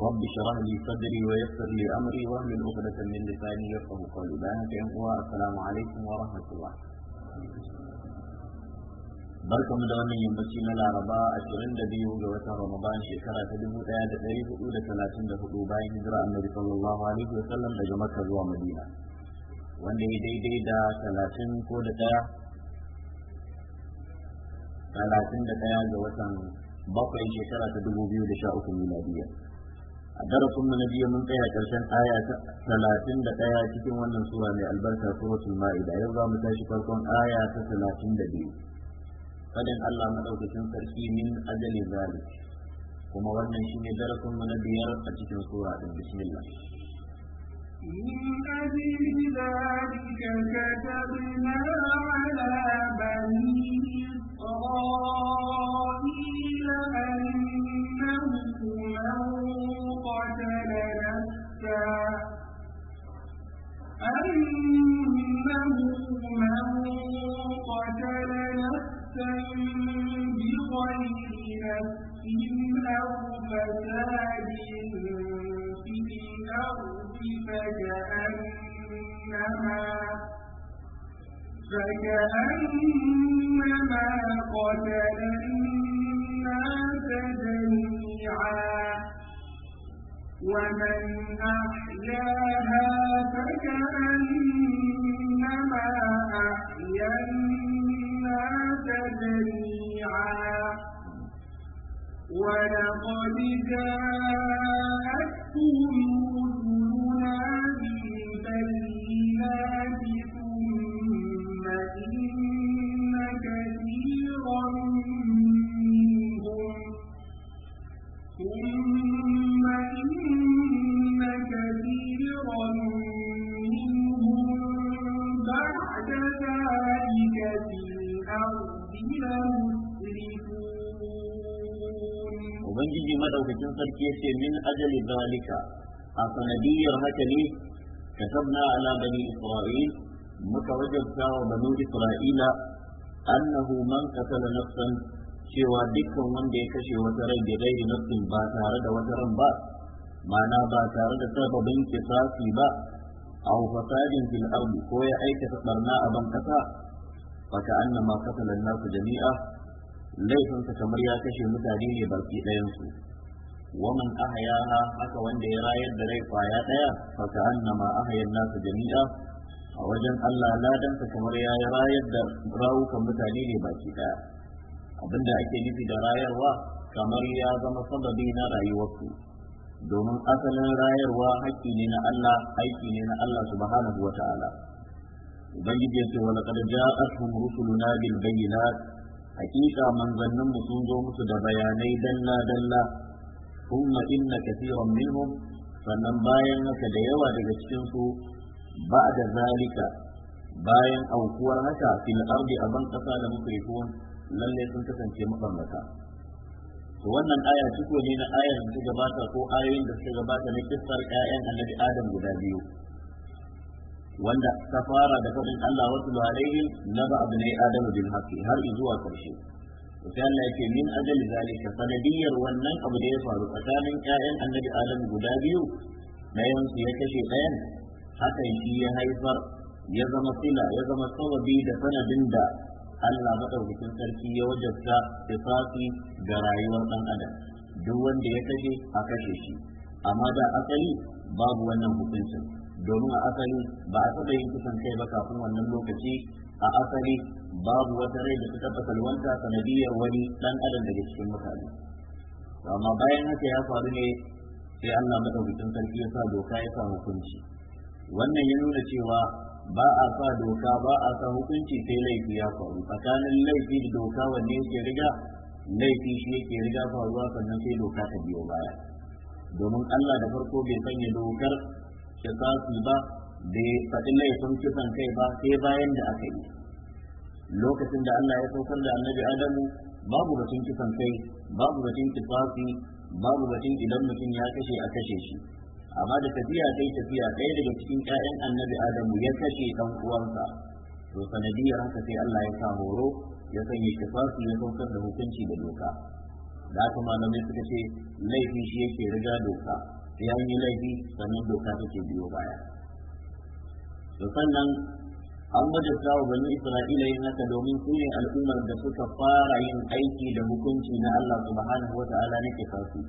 رب اشرح لي صدري ويسر لي امري واهل عقدة من لساني يفقه قولي بارك السلام عليكم ورحمة الله. بركة مدونة يمشي من العرباء 20 دبيو جوات رمضان شكرا تدبو تاد تاريخ اولى 30 دبيو باين هجرة النبي صلى الله عليه وسلم لجمك جوا مدينة. وان دي دي دي دا 30 كودة 30 دبيو جوات بقي شكرا تدبو بيو لشاء ميلادية. a darasin na biyu mun tsaya karshen aya ta talatin da ɗaya cikin wannan sura mai albarka wasu ma'ida yau za mu tashi farkon aya ta talatin da biyu fadin Allah maɗaukacin sarki min ajali zalik kuma wannan shine darasin mu na biyar a cikin sura din bismillah نفسا أنه من قتل نفسا بغير نفس أو فساد في الأرض فكأنما فكأنما قتل الناس جميعا ومن أحياها فكأنما أحيا الناس جميعا ولقد جاءتهم رسلنا madaukakin sarki yace min ajali zalika a sanadiyar haka ne كتبنا على بني إسرائيل متوجب ساوى بنو إسرائيل أنه من قتل نفسا cewa dukkan wanda ya kashe wata rai da rai nafsin ba tare da wata ran ba ma'ana ba tare da sababin kisafi ba A fasadin fil ardi ko ya aikata barna a ban kasa fa annama qatala nasu jami'a laifinsa kamar ya kashe mutane ne baki ɗayansu waman ahayaha haka wanda ya rayar da rai kwaya ɗaya faka annama ahayan nasu jami'a a wajen Allah ladansa kamar ya rayar da rawukan mutane ne baki ɗaya abinda ake nufi da rayarwa kamar ya zama sababi na rayuwarsu domin asalin rayarwa haƙƙi ne na Allah aiki ne na Allah subhanahu wa ta'ala ubangiji ya ce wa laqad ja'atuhum rusuluna bil bayyinat Haƙiƙa manzannin mu sun zo musu da bayanai dalla dalla kuma inna kathiran minhum sannan bayan haka da yawa daga cikin su ba da zalika bayan aukuwar haka fil a ban ƙasa da musrifun lallai sun kasance mabambata to wannan aya ciko ne na ayar da gabata ko ayoyin da suka gabata na kissar ƴaƴan annabi adam guda biyu wanda ta fara da faɗin Allah wasu alaihi na ba abu ne adamu bin haqqi har zuwa karshe to sai Allah ce min ajali zalika sanadiyar wannan abu da ya faru tsakanin ƴaƴan annabi Adam guda biyu Na su ya kashe ɗayan hakan shi ya haifar ya zama sila ya zama sababi da sanadin da Allah madaukakin sarki ya wajabta tifafi ga rayuwar ɗan adam duk wanda ya kashe a kashe shi amma da asali babu wannan hukuncin domin a asali ba a taɓa yin kusan kai ba kafin wannan lokaci a asali babu wata rai da ta taɓa salwanta sanadiyar wani ɗan adam daga cikin mutane amma bayan haka ya faru ne sai Allah madaukakin sarki ya sa doka ya sa hukunci wannan ya nuna cewa ba a sa doka ba a sa hukunci sai laifi ya faru tsakanin laifi da doka wanne yake riga laifi shi yake riga faruwa sannan sai doka ta biyo baya domin Allah da farko bai sanya dokar su ba bai faɗi laifin kisan kai ba sai bayan da aka yi lokacin da Allah ya saukar da annabi Adamu babu batun kisan kai babu batun kisasi babu batun idan mutum ya kashe a kashe shi amma da tafiya kai tafiya ɗaya daga cikin ƴaƴan annabi Adamu ya kashe ɗan uwansa to sanadiyar haka sai Allah ya sa horo ya sanya kisasi ya saukar da hukunci da doka da haka malamai suka ce laifin shi yake riga doka ya yi laifi sannan doka ta ke biyo baya Da sannan an wajabta wa bani isra'ila yin haka domin su ne al'ummar da suka fara yin aiki da hukunci na Allah subhanahu wata'ala nake kasu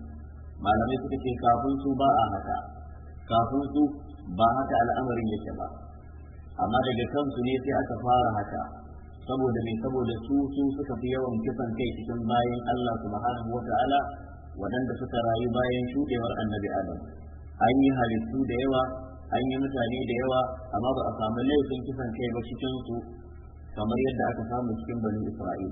malamai suka ce kafin su ba a haka kafin su ba haka al'amarin yake ba amma daga kansu ne sai aka fara haka saboda me saboda su su suka fi yawan kisan kai cikin bayan Allah subhanahu wata'ala waɗanda suka rayu bayan shuɗewar annabi adam an yi halittu da yawa an yi mutane da yawa amma ba a samu laifin kisan kai ba cikin su kamar yadda aka samu cikin bani isra'il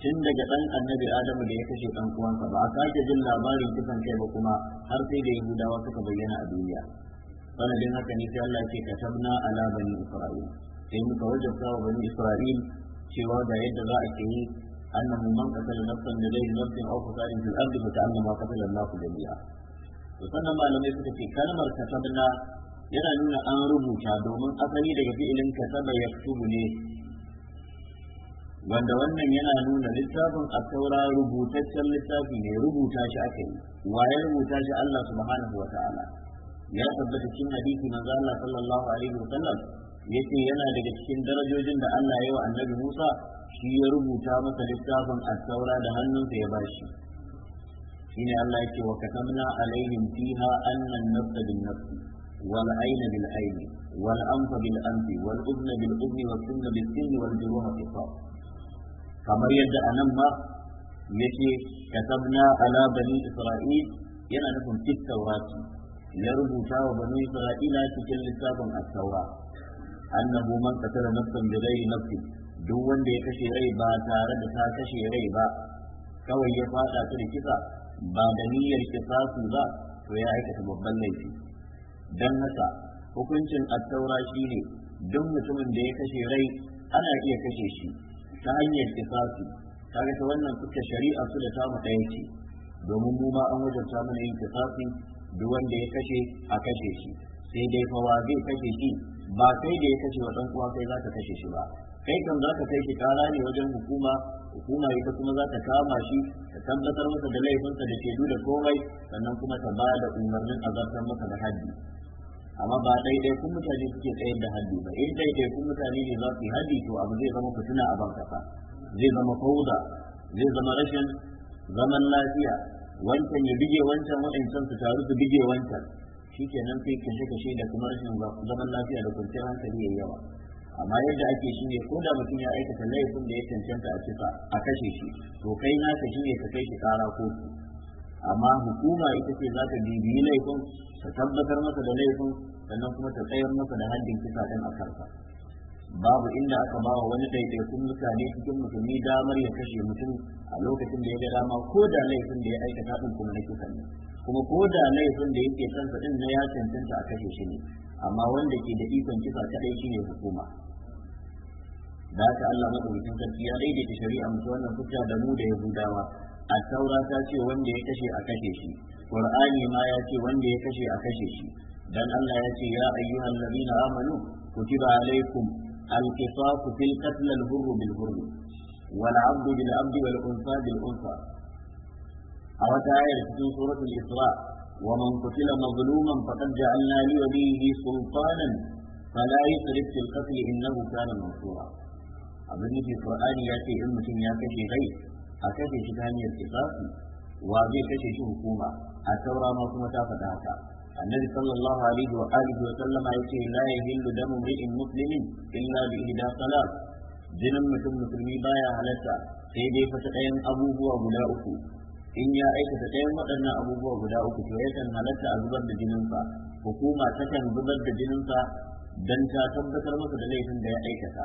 tun daga ɗan annabi adamu da ya kashe ɗan uwansa ba a sake jin labarin kisan kai ba kuma har sai da yahudawa suka bayyana a duniya sanadin haka ne sai Allah ke katabna ala bani isra'il sai muka wajabta wa bani isra'il cewa ga yadda za a ke yi أنه من قتل نفسا لديه نفس أو فساد في الأرض فكأنما قتل الناس جميعا وسنة ما لم يسكت في كلمة كتبنا yana nuna an rubuta domin asali daga fi'ilin kasaba ya ne wanda wannan yana nuna littafin a saura rubutaccen littafi ne rubuta shi aka yi waye rubuta shi Allah subhanahu wa ta'ala ya tabbata cikin hadisi manzo Allah sallallahu alaihi wa sallam yace yana daga cikin darajojin da Allah ya yi wa annabi Musa shi ya rubuta masa littafin at-taura da hannunsa ya bashi shine Allah yake wa katamna alaihim fiha anna an-nafs bin-nafs wal ayna bil-ayn wal anfa bil-anf wal udhna bil-udhn was sinna bis-sinn wal juruha qisas kamar yadda anan ma yace katamna ala bani isra'il yana nufin fit-taurati ya rubuta wa bani isra'ila cikin littafin at-taura annahu man qatala nafsan bi ghairi nafsi duk wanda ya kashe rai ba tare da ta kashe rai ba kawai ya fada ta da kisa ba da niyar kisasu ba to ya aikata babban laifi dan haka hukuncin attaura ne, don mutumin da ya kashe rai ana iya kashe shi ta hanyar kisasu kaga ta wannan fuska shari'a su da ta mu ɗaya domin mu ma an wajabta mana yin kisasi duk wanda ya kashe a kashe shi sai dai fa wa zai kashe shi ba sai da ya kashe wa dan uwa kai za ka kashe shi ba kai kan za ka kai shi kara ne wajen hukuma hukuma ita kuma za ta kama shi ta tabbatar masa da laifinsa da shaidu da komai sannan kuma ta ba da umarnin azabtar masa da haddi amma ba daidai kun mutane suke tsayar da haddi ba in daidai kun mutane ne za su yi haddi to abu zai zama fitina a bankasa zai zama fauda zai zama rashin zaman lafiya wancan ya bige wancan waɗancan su taru su bige wancan shi kenan sai kashe kashe da kuma rashin zaman lafiya da kwanciyar hankali ya yawa amma yadda ake shi ne ko da mutum ya aikata laifin da ya cancanta a kisa a kashe shi to kai ka shi ne ka kai shi kara kotu amma hukuma ita ce za ta bibiyi laifin ta tabbatar masa da laifin sannan kuma ta tsayar masa da haddin kisa ɗin a karfa babu inda aka ba wa wani ɗaiɗaikun mutane cikin musulmi damar ya kashe mutum a lokacin da ya ga dama ko da laifin da ya aikata ɗin kuma na kisa ne kuma ko da laifin da yake kansa din na ya cancanta a kashe shi ne amma wanda ke da ikon kisa kadai shine hukuma da ta Allah madaukakin sarki ya daidaita shari'a mutu wannan hujja da mu da Yahudawa a saura ta ce wanda ya kashe a kashe shi Qur'ani ma ya ce wanda ya kashe a kashe shi dan Allah ya ce ya ayyuhal ladina amanu kutiba alaikum al-qisasu fil qatl al-hurr bil hurr wal 'abdu bil 'abdi wal unsa bil unsa أو تآية في سورة الإسراء ومن mazluman مظلوما فقد جعلنا لوليه سلطانا فلا يسرف في القتل إنه كان منصورا abin nufi qur'ani ya ce in mutum ya kashe kai, a kashe shi ta hanyar kisasi wa zai kashe shi hukuma a saura ma kuma ta faɗa haka annabi sallallahu alaihi wa alihi wa ya ce la yahillu damu ri'in muslimin illa bi ihda salat jinin mutum musulmi baya halatta sai dai ɗayan abubuwa guda uku in ya aikata ɗayan waɗannan abubuwa guda uku to yakan halatta a zubar da jinin sa hukuma takan zubar da jinin sa don ta tabbatar masa da laifin da ya aikata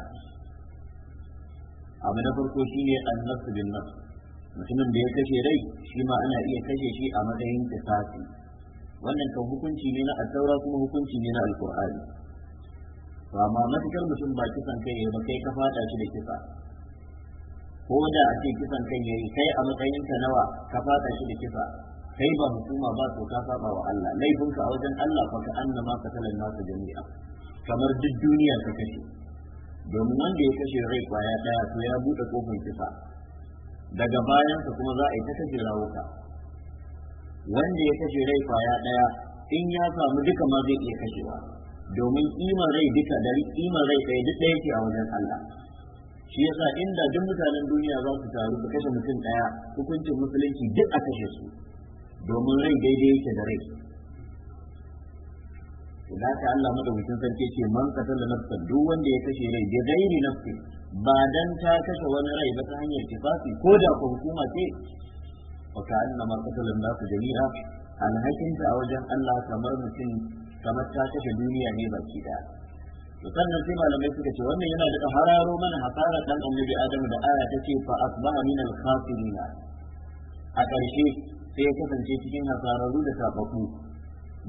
abu na farko shine annafsu bin nafs mutumin da ya kashe rai shi ma ana iya kashe shi a matsayin kisasi wannan kan hukunci ne na attaura kuma hukunci ne na alkur'ani to amma matukar mutum ba kisan kai ba kai ka fada shi da kisa ko da a ce kisan kan yayi kai a matsayin ka nawa ka fada shi da kisa kai ba hukuma ba to ka saba wa Allah laifin ka a wajen Allah fa ka annama ka talan nasu jami'a kamar duk duniya ka kashe domin wanda ya kashe rai kwaya daya to ya bude kofin kisa daga bayan ka kuma za a yi ta kashe rawuka wanda ya kashe rai kwaya daya in ya samu duka ma zai iya kashewa domin kimar rai duka da kimar rai ɗaya duk ɗaya ke a wajen Allah shi yasa inda duk mutanen duniya za su taru su kashe mutum daya hukuncin musulunci duk a kashe su domin rai daidai yake da rai da ka Allah madaukakin sarki ce man qatala nafsa duk wanda ya kashe rai da ghairi nafsi ba dan ta kashe wani rai ba ta hanyar kifafi ko da ko hukuma ce fa ka annama qatala jami'a ta a wajen Allah kamar mutum kamar ta kashe duniya ne baki daya sannan sai malamai suka ce wannan yana da hararo mana hasara kan annabi adam da aya take ce fa asbaha min al khasirina a ƙarshe sai ya kasance cikin hasararru da tafafu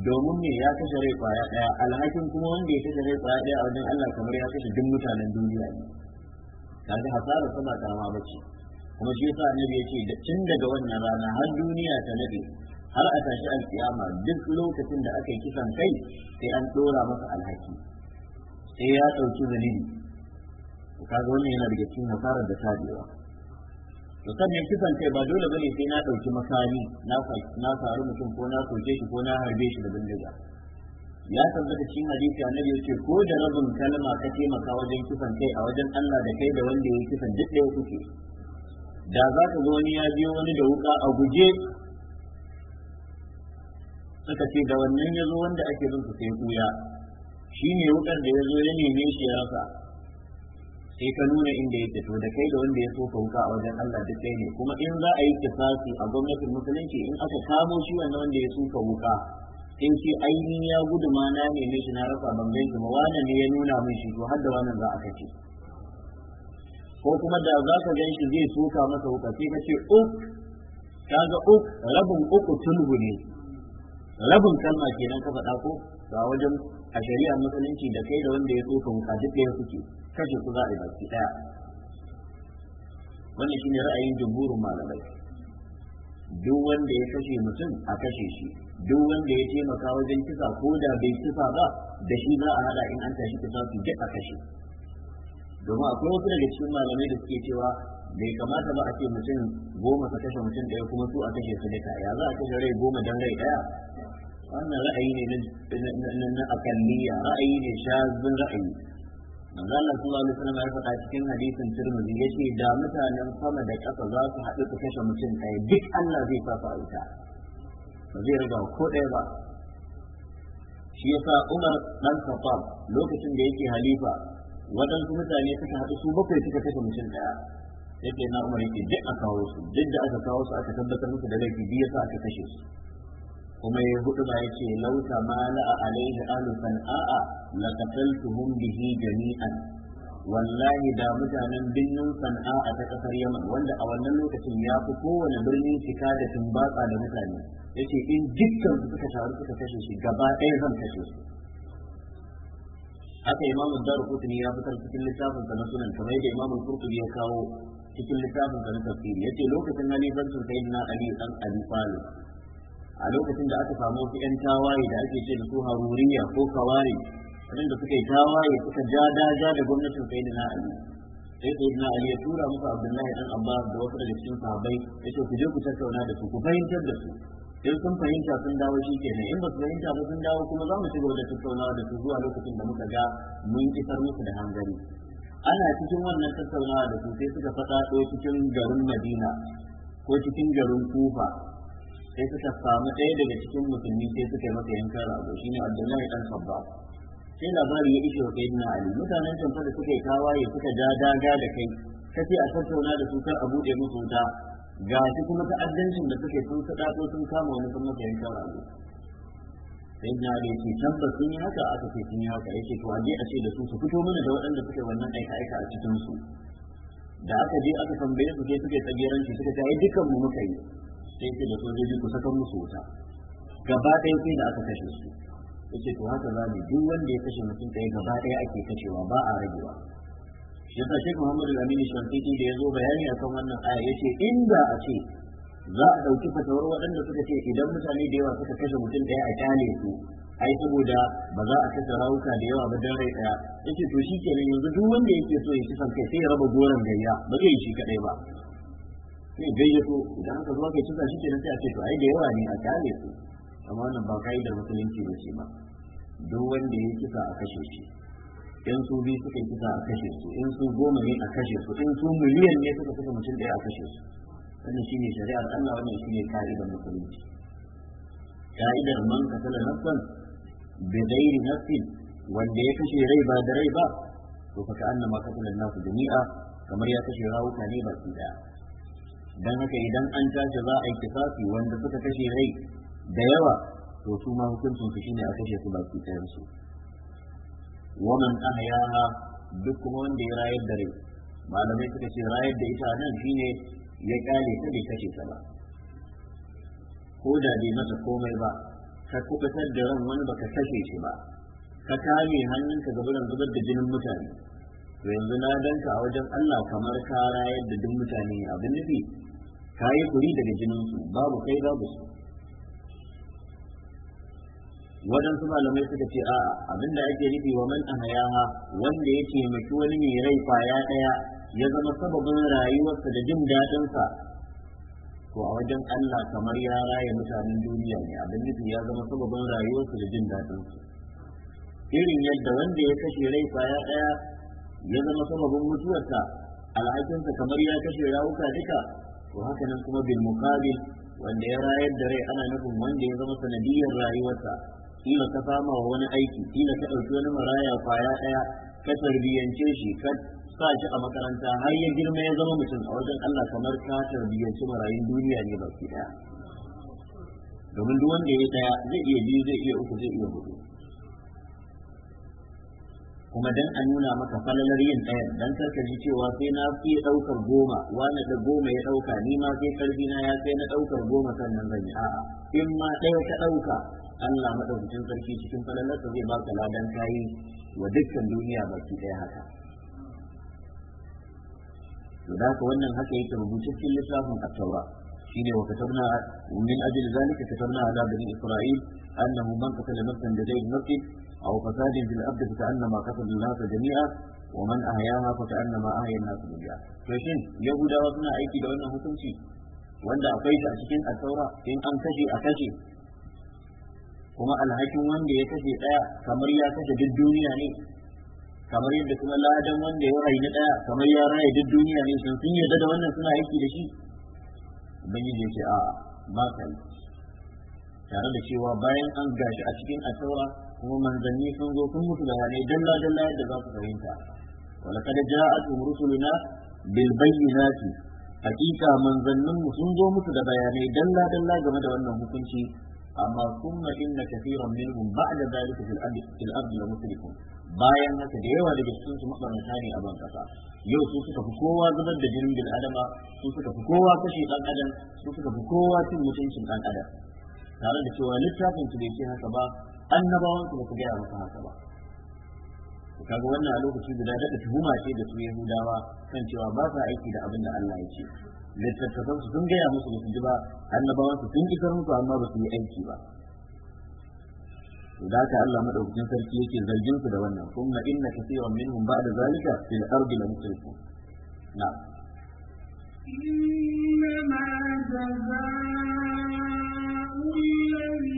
domin me ya kashe rai kwaya daya alhakin kuma wanda ya kashe rai kwaya daya a wajen Allah kamar ya kashe duk mutanen duniya ne kaga hasarar sama ta ma bace kuma shi yasa annabi ya ce tun daga wannan rana har duniya ta nade har a tashi alkiyama duk lokacin da aka yi kisan kai sai an dora masa alhaki sai ya ɗauki zunubi to kaga wannan yana daga cikin hasarar da tabewa to sannan kisan kai ba dole bane sai na ɗauki makami na na faru mutum ko na soke shi ko na harbe shi da bindiga ya tabbata cikin hadisi annabi yace ko da rabin kalma ka taimaka wajen kisan kai a wajen Allah da kai da wanda ya kisan duk ya kuke da za ka zo wani ya biyo wani da wuka a guje suka ce da wannan ya zo wanda ake zunsa sai kuya shi ne wutar da ya zo ya neme shi ya rasa sai ka nuna inda yake to da kai da wanda ya soka wuka a wajen Allah duk kai ne kuma in za a yi kisasi a gwamnatin musulunci in aka kamo shi wannan wanda ya soka wuka sai shi ainihin ya gudu ma na neme shi na rasa ban gan kuma ba wannan ne ya nuna min shi to har da wannan za a kace ko kuma da za ka gan shi zai soka masa wuka sai ka ce uk ga uk rabin uku tulhu ne rabin kalma kenan ka faɗa ko ga wajen a shari'a matsalinci da kai da wanda ya tsoka muka duk ya suke kashe ku za a su baki ɗaya wannan shine ra'ayin jumhurin malamai duk wanda ya kashe mutum a kashe shi duk wanda ya taimaka wajen kisa ko da bai kisa ba da shi za a hada in an tashi kisa su duk a kashe domin akwai wasu daga cikin malamai da suke cewa bai kamata ba a ce mutum goma ka kashe mutum ɗaya kuma su a kashe su duka ya za a kashe rai goma don rai ɗaya wannan ra'ayi ne na akalliya ra'ayi ne shazin ra'ayi manzo Allah sallallahu alaihi wasallam ya faɗa cikin hadisin Tirmidhi yace da mutanen sama da ƙasa za su haɗu su kashe mutum ɗaya duk Allah zai sa fa wuta ba zai riga ko ɗaya ba shi yasa Umar dan Khattab lokacin da yake halifa waɗansu mutane suka haɗu su bakwai suka kashe mutum ɗaya yake na Umar yake duk a kawo su duk da aka kawo su aka tabbatar musu da laifi biyu yasa aka kashe su kuma ya hudu ba yake lauta mala a alaihi alu sana'a la qataltuhum bihi jami'an wallahi da mutanen birnin san'a ta kasar yaman wanda a wannan lokacin ya fi kowane birnin cika da tumbatsa da mutane yace in dukkan su suka taru suka kashe shi gaba ɗaya zan kashe su haka imamu darukutuni ya fitar cikin littafin sa na sunan kamar yadda imamu qurtubi ya kawo cikin littafin sa na tafsiri yace lokacin halifancin na ali dan abi talib a lokacin da aka samu wasu ƴan tawaye da ake ce da su haruriya ko kawari waɗanda suka yi tawaye suka ja daja da gwamnatin sai na ali sai sai na ali ya tura musu abdullahi dan abbas da wasu daga cikin sahabbai ya ce ku je ku tattauna da su ku fahimtar da su sai sun fahimta sun dawo shi kenan in ba su fahimta ba sun dawo kuma za mu ci gaba da tattaunawa da su zuwa lokacin da muka ga mun isar musu da hangari ana cikin wannan tattaunawa da su sai suka faɗaɗo cikin garin madina ko cikin garin kufa sai suka samu ɗaya daga cikin musulmi sai suka yi masa yankan rago shi ne abdullahi dan sabba sai labari ya ishe wa na ali mutanen can fa da suka yi tawaye suka ja daga da kai kace a tattauna da su kan a buɗe musu wuta ga shi kuma ta'addancin da suke sun ko sun kama wani sun masa yankan rago sai na da yake tabbas sun yi haka aka ce sun yi haka yake to a a ce da su su fito mana da waɗanda suke wannan aika aika a cikin su da aka je aka tambaye su sai suka tsageranci suka ta yi dukkan mu muka yi sai ce da sojoji ku sakan musu wuta gaba ɗaya sai da aka kashe su yace to haka za mu duk wanda ya kashe mutum ɗaya gaba ɗaya ake kashewa ba a ragewa shi yasa Sheikh Muhammad Al-Amin Shantiti da ya zo bayani akan wannan aya yace inda a ce za a ɗauki fatawar waɗanda suka ce idan mutane da yawa suka kashe mutum ɗaya a kyale su ai saboda ba za a kashe rawuka da yawa ba don rai ɗaya yace to shi kenan yanzu duk wanda yake so ya kisan kai sai ya raba goron gayya ba zai yi shi kaɗai ba sai gayyato idan aka zo aka tuka shi kenan sai a ce to ai da yawa ne a kare su amma wannan ba da musulunci ba ce ba duk wanda ya kisa a kashe shi in su biyu suka kisa a kashe su in su goma ne a kashe su in su miliyan ne suka kisa mutum ɗaya a kashe su wannan shi ne shari'ar Allah wannan shi shine ka'idar musulunci ka'idar man katala nafsan bi ghairi nafsin wanda ya kashe rai ba da rai ba to fa ka'anna ma katala nasu jami'a kamar ya kashe rawuka ne ba su daya dan haka idan an tashi za a yi kisasi wanda suka kashe rai da yawa to su ma hukuncin su shine a kashe su ba su tsayar su waman ahyaha duk kuma wanda ya rayar da rai malamai suka ce rayar da ita nan shine ya kale ta bai kashe ta ba ko da bai masa komai ba ka kubutar da ran wani baka kashe shi ba ka kame hannunka ga bulan zubar da jinin mutane to yanzu na danka a wajen Allah kamar ka rayar da duk mutane abin nufi kayi yi kuri daga jininsu babu kai babu su su malamai suka ce a abin da ake nufi wa man ahayaha wanda ya taimaki wani mai rai ya ɗaya ya zama sababin rayuwarsa da jin daɗinsa to a wajen Allah kamar ya raye mutanen duniya ne abin nufi ya zama sababin rayuwarsa da jin sa irin yadda wanda ya kashe rai ya ɗaya ya zama sababin mutuwarsa alhakinsa kamar ya kashe rawuka duka to haka nan kuma bil muqabil wanda ya rayar da rai ana nufin wanda ya zama sanadiyar rayuwarsa kila ka fama wa wani aiki kila ka ɗauki wani maraya kwaya ɗaya ka tarbiyyance shi ka sa shi a makaranta har ya girma ya zama mutum a wajen Allah kamar ka tarbiyyanci marayun duniya ne baki ɗaya domin duk wanda ya ɗaya zai iya biyu zai iya uku zai iya hudu kuma dan a nuna maka falalar yin ɗayan dan karka ji cewa sai na fi ɗaukar goma wani da goma ya ɗauka ni ma sai karfi na ya sai na ɗaukar goma sannan zan yi a'a in ma ɗaya ka ɗauka Allah madaukakin sarki cikin falalarsa zai baka ladan kayi wa dukkan duniya baki ɗaya haka to da haka wannan haka yake rubuce cikin littafin at-taura ne wa katabna min ajli zalika katabna ala bani isra'il annahu man qatala nafsan zai ghayri nafsin أو فساد في الأرض فكأنما قتل الناس جميعا ومن أحياها فكأنما أحيا الناس جميعا فشن يهودا وسنا أيكي لو أنه تمشي وأن أقيت أشكين الثورة إن أن تجي أتجي kuma alhakin wanda ya kashe ɗaya kamar ya kashe duk duniya ne kamar yadda kuma ladan wanda ya rayu ɗaya kamar ya rayu duk duniya ne sun sun da wannan suna aiki da shi ubangiji ya ce a ba ka yi tare da cewa bayan an gashi a cikin asaura kuma manzanni sun zo sun mutu bayanai dalla dalla yadda za su fahimta wala kada ja'atuhum rusuluna bil bayyinati hakika manzannin mu sun zo mutu da bayanai dalla dalla game da wannan hukunci amma kuma inna kathiran minhum ba'da zalika fil ardi fil ardi la musrifun bayan haka da yawa daga cikin su mabarata ne a ban kasa yau su suka fi kowa zubar da jinin bil adama su suka fi kowa kashe dan adam su suka fi kowa cin mutuncin dan adam tare da cewa littafin su bai ce haka ba annabawan su su gaya masa haka ba kaga wannan a lokaci guda daga tuhuma ce da su yahudawa kan cewa ba sa aiki da abin da Allah ya ce littattafan su sun gaya musu ba su ji ba annabawan su sun isar musu amma ba su yi aiki ba da haka Allah madaukakin sarki yake zargin su da wannan kuma inna kaseeran minhum ba'da zalika fil ardi la musrifun na إنما جزاء الذين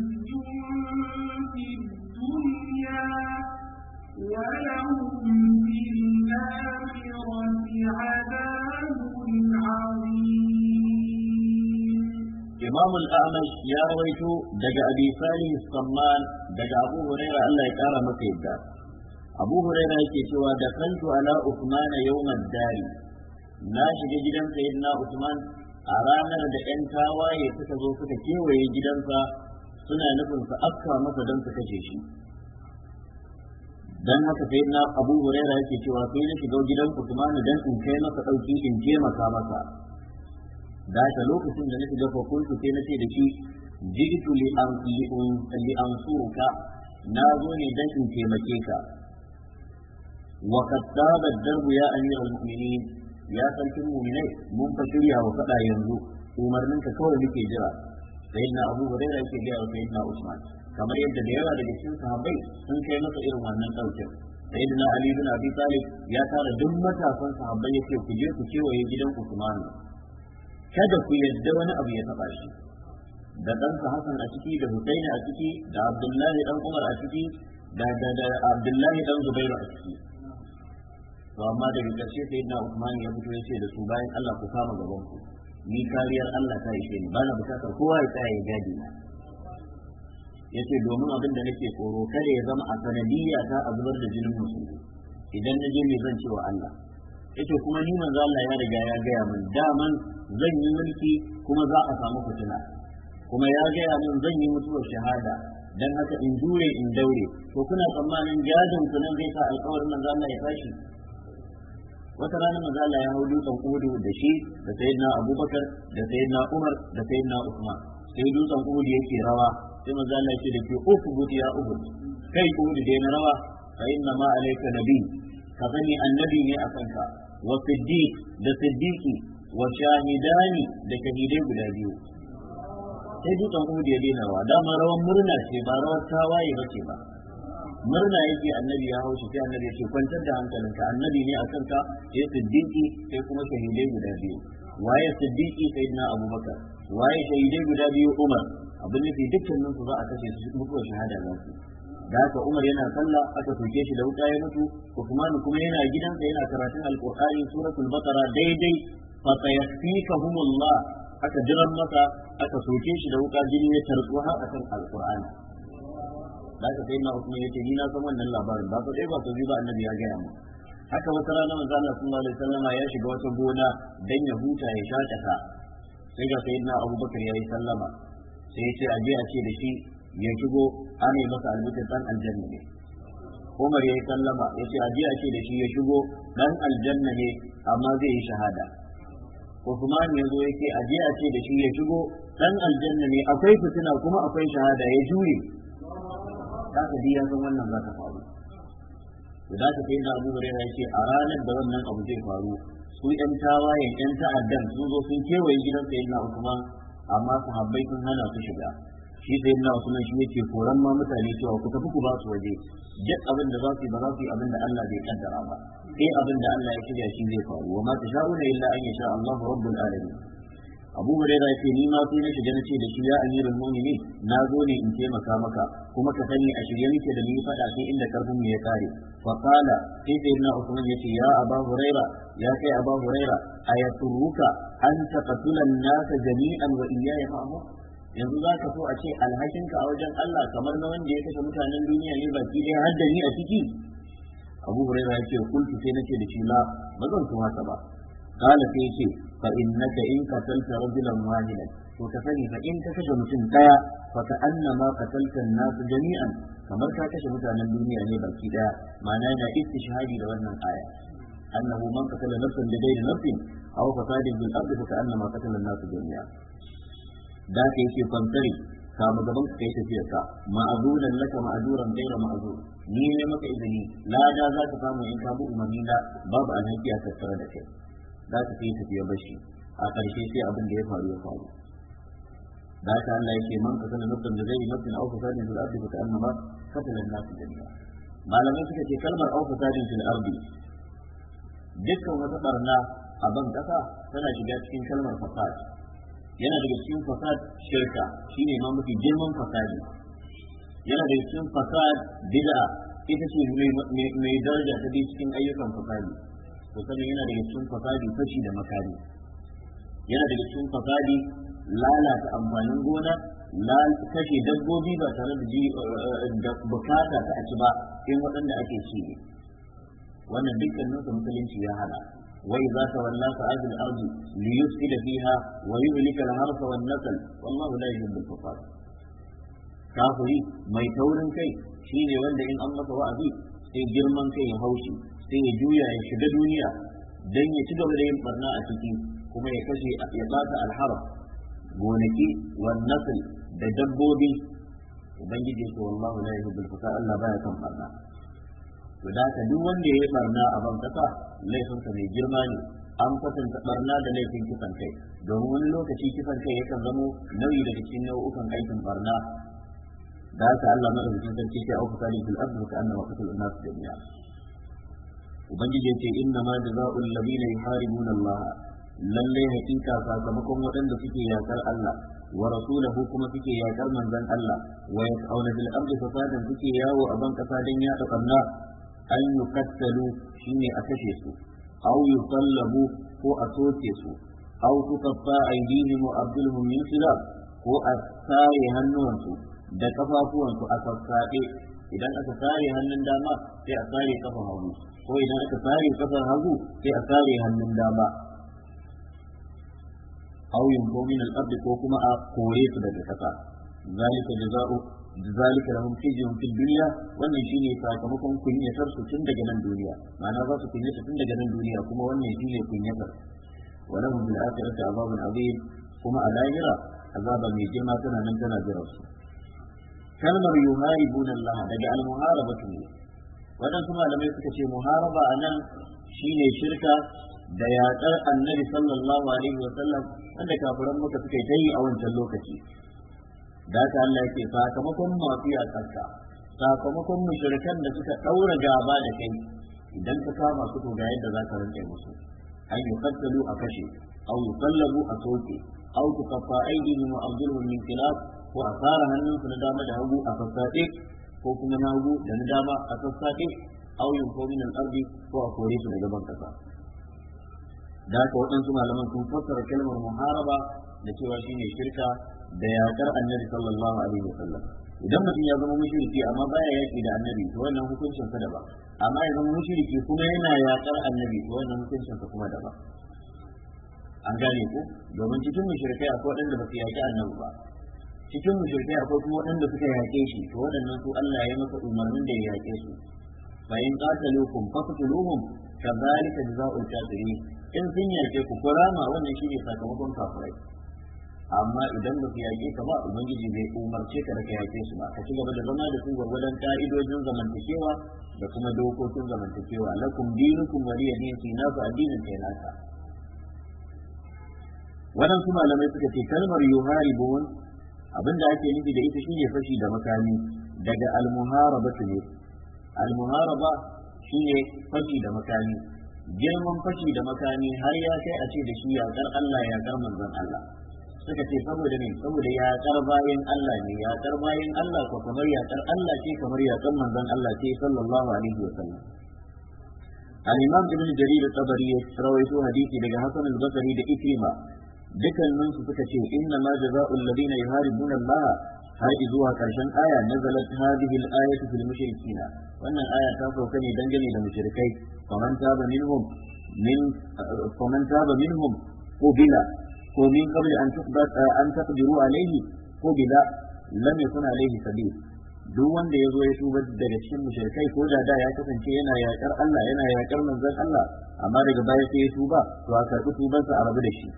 Imam al-Amash ya rawaito daga Abi Sa'id daga Abu Hurairah Allah ya kara maka yadda Abu Hurairah yake cewa da kan to ala Uthman yawmal na shiga gidan Sayyidina Uthman a ranar da 'yan tawaye suka zo suka kewaye gidansa suna nufinsa su akka masa dan su kashe shi dan haka sai na Abu Huraira yake cewa sai na shiga gidan Usman dan in kai masa dauki in je maka masa da ta lokacin da na shiga fa kuntu sai na ce da shi jigitu li an li an suka na zo ne dan in taimake ka wa qad taba darbu ya amirul mu'minin ya sarkin mu'minai mun fa shirya wa fada yanzu umarninka kawai nake jira na Abu Huraira yake ga na Usman kamar yadda da yawa daga cikin sahabbai sun kai masa irin wannan ɗaukin sayyidina ali bin abi talib ya tara duk matasan sahabbai yace ku je ku kewaye gidan usman kada ku yadda wani abu ya taba shi da ɗansa hasan a ciki da Husaini a ciki da Abdullahi dan Umar a ciki da da da Abdullahi dan Zubairu a ciki to amma daga ƙarshe sai Usman ya fito ya ce da su bayan Allah ku kama gaban ku ni kariyar Allah ta ishe ni bana bukatar kowa ya tsaya ya gadi na yace domin abin da nake koro kada ya zama a sanadiyya ta a zubar da jinin musulmi idan na je ne zan ce wa Allah yace kuma ni manzo Allah ya riga ya gaya min daman zan yi mulki kuma za a samu fitina kuma ya gaya min zan yi mutuwar shahada dan haka in jure in daure to kuna tsammanin jajin ku nan zai sa alƙawarin manzo Allah ya tashi wata rana manzo Allah ya hau dutsen Kudu da shi da sayyidina Abubakar da sayyidina Umar da sayyidina Usman sai dutsen Kudu yake rawa sai manzo Allah ce da ke uku ya uku kai gudu da na rawa fa inna ma alayka nabi ka gani annabi ne a kanka wa siddiq da siddiqi wa shahidani da shahidai guda biyu sai dutsen uku ya daina rawa dama rawan murna ce ba rawar tawaye ba ce ba murna yake annabi ya haushi sai annabi ya ce kwantar da hankalinka annabi ne a kanka sai siddiqi sai kuma shahidai guda biyu waye siddiqi sayyidina abubakar waye shahidai guda biyu umar abin nufi dukkanin su za a kashe su da shahada za su da haka Umar yana sallah aka soke shi da wuta ya mutu Usman kuma yana gidansa yana karatun alqur'ani suratul baqara daidai fa sayfikahumullah aka jiran masa aka soke shi da wuka jini ya tarzu har akan alqur'ani da haka sai na Uthman yace ni na san wannan labarin ba sai ba sai ba annabi ya gaya mu haka wata rana manzo Allah sallallahu alaihi wasallama ya shiga wata gona dan ya huta ya shakata sai ga sayyidina Abubakar yayi sallama sai ya ce a je a ce da shi ya shigo an yi masa albishir dan aljanna ne Umar ya yi sallama ya ce a je a ce da shi ya shigo dan aljanna ne amma zai yi shahada Usman ya zo ya ce a je a ce da shi ya shigo dan aljanna ne akwai fitina kuma akwai shahada ya jure kaka bi ya san wannan za ta faru da za ta da Abu Hurairah ya ce a ranar da wannan abu zai faru su 'yan tawayen 'yan ta'addan sun zo sun kewaye gidan sayyidina Usman amma sahabbai sun hana su shiga shi sai na Usman shi ke koran ma mutane cewa ku tafi ku ba su waje duk abin da za su yi ba za su yi abin da Allah bai kaddara ba sai abin da Allah ya shirya shi zai faru wa ma tasha'una illa an yasha Allahu rabbul alamin abu huraira ce ni ma sai na shiga na ce da shi ya amirul mu'minin na zo ne in taimaka maka kuma ka sani a shirye nake da ni fada sai inda karfin mu ya kare fa qala sai na usman yace ya aba huraira ya kai aba huraira ayaturuka an taqtula an-nas jami'an wa iyaya ma'ahu yanzu za ka so a ce alhakinka a wajen Allah kamar na wanda ya kashe mutanen duniya ne baki ɗaya har da ni a ciki abu hurairah ya ce sai nace da shi la ba zan so haka ba kala sai ce fa innaka in qatalta rajulan wahidan to ka sani fa in ka kashe mutum daya fa ka annama qatalta an-nas jami'an kamar ka kashe mutanen duniya ne baki daya ma'ana yana istishhadi da wannan aya annahu man qatala nafsan bi ghairi nafsin aw fasadin bil ardi fa annama qatala an-nas jami'an da ka yake kwantari ka mu gaban ka kai tafiyar ka ma'azuran laka ma'azuran gaira ma'azur ni ne maka izini lada za ka samu in ka bi umarni da babu alhaki a tattare da kai za ta fi tafiya bashi a ƙarshe sai abin da ya faru ya faru da ta Allah yake man ka sanar nufin da zai yi nufin auku sadin fil ardi fata annama katalan nasu jami'a malamai suka ce kalmar auku sadin fil ardi dukkan wata barna a ban kasa tana shiga cikin kalmar fasad yana daga cikin fasad shirka shine ma mafi girman fasadi yana daga cikin fasad bid'a ita ce mai daraja ta bi cikin ayyukan fasadi to sanin yana daga cikin fasadi fashi da makari yana daga cikin fasadi lalata amfanin gona kashe dabbobi ba tare eh, eh, da bukata ta a ci ba in waɗanda ake ci ne wannan dukkanin su musulunci ya hana wai za ta walla ta azil arzi li yusida fiha wa yuhlika al-harsa wan nasl wallahu la yuhibbul kufar kafiri mai taurin kai shine wanda in an masa wa'azi sai girman kai ya haushi sai ya juya ya shiga duniya dan ya ci gaba da yin barna a ciki kuma ya kashe ya bata alhara gonaki wan nasl da dabbobi ubangiji ko wallahu la yuhibbul fusa Allah baya son barna to da ka duk wanda ya yi barna a ban kasa laifinsa mai girma ne an kwatanta barna da laifin kisan kai domin wani lokaci kisan kai yakan zamo nauyi daga cikin nau'ukan aikin barna da ka Allah madaukakin sarki ya auka da fil ka annama qatal nas jami'a ubangiji yace inna ma jazaa'ul ladina yuharibuna Allah lalle hakika sakamakon waɗanda suke yakar Allah wa rasulahu kuma suke yakar manzon Allah wa yas'auna bil ardi fasadan suke yawo a ban kasa dan yaɗa ƙarna an yuqattalu shine a kashe su aw yusallabu ko a soke su aw tukaffa aydihim wa arjuluhum min khilaf ko a sare hannuwansu da kafafuwansu a sassaƙe idan aka sare hannun dama sai a sare kafa hagu ko idan aka sare kasar hagu sai a sare hannun dama aw yumbo min al-ardi ko kuma a kore su daga kasa zalika jazaa'u zalika lahum خزي fil dunya wannan shine sakamakon kunyatar su tun daga nan duniya ma'ana za su kunyata tun daga nan duniya kuma wannan shine kunyatar ولهم في الآخرة عذاب عظيم كما الآخرة tana من جمع سنة من تنازل كلمة يهاربون الله دجع المهاربة waɗansu malamai suka ce muharaba a nan shi ne shirka da yaƙar annabi sallallahu alaihi wa sallam wanda kafiran maka suka yi tayi a wancan lokaci da haka Allah yake sakamakon masu yaƙarka sakamakon mushrikan da suka ɗaura gaba da kai idan ka kama su to ga yadda za ka rinke musu an yi yuqaddalu a kashe aw yuqallabu a soke aw tuqaffa aydihim wa arjuluhum min ko a fara hannunsu na dama da hagu a fassaɗe? ko kuma na hagu da na dama a sassaƙe auyin ko min al ko a kore su daga ban kasa da haka waɗansu malaman sun fassara kalmar muharaba da cewa shi ne shirka da yaƙar annabi sallallahu alaihi sallam idan mutum ya zama mushriki amma baya yaƙi da annabi to wannan hukuncin sa daban amma ya zama mushriki kuma yana yaƙar annabi to wannan hukuncin sa kuma daban an gane ku domin cikin mushrikai akwai waɗanda ba su yaƙi annabi ba cikin mushrikai akwai kuma waɗanda suka yaƙe shi to waɗannan su Allah ya masa umarnin da ya yaƙe su fa in qataluukum faqtuluhum kadhalika jazaa'ul kafirin in sun yaƙe ku rama, wannan shine sakamakon kafirai amma idan ba su yaƙe ka ba ubangiji bai umarce ka da ka yaƙe su ba ka ci gaba da zama da su gwargwadon ka'idojin zamantakewa da kuma dokokin zamantakewa lakum dinukum waliya ne su nasu addinin kai naka waɗansu malamai suka ce kalmar yuharibun abin da ake nufi da ita shine fashi da makami daga almuharaba ne almuharaba shine fashi da makami girman fashi da makami har ya kai a ce da shi yaƙar Allah yaƙar manzon Allah suka ce saboda ne saboda yaƙar bayan Allah ne yaƙar bayan Allah ko kamar yaƙar Allah ce kamar yaƙar manzon Allah ce sallallahu alaihi wasallam al-imam ibn jarir at-tabari ya rawaito hadisi daga hasan al-basri da ikrima dukannin su suka ce inna ma jazaa'ul ladina yuharibuna Allah har zuwa karshen aya nazalat hadhihi al-ayatu fil mushrikin wannan aya ta sauka ne dangane da mushrikai faman taba minhum min faman taba minhum qubila ko min qabli an tuqbat an taqdiru alayhi qubila lam yakun alayhi sabil duk wanda ya zo ya tuba daga cikin mushrikai ko da da ya kasance yana yaƙar Allah yana yaƙar manzon Allah amma daga baya sai ya tuba to a karɓi tubansa a rabu da shi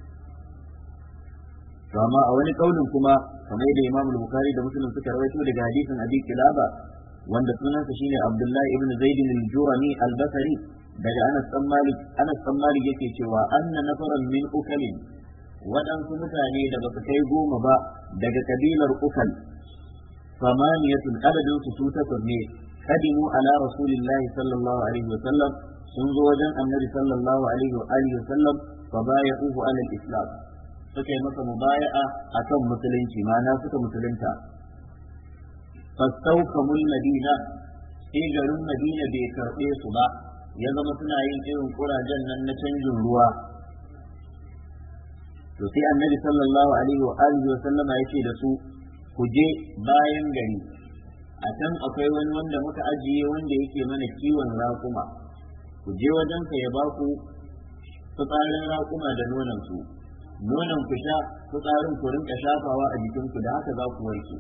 to amma a wani kaulin kuma kamar da Imam Bukhari da Muslim suka rawaito daga hadisin Abi Kilaba wanda sunansa shine Abdullah ibn Zaid al-Jurani al-Basri daga Anas dan Malik Anas dan Malik yake cewa anna nafaran min ukalin waɗansu mutane da ba su kai goma ba daga kabilar ukal samaniyatun adadin su su takwas ne kadimu ala rasulillahi sallallahu alaihi wa sallam sun zo wajen annabi sallallahu alaihi wa alihi wa sallam fa baya'uhu ala al-islam suka yi masa mubaya'a kan musulunci ma'ana suka musulunta kamun madina sai garin madina bai karɓe su ba ya zama suna yin irin kurajen nan na canjin ruwa to sai annabi sallallahu alaihi wa alihi wa sallama yace da su ku je bayan gari a can akwai wani wanda muka ajiye wanda yake mana kiwon raƙuma ku je ka ya ba ku tsarin raƙuma da nonon su nonon ku sha fitsarin ku rinka shafawa a jikinku da haka za ku warke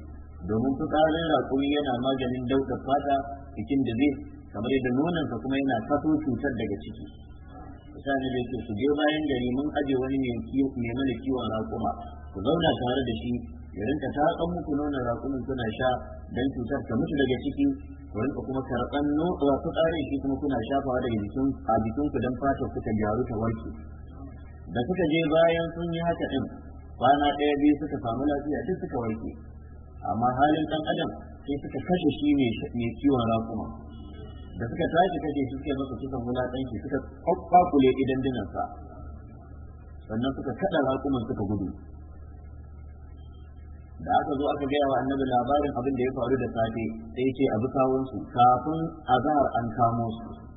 domin fitsarin raƙumi yana maganin daukar fata cikin da zai kamar yadda nonon ka kuma yana fato cutar daga ciki misali ne yake su je bayan gari mun aje wani mai mana kiwon raƙuma ku zauna tare da shi ya rinka taƙan muku nonon raƙumin kuna sha don cutar ta mutu daga ciki ku rinka kuma karɓan nonon fitsarin shi kuma kuna shafawa daga jikin a jikinku don fatar ku ta gyaru ta warke da suka je bayan sun yi haka din kwana ɗaya biyu suka samu lafiya duk suka warke amma halin ɗan adam sai suka kashe shi mai ciwon rakuma da suka tashi kashe shi suke masa kisan wulaƙanci suka kwakwakule idan dinansa sannan suka kaɗa raƙuman suka gudu da aka zo aka gaya wa annabi labarin abin da ya faru da safe sai ce abu kawunsu kafin azahar an kamo su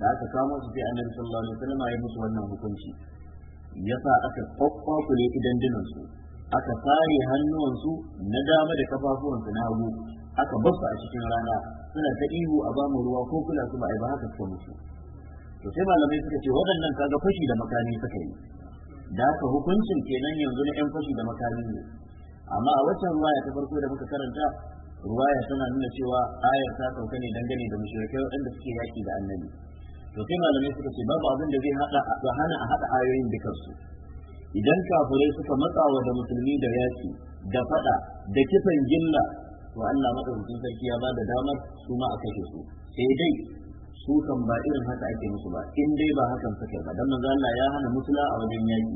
da aka kama su sai annabi sallallahu alaihi wasallam ya musu wannan hukunci yasa aka kwakwakule idan dinansu aka sare hannuwansu na dama da kafafuwansu na hagu aka basu a cikin rana suna ta ihu a bamu ruwa ko kula su ba a yi ba haka suka musu to sai malamai suka ce waɗannan kaga fashi da makami suka yi da aka hukuncin kenan yanzu na yan fashi da makami ne amma a waccan ruwaya ta farko da muka karanta ruwaya tana nuna cewa ayar ta sauka ne dangane da mushrikai waɗanda suke yaƙi da annabi to sai malamai suka ce babu abin da zai hada a hana a hada ayoyin dukansu idan kafirai suka matsawa da musulmi da yaki da fada da kisan gilla to Allah madaukakin sarki ya bada damar su ma a kashe su sai dai su kan ba irin haka ake musu ba in dai ba hakan suke ba dan manzo Allah ya hana musula a wajen yaki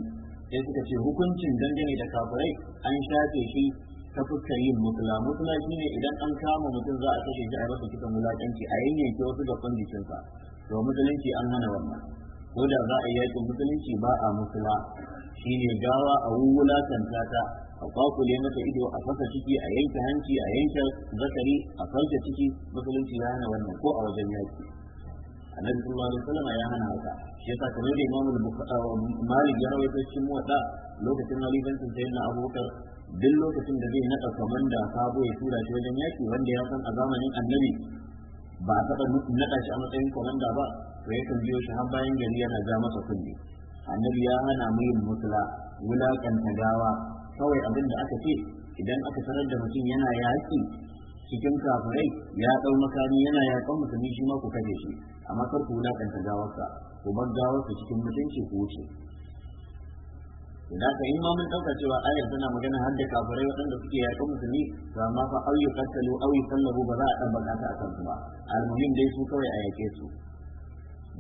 sai suka ce hukuncin dangane da kafirai an shafe shi ta fuskar yin musula musula shine idan an kama mutum za a kashe shi a masa kitan mulakanci a yanyanke wasu da jikinsa to musulunci an hana wannan ko da za a yi yakin musulunci ba a musula shine gawa a wulatanta ta a kwakule masa ido a fasa ciki a yanke hanci a yanke zakari a farka ciki musulunci ya hana wannan ko a wajen yaki annabi sallallahu alaihi wasallam ya hana haka shi yasa kamar da imamu malik ya rawaito cikin wata lokacin halifancin sayyidina abubakar duk lokacin da zai naɗa kamanda sabo ya tura shi wajen yaki wanda ya san a zamanin annabi ba a taɓa naɗa shi a matsayin kwananda ba to kan biyo shi har bayan gari yana ja masa kunne annabi ya hana mu yin musula wulakanta gawa kawai abin da aka ce idan aka sanar da mutum yana yaƙi cikin kafirai ya ɗau makami yana yaƙon musulmi shi ma ku kaje shi amma kar ku wulakanta gawarsa ku bar gawarsa cikin mutunci ku wuce da ka yin mamun mun cewa ayar tana magana har da kafirai waɗanda suke yaƙi musulmi to amma fa au yuqtalu au sallahu ba za a ɗan bakata a kansu ba almuhim dai su kawai a yaƙe su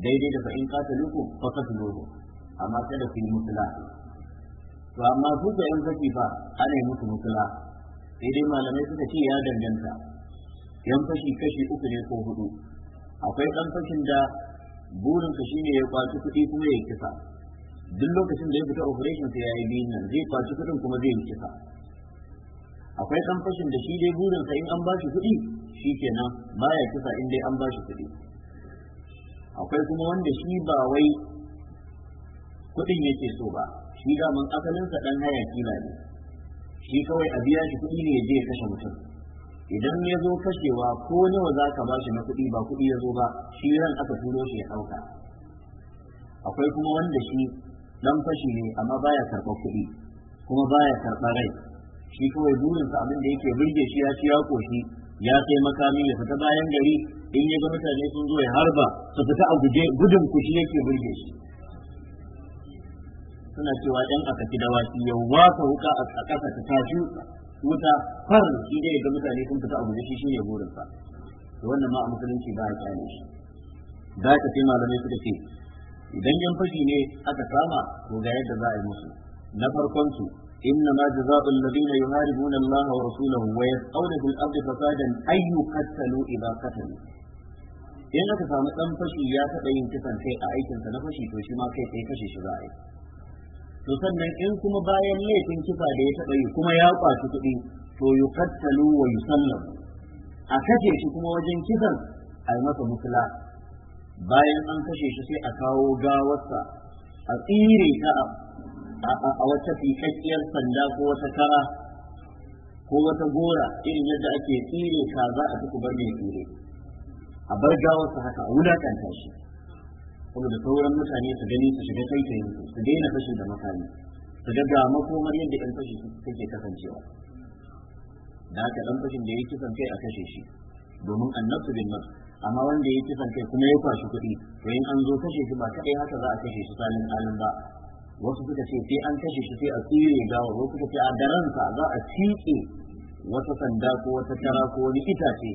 daidai da fa in qataluku fa qatluhu amma kada ku yi musula to amma su ka yin saki fa ana yi musu musula sai dai malamai suka ce ya danganta yan fashi kashi uku ne ko hudu akwai ɗan fashin da burinsa shine ya kwaci kuɗi kuma ya kisa duk lokacin da ya fita operation sai ya yi biyun nan zai kwaci kuɗin kuma zai yi kisa akwai kamfashin fashin da shi dai burinsa in an ba shi kuɗi shi kenan baya kisa in dai an ba shi kuɗi akwai kuma wanda shi ba wai kuɗin yake so ba shi daman asalinsa ɗan haya kila ne shi kawai a biya shi kuɗi ne ya je ya kashe mutum idan ya zo kashewa ko nawa za ka bashi na kuɗi ba kuɗi ya zo ba shi ran aka turo shi ya ɗauka akwai kuma wanda shi dan fashi ne amma baya karɓar kuɗi kuma baya karɓar rai shi kawai burinsa abin da yake burge shi ya ci ya koshi ya kai makami ya fita bayan gari in ya ga mutane sun zo ya harba su fita a guje gudun kushi yake burge shi suna cewa dan aka da dawaki ya wasa wuka a ƙasa ta tashi wuta har shi dai ga mutane sun fita a guje shi shine burinsa to wannan ma a musulunci ba a kyale shi za ka ce malamai suka ce idan yan fashi ne aka kama to ga yadda za a yi musu na farkon su إنما جزاء الذين يحاربون الله ورسوله ويسعون في الأرض فسادا أن يقتلوا إذا قتلوا in aka samu ɗan fashi ya taɓa yin kisan kai a aikinsa na fashi to shi ma kai sai kashe shi za a yi to sannan in kuma bayan laifin kisa da ya taɓa yi kuma ya kwaci kuɗi to yuqattalu a kashe shi kuma wajen kisan a yi masa musula bayan an kashe shi sai a kawo gawarsa a tsire ta a wata fikakkiyar sanda ko wata kara ko wata gora irin yadda ake tsire za a duk bar mai tsire a bar gawarsa haka a wulakanta shi saboda sauran mutane su gani su shiga kai su daina fashin da makami su ga ga makomar yadda ɗan fashi take kasancewa da haka ɗan fashin da ya kisan kai a kashe shi domin annabtu bin nasu amma wanda ya kisan kai kuma ya kwashi kuɗi to in an zo kashe shi ba kaɗai haka za a kashe shi tsanin alin ba wasu suka ce sai an kashe shi sai a tsire gawa wasu suka ce a daransa za a tiƙe wata sanda ko wata tara ko wani itace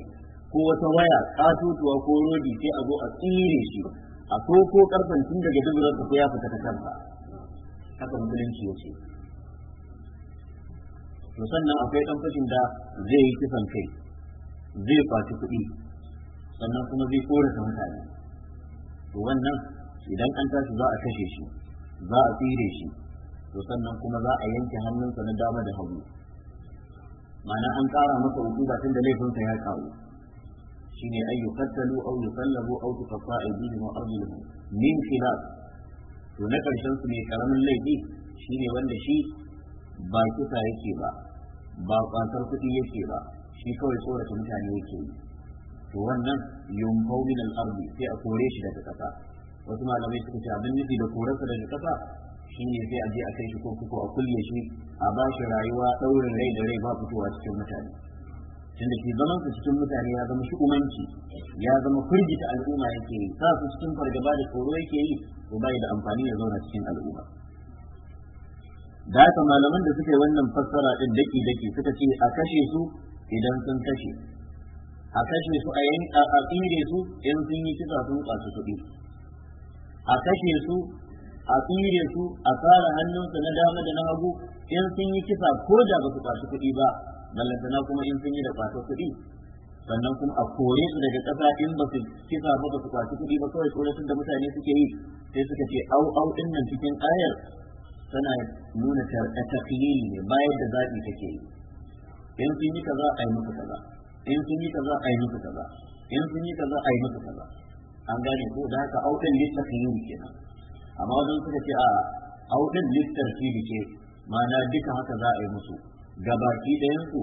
ko wata waya katutuwa ko rodi sai a zo a tsire shi a ko karfen tun daga duburar ko ya fita ta kansa haka musulunci ce to sannan akwai dan fashin da zai yi kisan kai zai fashi kuɗi sannan kuma zai korata mutane to wannan idan an tashi za a kashe shi za a tsire shi to sannan kuma za a yanke hannunsa na dama da hagu ma'ana an ƙara masa hukuma tun da laifinsa ya kawo shine ay yuqattalu aw yusallabu aw tuqatta aydihim wa arjuluhum min khilaf to na karshen su ne karamin laifi shine wanda shi ba kisa yake ba ba kwatar kuɗi yake ba shi kawai tsorata mutane yake yi to wannan yunfau min al-ardi sai a kore shi daga kasa wasu malamai suka ce abin nufi da korarsa daga kasa shine sai a je a kai shi ko kuko a kulle shi a ba shi rayuwa daurin rai da rai ba fitowa cikin mutane tunda ke zaman su cikin mutane ya zama shi umanci ya zama firgita al'umma yake yi sa su cikin fargaba da tsoro yake yi to bai da amfani ya zauna cikin al'umma da haka malaman da suka yi wannan fassara ɗin daki daki suka ce a kashe su idan sun kashe a kashe su a yin a tsire su in sun yi kisa sun kwaci kuɗi a kashe su a tsire su a tsara hannunsu na dama da na hagu in sun yi kisa ko da ba su kwaci kuɗi ba na kuma in sun yi da kwaci kuɗi sannan kuma a kore su daga ƙasa in ba su kisa ba ba su kwaci kuɗi ba kawai tsoratun da mutane suke yi sai suka ce au au ɗin nan cikin ayar tana nuna ta ne bayan da zaɓi take yi in sun yi kaza a yi muku kaza in sun yi kaza a yi musu kaza in sun yi kaza a yi musu kaza an gane ko da haka auɗin littar fi yin kenan amma wajen suka ce a auɗin littar fi ce ma'ana duka haka za a yi musu gabaki ɗayansu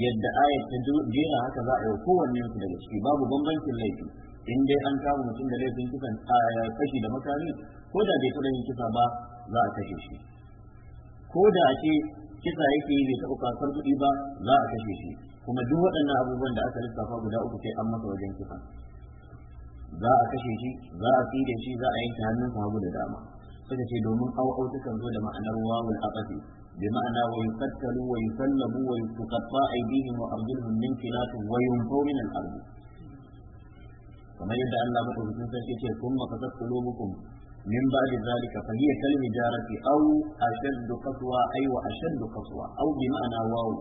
yadda ayat ta jera haka za a yi kowanne su daga ciki babu bambancin laifi in dai an kama mutum da laifin kisan kashi da makami ko da bai kudin kisa ba za a kashe shi ko da a kisa yake yi bai taɓa kasar kuɗi ba za a kashe shi kuma duk waɗannan abubuwan da aka lissafa guda uku sai an masa wajen kisa za a kashe shi za a tsire shi za a yanke hannun hagu da dama suka ce domin au'au sukan zo da ma'anar wawul aqasi bi ma'ana wa yuqattalu wa yusallabu wa yuqatta aydihim wa arjuluhum min khilaf wa yunfaw min al-ard kamar yadda Allah madaukakin sarki ce kuma kasat qulubukum min ba'di zalika fa hiya kal hijarati aw ashaddu qaswa ay wa ashaddu qaswa aw bi ma'ana wawu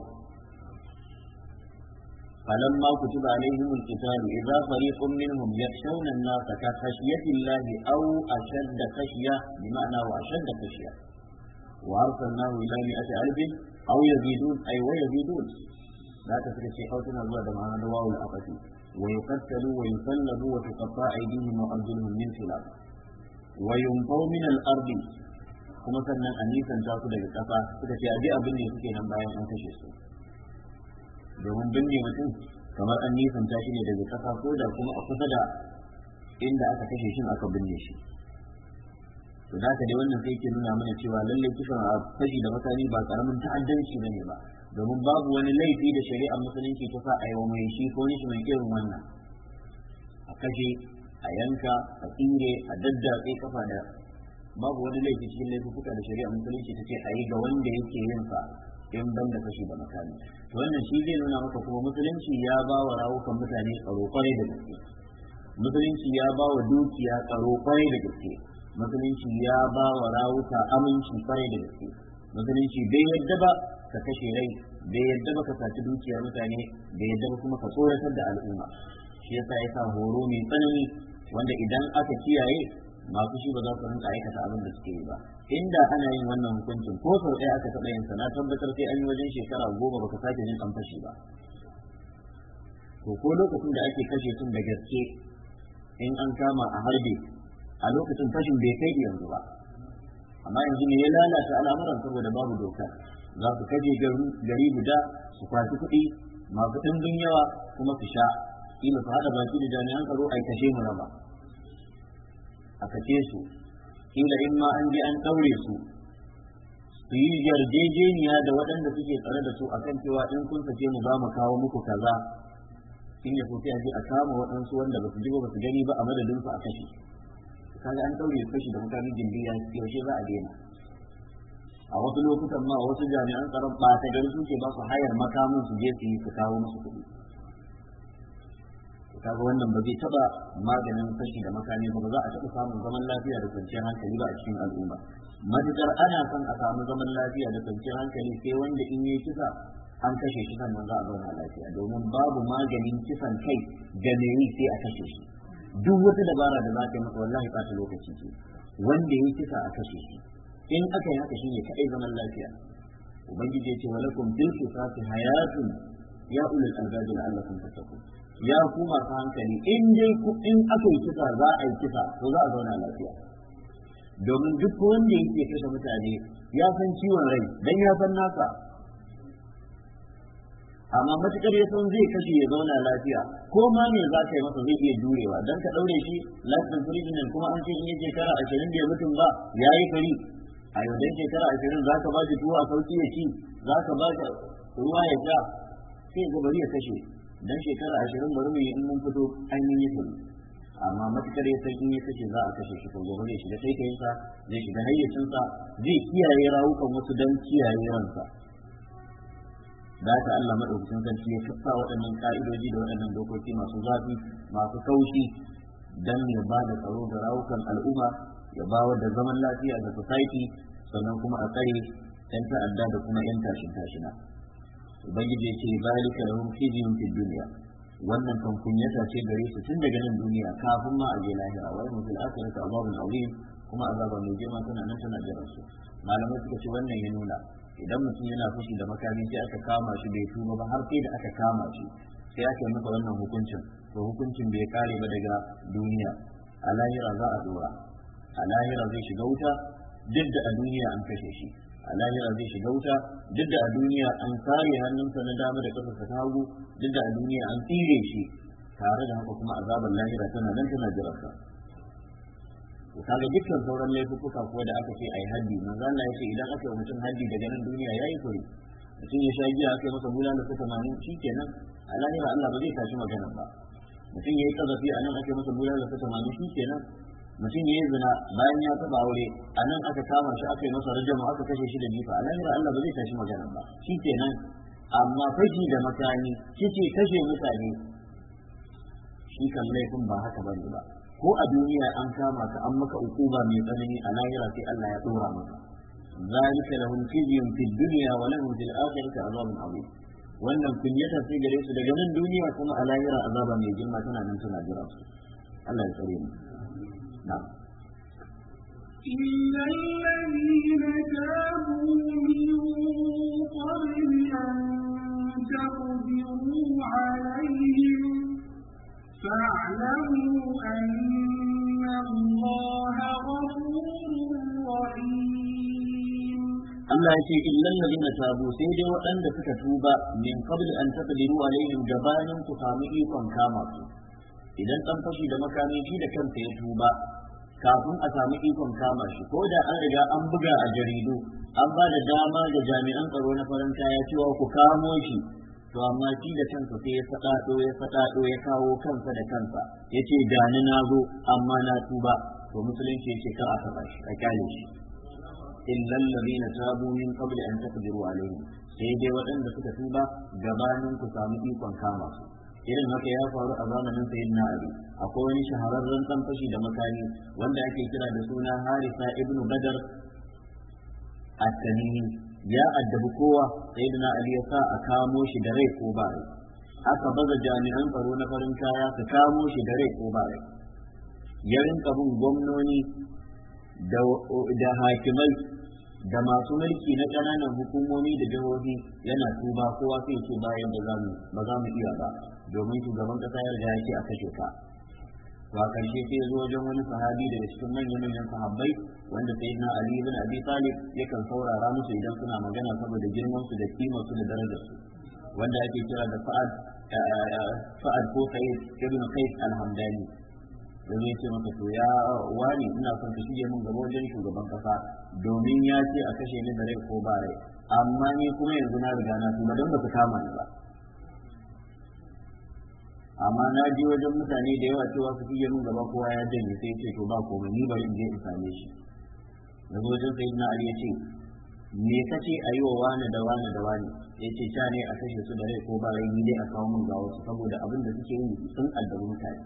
فلما كتب عليهم القتال إذا فريق منهم يخشون الناس كخشية الله أو أشد خشية بمعنى وأشد خشية وأرسلناه إلى مئة ألف أو يزيدون أي ويزيدون لا تفرق في حوتنا الوعد مع دواء الأقدي ويقتلوا ويسلبوا وتقطع أيديهم وأرجلهم من خلاف وينبوا من الأرض kuma sannan a nisan ta su daga ƙasa suka ce a ji abin da suke nan bayan an kashe su domin binne mutum kamar an nisanta shi ne daga ƙasa ko da kuma a kusa da inda aka kashe shi aka binne shi to da ka dai wannan sai ke nuna mana cewa lallai kisan a fashi da mutane ba karamin ta'addanci bane ba domin babu wani laifi da shari'ar musulunci ta sa a yi wa mai shi ko ni shi mai irin wannan a kashe a yanka a tsire a daddatse kafa da babu wani laifi cikin laifuka da shari'ar musulunci ta ce a yi ga wanda yake yin sa in ban da kashi da makami wannan shi zai nuna maka kuma musulunci ya ba wa rawukan mutane tsaro kwarai da gaske musulunci ya ba wa dukiya tsaro kwarai da gaske musulunci ya ba wa rawuka aminci kwarai da gaske musulunci bai yadda ba ka kashe rai bai yadda ba ka saci dukiyar mutane bai yadda ba kuma ka tsoratar da al'umma shi yasa ya sa horo mai tsanani wanda idan aka kiyaye masu shi ba za su rinka aikata abin da suke yi ba inda ana yin wannan hukuncin ko sau ɗaya aka taɓa yin sa na tabbatar sai an yi wajen shekara goma baka sake jin an fashi ba to ko lokacin da ake kashe tun da gaske in an kama a harbe a lokacin fashin bai kai yanzu ba amma yanzu ne ya lalata al'amuran saboda babu dokar za su kaje gari guda su kwashi kuɗi masu ɗimbin yawa kuma su sha kila su haɗa baki da jami'an tsaro a kashe mu raba a kace su kila in ma an bi an daure su su yi yarjejeniya da waɗanda suke tsare da su akan cewa in kun sace mu ba mu kawo muku kaza in ya so sai a je a kama waɗansu wanda ba su ji ba su gani ba a madadin su a kashe kaga an daure su kashi da mutanen jindiya yaushe za a daina a wasu lokutan ma wasu jami'an tsaron ba ta gari suke ba su hayar makamun su je su yi su kawo musu kuɗi kaga wannan ba zai taba maganin fashi da makami ba za a taɓa samun zaman lafiya da kwanciyar hankali ba a cikin al'umma matukar ana son a samu zaman lafiya da kwanciyar hankali sai wanda in yi kisa an kashe shi sannan za a zauna lafiya domin babu maganin kisan kai da me yi sai a kashe shi duk wata dabara da za ta yi masa wallahi ɓata lokaci ce wanda ya kisa a kashe shi in aka yi haka shine kaɗai zaman lafiya ubangiji ya ce walakum bil qisasi hayatun ya ulul albab la'allakum tattaqun ya ku masu hankali in dai in aka yi kisa za a yi kisa to za a zauna lafiya domin duk wanda yake kisa mutane ya san ciwon rai dan ya san nasa amma matukar ya san zai kashe ya zauna lafiya ko ma me za ka yi masa zai iya jurewa dan ka daure shi lafiyar prisoner kuma an ce in yake shekara ashirin da ya mutum ba ya yi fari a yanzu dai shekara ashirin za ka ba shi tuwa sauki ya ci za ka ba shi ruwa ya sha sai ga ya kashe dan shekara ashirin bari mu yi in mun fito an yi nufin amma matukar ya san in ya kace za a kashe shi ko gobe zai shiga taitayinsa zai shiga hayyacinsa zai kiyaye rawukan wasu dan kiyaye ransa da haka Allah madaukakin sarki ya fissa waɗannan ka'idoji da waɗannan dokoki masu zafi masu kaushi dan ya ba da tsaro ga rawukan al'umma ya ba da zaman lafiya ga society sannan kuma a tsare 'yan ta'adda da kuma 'yan tashin tashina. ubangiji yake zalika lahum khizyun fi duniya. wannan kan ya ce gare su tun daga nan duniya kafin ma a je lahira wa yawm fil akhirati adhabun azim kuma azaba mai girma tana nan tana jira su malamai suka ce wannan ya nuna idan mutum yana fushi da makami sai aka kama shi bai tuba ba har sai da aka kama shi sai aka maka wannan hukuncin to hukuncin bai kare ba daga duniya a lahira za a dora a lahira zai shiga wuta duk da a duniya an kashe shi a lahira zai shiga wuta duk da a duniya an kare hannunsa na dama da kasa ta hagu duk da a duniya an tsire shi tare da haka kuma azabar lahira tana nan tana jirarsa to kaga dukkan sauran laifuka kuwa da aka ce ai haddi manzo Allah yake idan aka yi mutum haddi daga nan duniya yayi kuri mutum ya sha giya aka yi masa da suka tamanin shikenan a lahira Allah ba zai tashi magana ba mutum yayi kazafi a nan aka yi masa da ko tamanin shikenan mutum ya yi zina bayan ya taba aure a nan aka kama shi aka yi masa rajama aka kashe shi da nifa a lahira Allah ba zai tashi magana ba shi ke nan. amma fashi da makani kike kashe mutane shi kan laifin ba haka bane ba ko a duniya an kama ka an maka ukuba mai tsanani a lahira sai Allah ya dora maka ذلك لهم خزي في الدنيا ولهم في الآخرة عذاب عظيم wannan kunyata sai gare su daga nan duniya kuma a lahira azaba mai girma tana nan tana jira su Allah ya tsare mu نعم الذين تابوا من قبل أن تقدروا عليهم فاعلموا أن الله غفور رحيم Allah ya ce da na tabo sai dai waɗanda suka tuba min qabl an taqdiru alaihim gabanin ku samu ikon kama su idan dan fashi da makami shi da kanta ya tuba kafin a samu ikon kama shi ko da an riga an buga a jaridu an ba da dama ga jami'an tsaro na farin ya cewa ku kamo shi to amma shi da kansa sai ya faɗaɗo ya faɗaɗo ya kawo kansa da kansa ya ce ni na zo amma na tuba to musulunci ya ce kar a taɓa shi a kyale shi illa allazina tabu min qabli an taqdiru alaihim sai dai waɗanda suka tuba gabanin ku samu ikon kama su irin haka ya faru a zamanin na ali akwai wani shahararren dan fashi da makani wanda ake kira da suna harisa ibnu badar at tanini ya addabi kowa sayyidina ali ya sa a kamo shi da rai ko ba rai aka baza jami'an tsaro na farin kaya su kamo shi da rai ko ba rai ya gwamnoni da hakimai da masu mulki na ƙananan hukumomi da jihohi yana tuba kowa sai ce bayan ba za mu iya ba domin shugaban kasa ya riga yake a kashe ka to a karshe sai zo wajen wani sahabi daga cikin manyan manyan sahabbai wanda sai na ali ibn abi talib yakan saurara musu idan suna magana saboda girman su da kima su da darajar su wanda ake kira da fa'ad fa'ad eh, eh, ko sa'id ibn qais al-hamdani da zai ce maka to ya wani ina son ka shige min gaba wajen shugaban kasa domin ya ce a kashe ni da rai ko ba rai amma ni kuma yanzu na riga na tuba don ba su kama ni ba amma na ji wajen mutane da yawa cewa su iya min gaba kowa ya janye sai ce to ba komai ni bari in je in same shi na zo wajen sai na ariya ce me kace a yi wa wani da wani da wani ya ce sha ne a kashe su da rai ko ba rai ni dai a kawo min ga wasu saboda abin da suke yi sun addabi mutane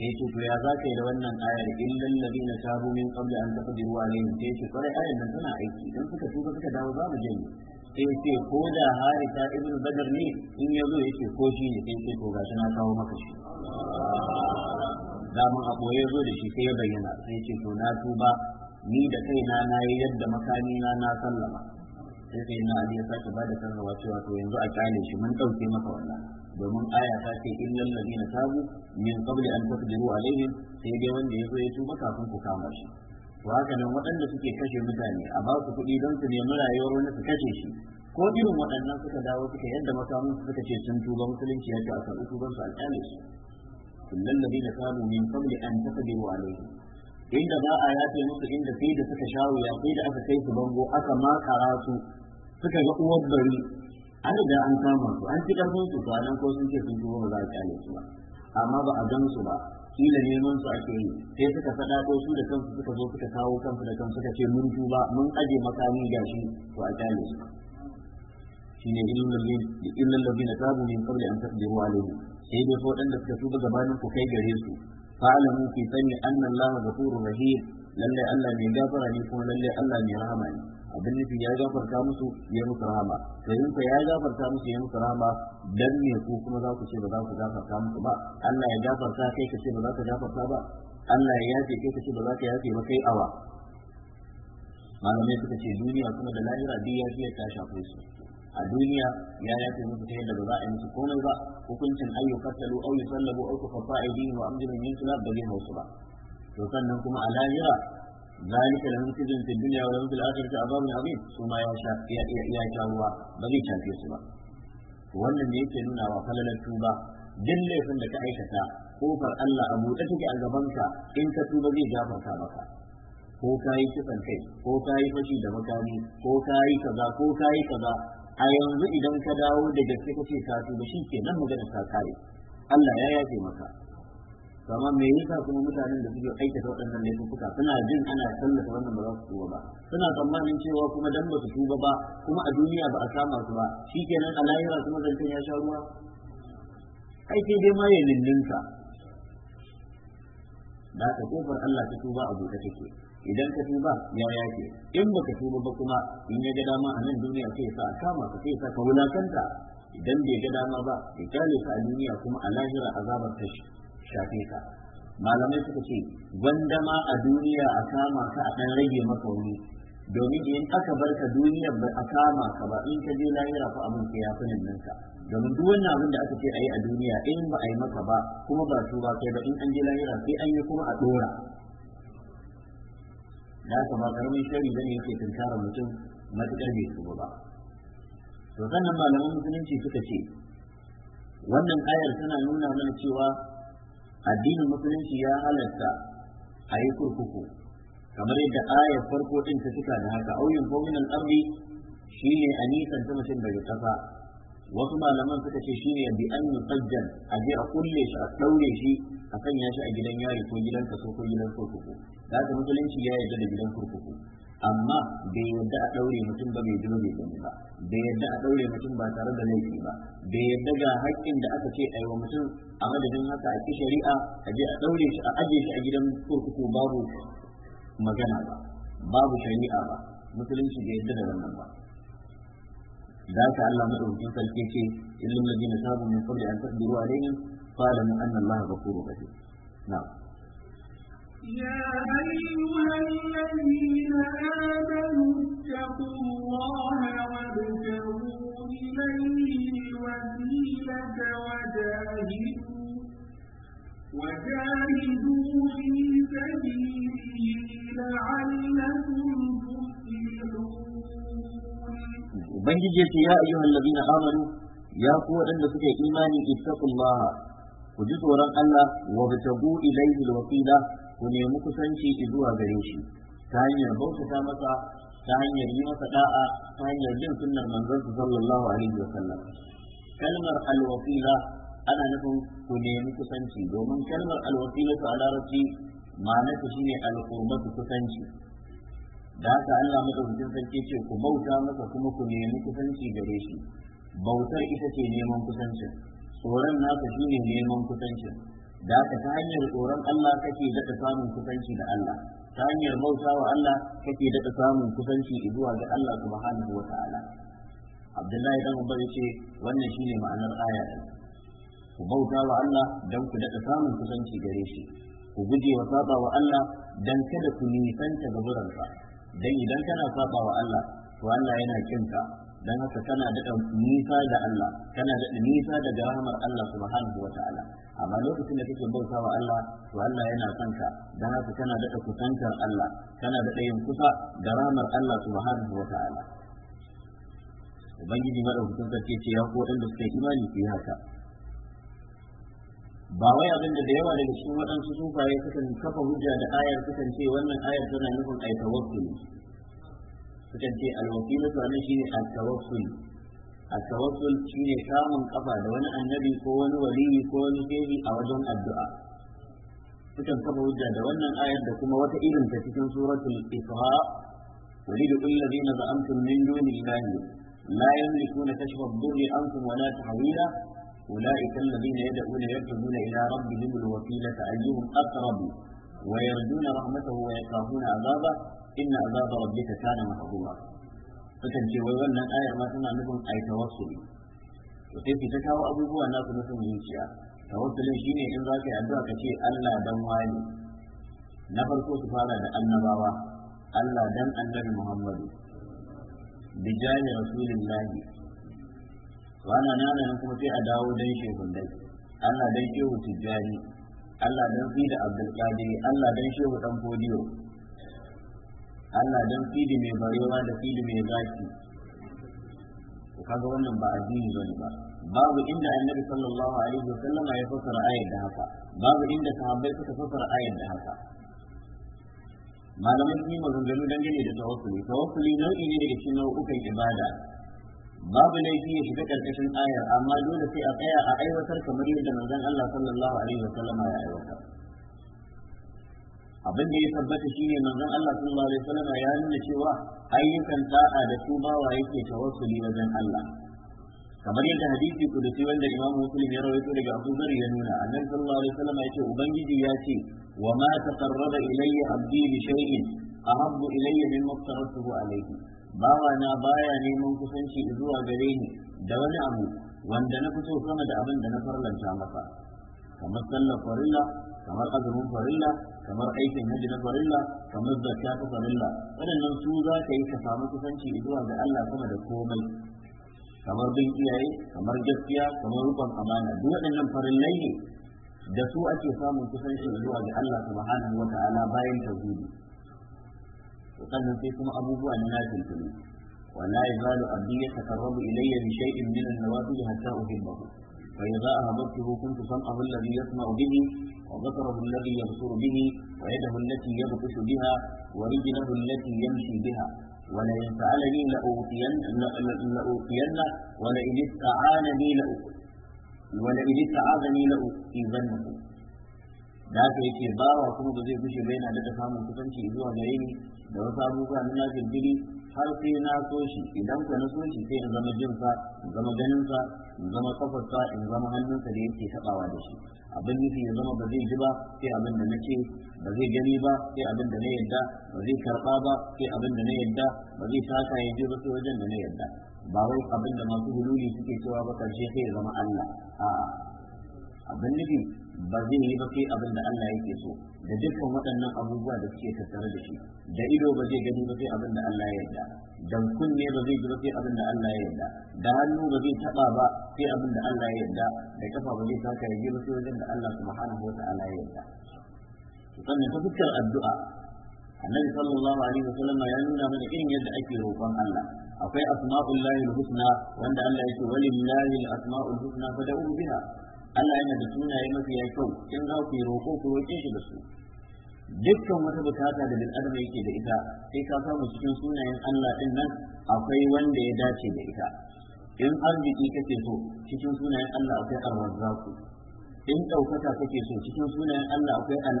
sai ce to ya za ka yi da wannan ayar illal na tabu min qabli an ruwa ne, sai ce kwarai ayar nan tana aiki don suka tuba suka dawo za mu janye sai ce ko da harisa ibn badar ne in ya zo ya ce ko shi ne sai ce ga shi na kawo maka shi mu abu ya zo da shi sai ya bayyana sai ce to na tuba ni da kaina na yi yadda makami na na sallama sai sai na ali ya sake bada sanarwa cewa to yanzu a kyale shi mun dauke maka wannan domin aya ta ce in lallazina tabu min qabli an taqdiru alaihim sai dai wanda ya zo ya tuba kafin ku kama shi haka waɗanda suke kashe mutane a ba su kuɗi don su nemi rayuwar wani su kashe shi ko irin waɗannan suka dawo suka yadda makamin suka ce sun tuba musulunci ya ce a karɓi su alƙale su kullum da na samu min kabli an taqdiru alaihi inda ba a yafe musu inda sai da suka shawo ya sai da aka kai su bango aka makara su suka ga uwar bari an da an kama su an ci karfin su to nan ko sun ce sun tuba ba za a ƙyale su ba amma ba a gan su ba kila neman su ake yi sai suka faɗa ko su da kansu suka zo suka kawo kansu da kansu suka ce mun duba mun aje makami gashi to a kyale su shine illal na tabu min qabli an taqdiru alaihim sai dai waɗanda suka tuba gabanin ku kai gare su fa'alamu fi sani anna allaha ghafurur rahim lalle Allah mai gafara ne kuma lallai Allah mai rahama ne abin nufi ya gafarta musu ya musu rahama sayin ya gafarta musu ya musu rahama dan me ku kuma za ku ce ba za ku gafarta musu ba Allah ya gafarta kai ka ce ba za ka gafarta ba Allah ya yafe kai ka ce ba za ka yafe ba kai awa malamai suka ce duniya kuma da lahira duk ya fiye ta shafe su a duniya ya yafe musu ta yadda ba za a yi musu komai ba hukuncin ayyu qatalu aw yusallabu aw tuqatta aydihim wa amdihim min ba zai hausu ba to sannan kuma a lahira ذلك لهم خزي في الدنيا ولهم في الآخرة عذاب عظيم ثم يشاء يا شاهوة بذي شافي سبا wannan ne yake nuna wa falalar tuba duk laifin da ka aikata kofar Allah a buɗe take a gabanka in ka tuba zai gafarta maka ko ka yi kisan kai ko ka yi fashi da makami ko ka yi kaza ko ka yi kaza a yanzu idan ka dawo da gaske kace ka tuba shi kenan magana ta kare Allah ya yafe maka kama me yasa kuma mutanen da suke aikata waɗannan laifuka suna jin ana tallata wannan ba za su tuba ba suna tsammanin cewa kuma dan ba su tuba ba kuma a duniya ba a kama su ba shikenan a lahira kuma zancen ya sha ruwa ai dai ma ya lullunka da ka kofar Allah ta tuba a buɗe take idan ka tuba ya yake in ba ka tuba ba kuma in ya ga dama a nan duniya sai ya sa a kama ka sai ya sa ka wulakanta idan bai ga dama ba ya kale ka a duniya kuma a lahira azabar ta shi shafe ka malamai suka ce wanda ma a duniya a kama ka a ɗan rage maka wani domin in aka bar ka duniyar ba a kama ka ba in ka je lahira ko abin ka ya fi nan ka domin duk wannan abin da aka ce ayi a duniya in ba a yi maka ba kuma ba su ba kai ba in an je lahira sai an yi kuma a dora da aka ba karamin shari bane yake tunkara mutum matukar bai su ba to sannan malaman musulunci suka ce wannan ayar tana nuna mana cewa addinin musulunci ya halarta a yi kurkuku kamar yadda ayar farko din ta cika da haka auyin komin al'ardi shi ne a nisan ta mutum daga ƙasa wasu malaman suka ce shi ne bi an musajjan a je a kulle shi a ɗaure shi a sanya shi a gidan yari ko gidan kaso ko gidan kurkuku da musulunci ya yarda da gidan kurkuku amma bai yadda a ɗaure mutum ba mai jiro bai gani ba bai yadda a ɗaure mutum ba tare da laifi ba bai yadda ga haƙƙin da aka ce aiwa mutum a madadin haka a ki shari'a a je a ɗaure shi a ajiye shi a gidan kurkuku babu magana ba babu shari'a ba musulunci bai yadda da wannan ba da haka Allah madaukakin sarki ce illal ladina tabu min qabli an taqdiru alaihim fa'lamu anna Allah ghafurur rahim na'am يا أيها الذين آمنوا اتقوا الله وابتغوا إليه الوسيلة وجاهدوا وجاهدوا في سبيله لعلكم تفلحون Ubangiji ce ya ayyuhan ladina amanu ya ku waɗanda suka yi imani ittaqullaha ku ji tsoron Allah wa bitagu ilayhi alwasila ku nemi kusanci zuwa gare shi ta hanyar bautata masa ta hanyar yi masa da'a ta hanyar jin sunnar manzon sallallahu alaihi wa sallam kalmar alwasila ana nufin ku nemi kusanci domin kalmar alwasila a larabci ta shine alqurbatu kusanci da haka Allah madaukakin sarki ce ku bauta masa kuma ku nemi kusanci gare shi bautar ita ce neman kusancin tsoron nasa shine neman kusancin da haka ta hanyar tsoron Allah kake daɗa samun kusanci da Allah ta hanyar bauta wa Allah kake daɗa samun kusanci zuwa ga Allah subhanahu wa ta'ala Abdullahi dan Umar yace wannan shine ma'anar aya ku bauta wa Allah dan ku daɗa samun kusanci gare shi ku guje wa saba wa Allah dan kada ku nisanta gaburansa dan idan kana saba wa Allah to Allah yana kinka dan haka kana da nisa da Allah kana da nisa daga rahmar Allah subhanahu wataala amma lokacin da kake bauta wa Allah to Allah yana son ka dan haka kana da kusantar Allah kana da yin kusa da rahmar Allah subhanahu wataala ubangiji madaukakin sarki ce ya ko da suka yi imani su haka ba wai abin da yawa daga cikin waɗansu sufaye sukan kafa hujja da ayar sukan ce wannan ayar tana nufin ai tawakkuli sukan ce alwakila to nan shine at-tawassul at-tawassul ne samun kafa da wani annabi ko wani waliyi ko wani shehi a wajen addu'a sukan kafa hujja da wannan ayar da kuma wata irin ta cikin suratul isra ولد الذين زعمتم من دون الله لا يملكون كشف الضر عنكم ولا تحويلا أولئك الذين يدعون يبتغون إلى ربهم الوسيلة أيهم أقرب ويرجون رحمته ويخافون عذابه inna azaba rabbika kana mahdura sukan ce wai wannan ayar ma tana nufin ai tawassuli to sai ki ta kawo abubuwa na ku nufin zuciya tawassulin shine in za ka yi addu'a ka ce Allah dan wani na farko su fara da annabawa Allah dan annabi Muhammadu bijani rasulillahi wana nana nan kuma sai a dawo dan shehun dai Allah dan shehu tijjani Allah dan fi da Abdul Qadir Allah dan shehu dan Fodiyo Allah don fili mai barewa da fili mai zaki Ku kaga wannan ba addini bane ba babu inda annabi sallallahu alaihi wa wasallam ya fassara ayat da haka babu inda sahabbai suka fassara ayat da haka malamai sun yi maganganu dangane da tawassuli tawassuli nau'i ne daga cikin nau'ukan ibada babu laifi ya shiga karkashin ayar amma dole sai a tsaya a aiwatar kamar yadda manzon Allah sallallahu alaihi wa sallam ya aiwatar abin da ya tabbata shi ne manzon Allah sallallahu alaihi wasallam ya nuna cewa ayyukan ta'a da su bawa yake tawassuli wajen Allah kamar yadda hadisi kudusi wanda Imam Muslim ya rawaito daga Abu Dharr ya nuna annabi sallallahu alaihi wasallam ya ce ubangiji ya ce wa ma taqarraba ilayya abdi bi shay'in ahabbu ilayya mimma taqarrabtuhu alayhi bawa na baya neman kusanci zuwa gare ni da wani abu wanda na fito sama da abin da na farlanta masa kamar sallar farilla kamar azumin farilla kamar aikin hajji na farilla kamar zakka ta farilla waɗannan su za ka yi ka samu kusanci zuwa ga Allah sama da komai kamar bin iyaye kamar gaskiya kamar rubon amana duk waɗannan farillai ne da su ake samun kusanci zuwa ga Allah subhanahu wa ta'ala bayan tauhidi to sannan sai kuma abubuwa na nafil ولا يزال عبدي يتقرب الي بشيء من النوافل حتى احبه فإذا أهبته كنت سمعه الذي يسمع به وبصره الذي يبصر به ويده التي يبطش بها ورجله التي يمشي بها ولئن سألني لأوتينه ولئن استعانني ولئن استعاذني لأوتينه da aka yake bawa kuma ba zai gushe ba yana da samun kusanci zuwa gare ni da wasu abubuwa na har sai na so shi idan ka na so shi sai in zama jinsa in zama ganinsa in zama kafarsa in zama hannunsa da yake tabawa da shi abin nufi ya zama ba zai ji ba sai abin da na ce ba zai gani ba sai abin da na yadda ba zai karba ba sai abin da na yadda ba zai saka ya je ba sai wajen da na yadda ba wai abin da masu hululi suke cewa ba karshe sai ya zama Allah a'a abin nufi ba zai yi ba sai abin da Allah yake so da dukkan waɗannan abubuwa da suke tattare da shi da ido ba zai gani ba sai abin da Allah ya yarda da kunne ba zai ji ba sai abin da Allah ya yarda da hannu ba zai taɓa ba sai abin da Allah ya yarda da kafa ba zai taka yaji ba sai wajen da Allah subhanahu wa ta'ala ya yarda sannan ta fuskar addu'a annabi sallallahu alaihi wasallam ya nuna mana irin yadda ake roƙon Allah akwai asma'ullahi al-husna wanda Allah yake walillahi al-asma'ul husna fad'u biha Allah yana da sunaye mafi mafiya kyau in za ku yi roƙo ku roƙe shi da su dukkan wata bukata da bil adam yake da ita sai ka samu cikin sunayen Allah din nan akwai wanda ya dace da ita in arziki kake so cikin sunayen Allah akwai ar-razzaqu in ɗaukaka kake so cikin sunayen Allah akwai al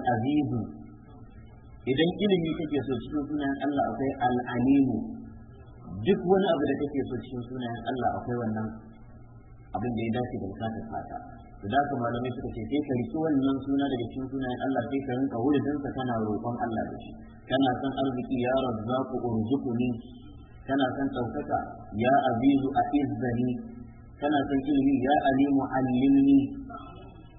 idan ilimi kake so cikin sunayen Allah akwai al duk wani abu da kake so cikin sunayen Allah akwai wannan abin da ya dace da bukatar fata to da kuma malamai suka ce sai ka riki wannan suna daga cikin sunayen Allah sai ka rinka wuridin sa kana roƙon Allah da shi kana san arziki ya razzaqu urzuquni kana san ɗaukaka ya azizu a izzani kana san ilimi ya alimu allimni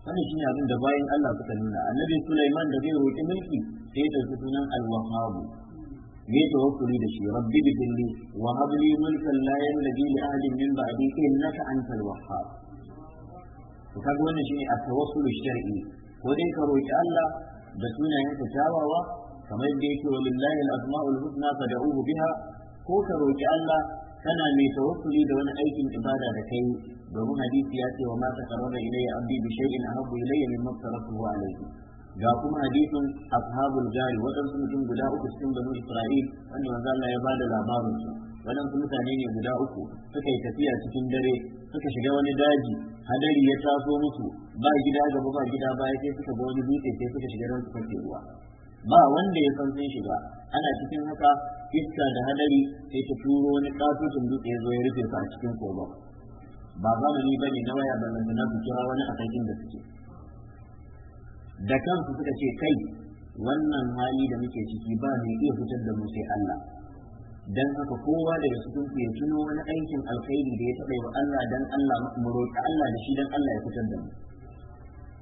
wannan shine abin da bayan Allah suka nuna annabi Sulaiman da zai roƙi mulki sai da sunan al-wahhab ne da wakuri da shi rabbi bi dhilli wa habli mulkan la yanbaghi li ahadin min ba'di innaka antal wahhab to kaga wannan shine at-tawassul shar'i ko dai ka roki Allah da sunayen ka tawawa kamar yadda yake wa lillahi al-asma'ul husna fad'uhu biha ko ka roki Allah kana mai tawassuli da wani aikin ibada da kai domin hadisi ya ce wa ma taqarraba ilayya abdi bi shay'in ahabbu ilayya mimma taratuhu alayhi ga kuma hadisin ashabul jari waɗansu mutum guda uku cikin banu isra'il wanda manzo Allah ya bada labarin su waɗansu mutane ne guda uku suka yi tafiya cikin dare suka shiga wani daji hadari ya taso musu ba gida gaba ba gida baya sai suka ga wani dutse sai suka shiga don su ruwa ba wanda ya san sun shiga ana cikin haka iska da hadari sai ta turo wani katutun dutse ya zo ya rufe su a cikin kogon ba zamani bane na waya ballanta na kira wani a kan da suke da kansu suka ce kai wannan hali da muke ciki ba mai iya fitar da mu sai Allah dan haka kowa daga cikin ku ya tuno wani aikin alkhairi da ya taɓa wa Allah dan Allah mu ta Allah da shi dan Allah ya fitar da mu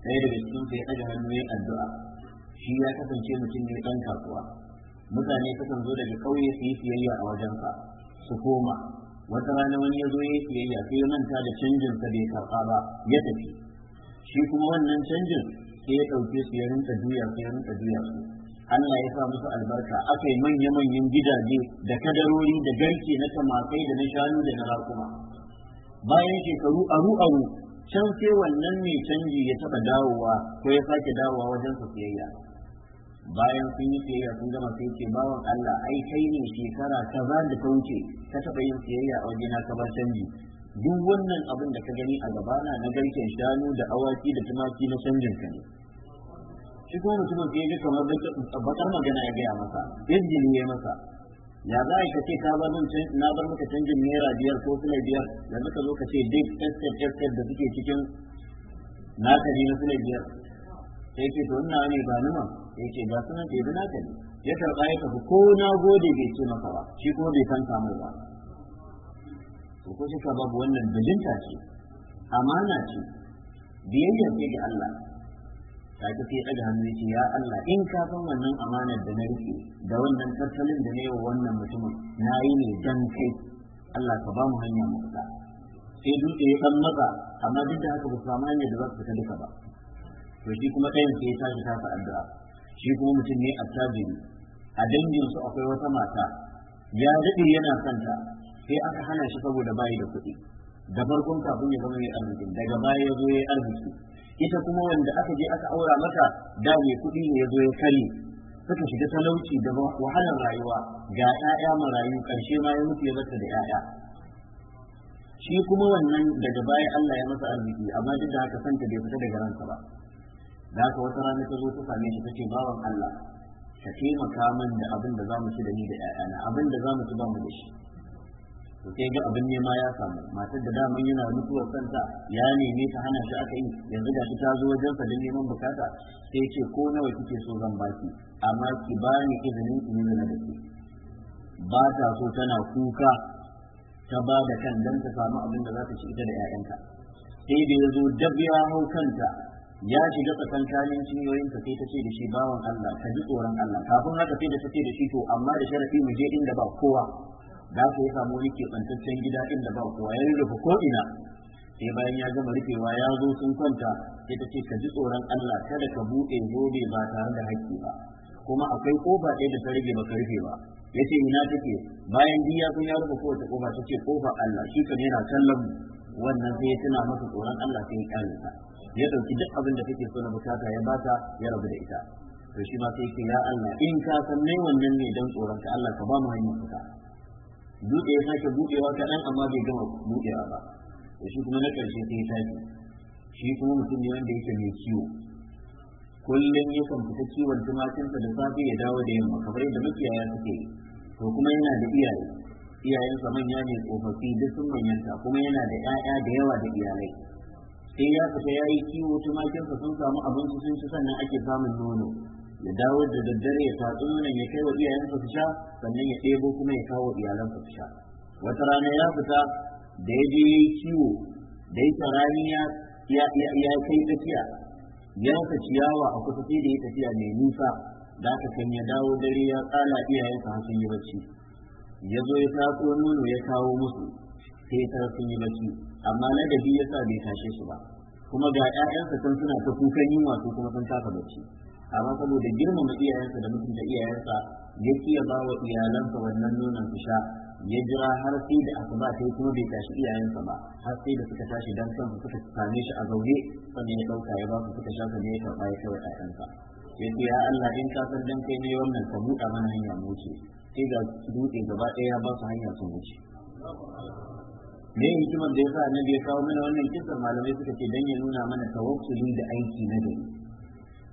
sai daga cikin ku ya ɗaga hannu ya addu'a shi ya kasance mutum ne dan kasuwa mutane sukan zo daga ƙauye su yi siyayya a wajensa su koma wata rana wani ya zo ya yi siyayya sai ya manta da canjin sa bai karɓa ba ya tafi shi kuma wannan canjin sai ya ɗauke su ya rinka juya su ya rinka juya su Allah ya sa musu albarka aka yi manya-manyan gidaje da kadarori da garke na tamakai da na shanu da na rakuma bayan shekaru aru aru can sai wannan mai canji ya taɓa dawowa ko ya sake dawowa wajen su siyayya bayan sun yi siyayya sun gama sai ce bawan Allah ai kai ne shekara kaza da ta wuce ka taɓa yin siyayya a wajena ka bar canji duk wannan abin da ka gani a gabana na garken shanu da awaki da tumaki na canjin ka ne shi kuma mutumin da ya ji kamar bakar magana ya gaya masa izgin ya masa ya za ka ce ka bar na bar maka canjin naira biyar ko sule biyar yanzu ka zo ka ce duk estate estate da suke cikin naka na sule biyar sai ke to ina ne ba nima sai ce ga suna ke bi naka ya karɓa ya tafi ko na gode bai ce maka ba shi kuma bai san samu ba to ko shi ka babu wannan bilinta ce amana ce biyayya ce ga Allah kaji sai daga hannu ce ya Allah in ka san wannan amanar da na rike da wannan tattalin da na yi wa wannan mutumin na yi ne dan kai Allah ka ba mu hanya mu fita sai dutse ya san maza amma duk da haka ba samu hanya da za su fita duka ba to shi kuma ɗayan sai ya tashi ta addu'a shi kuma mutum ne attajiri a danginsu akwai wata mata ya daɗe yana santa sai aka hana shi saboda bayi da kuɗi da farkon kafin ya zama mai arziki daga baya ya zo ya arziki ita kuma wanda aka je aka aura mata da mai kuɗi ne ya zo ya kare suka shiga talauci da wahalar rayuwa ga 'ya'ya marayu ƙarshe ma ya mutu ya da 'ya'ya shi kuma wannan daga baya Allah ya masa arziki amma duk da haka santa bai fita daga ransa ba da haka wata rana ta zo ta same shi ta ce bawan Allah ka taimaka min da abin da za mu ci da ni da 'ya'yana abin da za mu ci ba mu da shi sai ga abin nema ya samu matar da daman yana mutuwar kanta ya neme ta hana shi aka yi yanzu da ta zo wajen sa don neman bukata sai ce ko nawa kike so zan baki amma ki bani izinin ki nuna da ke ba ta so tana kuka ta ba da kan dan ta samu abin da za ta ci ita da 'ya'yanta sai da ya zo dab ya hau kanta ya shiga tsakankanin ka sai ta ce da shi bawan Allah ka ji tsoron Allah kafin haka sai da ta da shi to amma da sharafi mu je inda ba kowa da aka yi samu wani keɓantaccen gida inda ba kowa ya rufe ko'ina? ina sai bayan ya gama rufewa ya zo sun kwanta sai ta ce ka ji tsoron Allah kada ka buɗe zobe ba tare da haƙƙi ba kuma akwai kofa ɗaya da ta rage ka rufe ba ya ce ina take bayan biya sun ya rufe kowace ƙofa ta ce kofa Allah shi kan yana kallon wannan sai ya masa tsoron Allah sai ya kare ta ya ɗauki duk abin da take so na bukata ya bata ya rabu da ita to shi ma sai ya Allah in ka san wannan ne dan tsoron ka Allah ka ba mu hanyar fita buɗe ya sake buɗewa kaɗan amma bai gama buɗewa ba da shi kuma na ƙarshe sai ya tashi shi kuma mutum ne wanda yake mai ciwo kullum ya kan fita ciwon tumakinsa da safe ya dawo da yamma kamar yadda makiyaya suke yi to kuma yana da iyaye iyayensa manya ne tsofaffi duk sun manyanta kuma yana da 'ya'ya da yawa da iyalai sai ya fita ya yi kiwo tumakinsa sun samu abinci sun ci sannan ake samun nono ya dawo da daddare ya tatsu nan ya kai wa iyayensa su sha sannan ya ɗebo kuma ya kawo iyalan su sha wata rana ya fita da ya je yayi ciwo, da ya rani ya ya kai tafiya ya ka ciyawa a kusa sai da ya tafiya mai nisa da aka kan ya dawo dare ya tsala iyayensa har sun yi bacci ya zo ya tatsu nono ya kawo musu sai ta sun yi bacci amma na biyu ya sa bai tashe su ba kuma ga 'ya'yansa sun suna ta kukan yunwa su kuma sun taka bacci amma saboda girmama iyayensa da mutunta iyayensa ya kiya ba wa iyalansa wannan nonon su sha ya jira har sai da asuba sai kuma bai tashi iyayensa ba har sai da suka tashi dan kansu suka same shi a zaune sannan ya ɗauka ya ba su suka sha sannan ya karɓa ya kai wa Ya ce ya Allah in ka san dan kai ne wannan ka buɗa mana hanya mu wuce sai ga dutse gaba ɗaya ya ba su hanya sun wuce me hikimar da sa annabi ya kawo mana wannan kisan malamai suka ce dan ya nuna mana tawakkuli da aiki na gari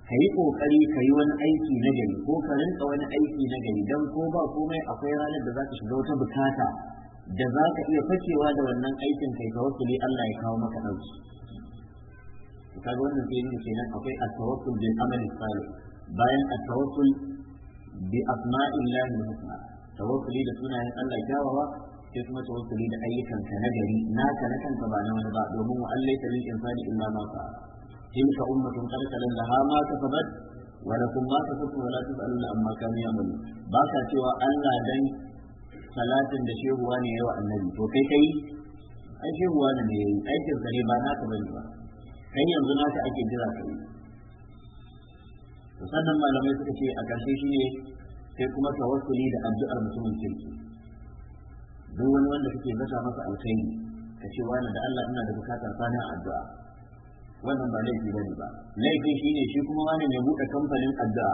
ka yi ƙoƙari ka yi wani aiki na gari ko ka rinka wani aiki na gari don ko ba komai akwai ranar da za ka shiga wata bukata da za ka iya fakewa da wannan aikin kai ka wakili Allah ya kawo maka ɗauki kaga wannan sai yin kenan akwai at-tawakkul bil amal salih bayan at-tawakkul bi asma'illahi al-husna tawakkuli da sunayen Allah kyawawa sai kuma tawakkuli da ayyukan ka na gari naka na kanka ba na wani ba domin wa Allah ya lil insani illa ma sa'a تلك أمة قد خلت لها ما كسبت ولكم ما كسبتم ولا تسألون عما كانوا يعملون باكا سوى ألا دن صلاة دشيه واني يوى النبي وكيكي ai shi ruwa ne ne ai kin zare ba na ka bane ba kai yanzu na ka ake jira kai to sannan malamai suka ce a ƙarshe shi ne sai kuma tawakkuli da addu'ar mutumin kirki duk wani wanda kake zata masa alkhairi ka ce wani da Allah ina da bukatar sana addu'a wannan ba laifi bane ba laifin ne, shi kuma wani mai buɗe kamfanin addu'a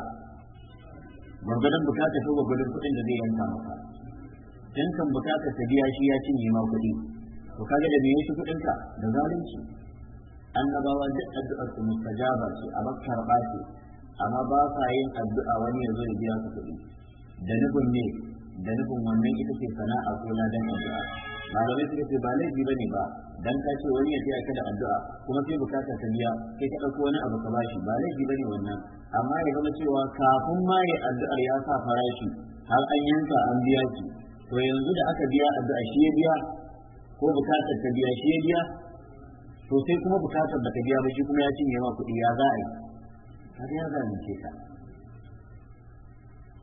gwargwadon bukata ko gwargwadon kuɗin da zai yanka maka in kan bukata ta biya shi ya cinye ma kuɗi to kaga da biyan shi kuɗin da zalunci annabawa duk addu'ar su mustajaba ce a bakkar ba ce amma ba sa yin addu'a wani ya zo ya biya su kuɗi da nufin ne da nufin wannan ita ce sana'a ko ladan addu'a malamai suka ce ba laifi ba ne ba dan ka ce wani ya taya ka da addu'a kuma sai bukatar ta biya sai ta ɗauko wani abu ka shi ba laifi ba ne wannan amma ya zama cewa kafin ma ya addu'ar ya sa farashi har an yanka an biya shi to yanzu da aka biya addu'a shi ya biya ko bukatar ta biya shi ya biya to sai kuma bukatar da ta biya ba shi kuma ya cinye ma kuɗi ya za a yi kaga ya za zalunce ka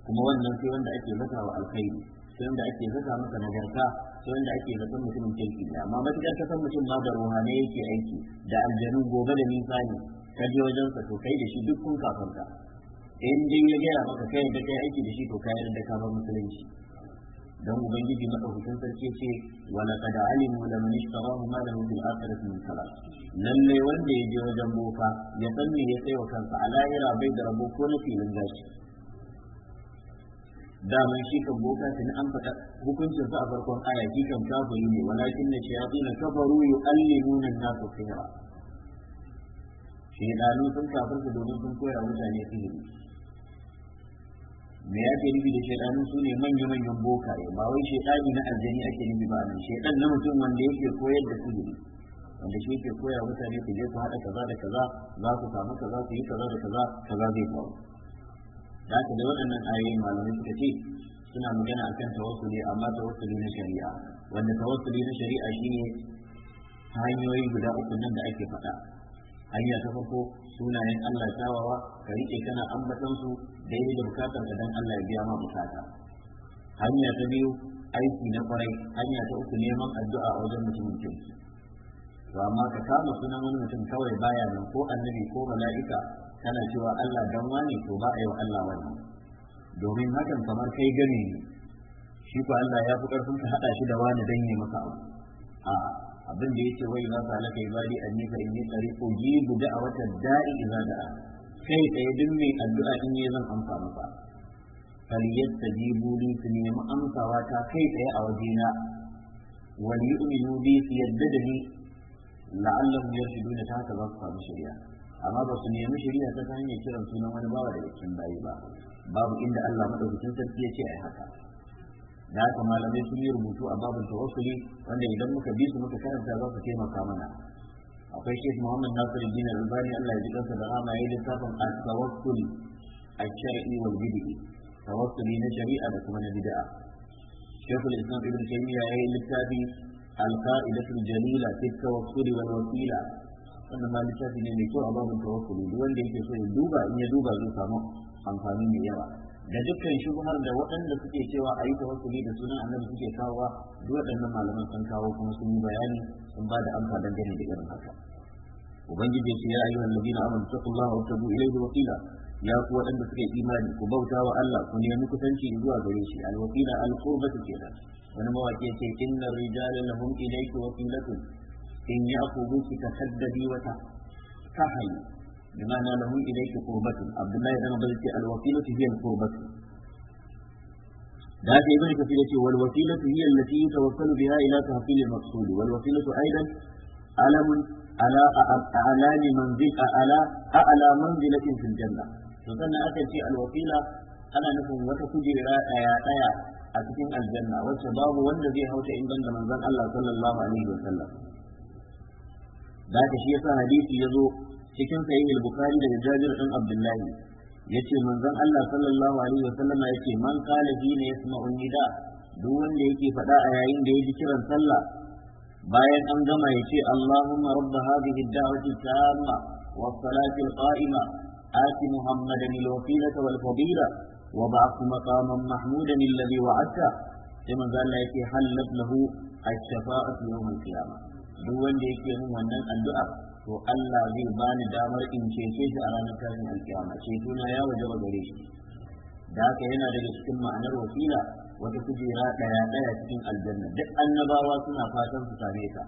kuma wannan sai wanda ake zaka wa alkhairi sai wanda ake zaka masa nagarta wanda ake zaton mutumin kirki ne amma matukar ka san mutum ma da ruhane yake aiki da aljanu gobe da nisa ne ka je wajen sa to kai da shi duk kun kafin ka in dai ya gaya maka kai da kai aiki da shi to ka da ka musulunci dan ubangiji madaukakin sarki ce wa laqad alimu laman ishtarahu ma lahu fil akhirati min khalaq lalle wanda ya je wajen boka ya san me ya sai wa kansa a lahira bai da rabo ko na filin gashi dama shi kan boka ta an fata hukuncin sa a farkon aya shi kan kafiri ne walakin na shayatin kafaru yu'allimuna an-nasu sihra shedanu sun kafirta domin sun koya mutane sihiri me yake nufi da shedanu su ne manya-manyan ya ba wai shedani na aljani ake nufi ba nan shedan na mutum wanda yake koyar da sihiri wanda shi yake koya mutane su je su haɗa kaza da kaza za ku samu kaza ku yi kaza da kaza kaza zai faru da aka da waɗannan ayoyin malamai suka ce suna magana akan tawassuli amma tawassuli na shari'a wanda tawassuli na shari'a shine hanyoyi guda uku nan da ake faɗa hanya ta farko sunayen Allah tawawa ka rike kana ambaton su daidai da bukatar ka dan Allah ya biya ma bukata hanya ta biyu aiki na kwarai hanya ta uku neman addu'a a wajen mutumin kirki to amma ka kama sunan wani mutum kawai baya nan ko annabi ko mala'ika kana cewa Allah dan wani to ba a yi wa Allah wani domin hakan kamar kai gani shi ko Allah ya fi karfin ka hada shi da wani dan yi maka abu a abin da yake wai za ka halaka ibadi anni ko inni tariqu a wata da'i idza da'a kai tsaye duk mai addu'a in yi zan amsa maka faliyar ta jibu li su nemi amsawa ta kai tsaye a wajena Wani yu'minu bi su yadda da ni la'allahum yarshuduna ta haka za su samu shari'a amma ba su nemi shari'a ta ta hanyar kiran sunan wani bawa da cikin bayi ba babu inda Allah madaukakin sarki ya ce a haka da haka malamai sun yi rubutu a babin tawakkuli, wanda idan muka bi su muka karanta za su taimaka mana akwai shi Muhammad Nasir bin Albani Allah ya ji kansa da rama yayin lissafin at-tawassul al-shar'i wal bid'i Tawakkuli na shari'a da kuma na bid'a yi littafi ابن تيميه يا للتابي القائده الجليله في التوسل والوسيله wannan ma littafi ne mai kyau a babin tawakkuli duk wanda yake so ya duba in ya duba zai samu amfani mai yawa da dukkan shubhar da waɗanda suke cewa a yi tawakkuli da sunan annabi suke kawowa duk waɗannan malaman sun kawo kuma sun yi bayani sun ba da amsa dangane da irin haka ubangiji ce ya ayyuhal ladina amanu taqullaha wa tabu ilayhi wakila ya ku waɗanda suke imani ku bauta wa Allah ku nemi kusanci zuwa gare shi alwakila alqurbatu kenan wani mawaki ya ce innar rijala lahum ilayka wakilatun in yaqubuki tasaddadi wa tahayi bimana lahu ilayki kurbatu. abdullahi dan bazaki alwasilatu hiya alqurbatu da haka ibn kafir yace wal wasilatu hiya allati yatawassalu biha ila tahsil al-maqsud wal wasilatu aidan alamun ala alani manzil ala ala manzilatin fil janna to sannan aka ce al ana nufin wata kujera daya daya a cikin aljanna wacce babu wanda zai hauta in banda manzon Allah sallallahu alaihi wasallam da haka shi yasa hadisi ya zo cikin sahih al-bukhari daga Jabir ɗin Abdullahi yace manzon Allah sallallahu alaihi wasallama yace man qala hina yasma'u nida duk wanda yake faɗa a yayin da ya ji kiran sallah bayan an gama ya ce Allahumma rabba hadhihi ad-da'wati tamma was salati al-qa'ima آت محمدا الوسيلة والفضيلة وبعث مقاما محمودا الذي وعدته كما قال لك حلت له الشفاعة يوم القيامة duk wanda yake min wannan addu'a to Allah zai bani damar in cece shi a ranar tashin alkiyama ce suna ya waje ba gare shi da haka yana daga cikin ma'anar wasila wata kujera ɗaya ɗaya cikin aljanna duk annabawa suna fatan su same ta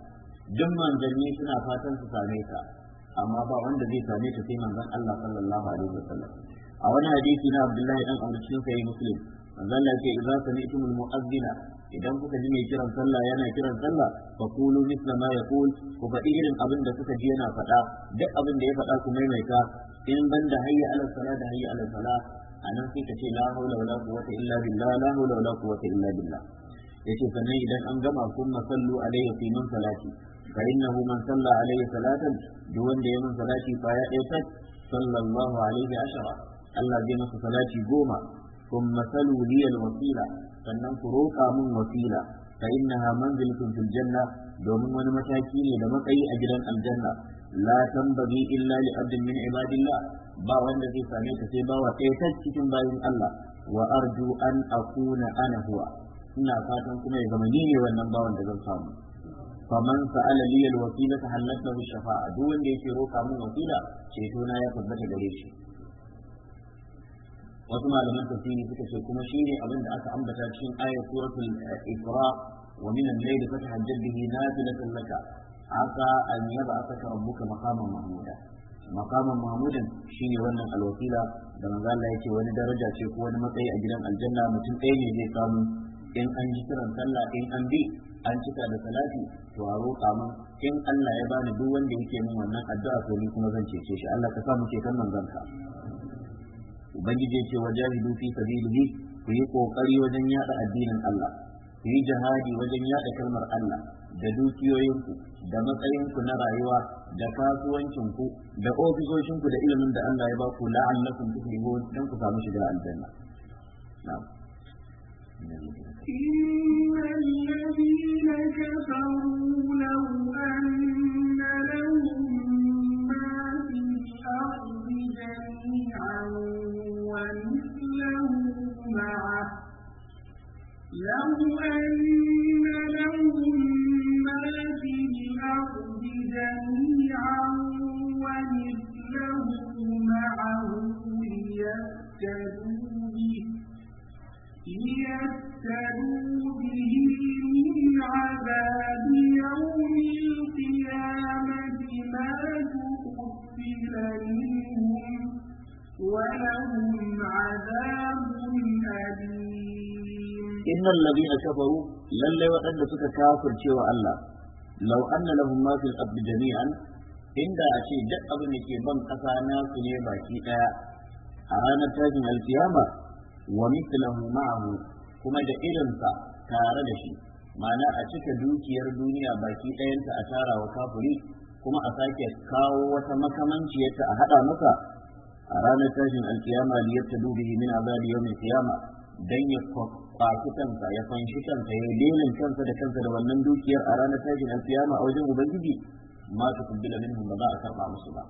duk manzanni suna fatan su same ta amma ba wanda zai same ta sai manzon Allah sallallahu alaihi wasallam a wani hadisi na Abdullahi dan Amr cikin Muslim manzon Allah ya ce idza sami'tum al idan kuka ji mai kiran sallah yana kiran sallah fa qulu misla ma yaqul ku faɗi irin abin da kuka ji yana faɗa duk abin da ya faɗa ku maimaita in banda hayya ala salat da hayya ala salat anan sai ka ce la haula wala quwwata illa billah la haula wala quwwata illa billah yace sannan idan an gama kuma sallu alaihi fi man salati fa innahu man salla alaihi salatan duk wanda ya man salati fa ya ɗaya sallallahu Alayhi ashara Allah zai masa salati goma kuma salu liyal wasila sannan ku roƙa mun wasila fa innaha manzilatun fil janna domin wani mataki ne da matsayi a gidan aljanna la tambagi illa li abdin min ibadillah ba wanda zai same ta sai bawa ɗaya cikin bayin Allah wa arju an akuna ana huwa ina fatan kuma ya zama ni ne wannan bawan da zan samu faman sa'ala li al wasilata halatna bi shafa'a duk wanda yake roka min wasila ceto na ya tabbata gare shi wasu malaman tafsiri suka ce kuma shine abin da aka ambata cikin ayat suratul eh, isra wa min al-layli fatahajjad bihi nafilatan laka asa an yab'athaka rabbuka maqaman mahmuda maqaman mahmudan shine wannan alwasila da manzo Allah yake wani daraja ce ko wani matsayi a gidan aljanna mutum ɗaya ne zai samu in an ji kiran sallah in an bi an cika da salati to a roƙa in Allah ya bani duk wanda yake min wannan addu'a to ni kuma zan cece shi Allah ka sa mu kan manzon ka ubangiji ce ce wajahidu fi sabilihi ku yi kokari wajen yada addinin Allah ku yi jihadi wajen yada kalmar Allah da dukiyoyinku da matsayinku na rayuwa da kasuwancinku da ofisoshinku da ilimin da Allah ya ba ku la'allakum tuflihun dan ku samu shiga aljanna na'am إن الذين كفروا لو أن لهم ما في الأرض جميعا لو أن لهم في الأرض جميعا معه به من عذاب يوم القيامة ما منهم ولهم عذاب أليم In innal ladina kafaru lalle waɗanda suka kafirce wa Allah law anna lahum ma fil jami'an inda a ce duk abin da ke ban ƙasa nasu ne baki daya a ranar tashin alkiyama wa mithlahu ma'ahu kuma da irinsa tare da shi ma'ana a cika dukiyar duniya baki ɗayanta a tara wa kuma a sake kawo wata makamanciyarta a haɗa masa a ranar tashin alkiyama liyar ta dubi min azabi yau mai kiyama dan ya faci kansa ya fanshi kansa ya lelin kansa da kansa da wannan dukiyar a ranar tashin alfiyama a wajen ubangiji ma ta kubbila minhum ba za a karɓa musu ba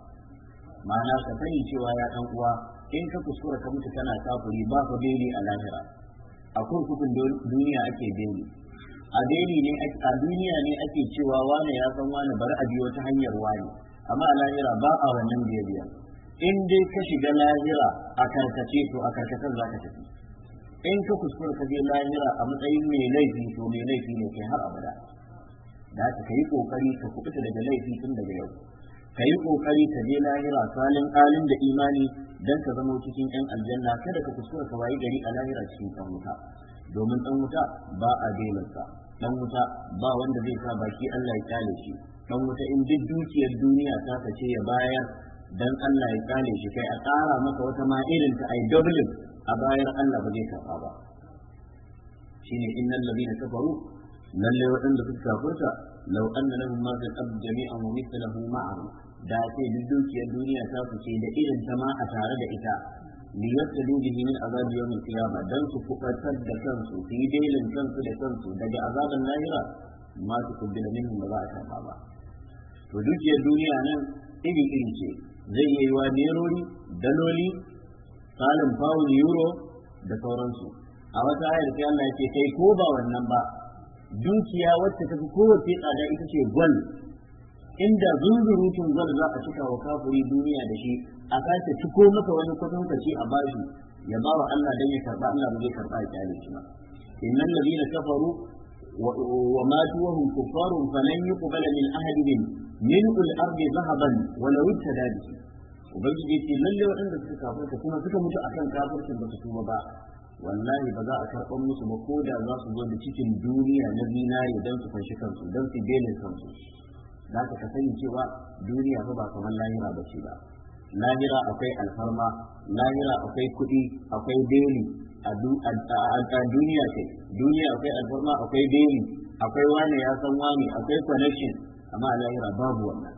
ma'ana ka sani cewa ya ɗan uwa in ka kuskura ka mutu kana kafiri ba ka beli a lahira a kurkukun duniya ake beli a beli ne a duniya ne ake cewa wane ya san wane bari a biyo ta hanyar wane amma a lahira ba a wannan biyar in dai ka shiga lahira a karkace to a karkace za ka tafi in ka kuskura ka je lahira a matsayin mai laifi to mai laifi ne kai har abada da haka ka yi kokari ka kubuta daga laifi tun daga yau ka yi kokari ka je lahira salin alin da imani dan ka zama cikin yan aljanna kada ka kuskura ka wayi gari a lahira cikin ɗan wuta domin ɗan wuta ba a belarsa ɗan wuta ba wanda zai sa baki Allah ya kyale shi ɗan wuta in duk dukiyar duniya ta ce ya bayar dan Allah ya kyale shi kai a ƙara maka wata ma irin ta ai a bayar Allah ba zai karɓa ba shine innal ladina kafaru Lallai waɗanda suka kafirta law na lahum ma fil ardi jami'an wa mithluhu ma'ahu da sai duk dukiyar duniya ta fice da irin ta ma a tare da ita li yaftadu bihi min azab yawm al-qiyama dan su kubatar da kansu su yi dailin kansu da kansu daga azaban lahira masu su kubbila minhum ba za a shafa ba to dukiyar duniya nan iri iri ce zai yi wa nerori daloli kalin pound euro da sauransu a wata ayar sai Allah ya kai ko ba wannan ba dukiya wacce ta fi kowace tsada ita ce gwal inda zunzurutun gwal za a cika wa kafuri duniya da shi a sace ciko maka wani kwatankwaci a bashi ya ba wa Allah dan ya karba Allah ba zai karba ya kyale shi ba innal ladina kafaru wa matu wa hum kuffarun falan yuqbala min ahadin min al-ardi dhahaban wa law ittada bihi ubangiji ce lalle waɗanda suka ka kuma suka mutu akan kafircin ba su tuba ba wallahi ba za a karɓar musu ba ko da za su zo da cikin duniya na zinari don su fanshi kansu don su bene kansu za ka sani cewa duniya fa ba kamar lahira ba ce ba lahira akwai alfarma lahira akwai kuɗi akwai beli a duniya ce duniya akwai alfarma akwai beli akwai wane ya san wane akwai connection amma a lahira babu wannan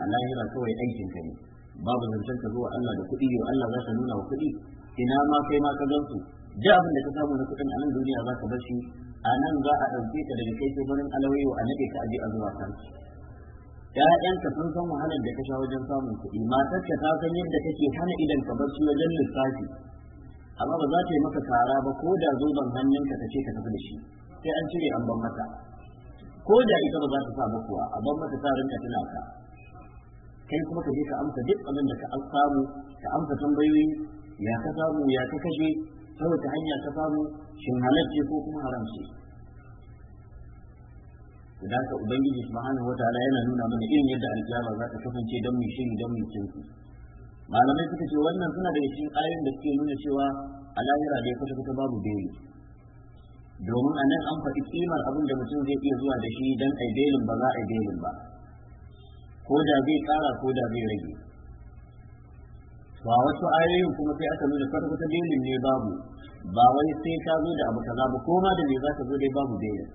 a lahira kawai aikin ka ne babu zancen ka zuwa Allah da kuɗi yau Allah za ka nuna wa kuɗi ina ma kai ma ka gansu duk abin da ka samu na kuɗin a nan duniya za ka bar shi a nan za a ɗauke ka daga kai sai barin alawayo a nade ka aje a zuwa kanki ‘Ya'yanka sun san wahalar da ka sha wajen samun kuɗi, matarka ta san yadda kake hana idan ka barci wajen lissafi, amma ba za ta yi maka kara ba ko da zoben hannunka ta ce ka tafi da shi, sai an cire an ban mata. Ko da ita ba za ta sa ba kuwa, a ban mata ta rinka tuna ka. kai kuma ka je ka amsa duk abin da ka samu ka amsa tambayoyi ya ka samu ya ka kaje ta wata hanya ka samu shin halarci ko kuma haram ce da ka ubangiji subhanahu wataala yana nuna mana irin yadda alkiyama za ta kasance don mu shiri don mu kinki malamai suka ce wannan suna da cikin ayoyin da suke nuna cewa a lahira dai kwata kwata babu beli domin a nan an faɗi kimar abin da mutum zai iya zuwa da shi don ai belin ba za a belin ba ko da zai kara ko da zai rage ba wasu ayoyin kuma sai aka nuna kwata kwata belin ne babu ba wai sai ka zo da abu kaza ba ko ma da me za ka zo dai babu belin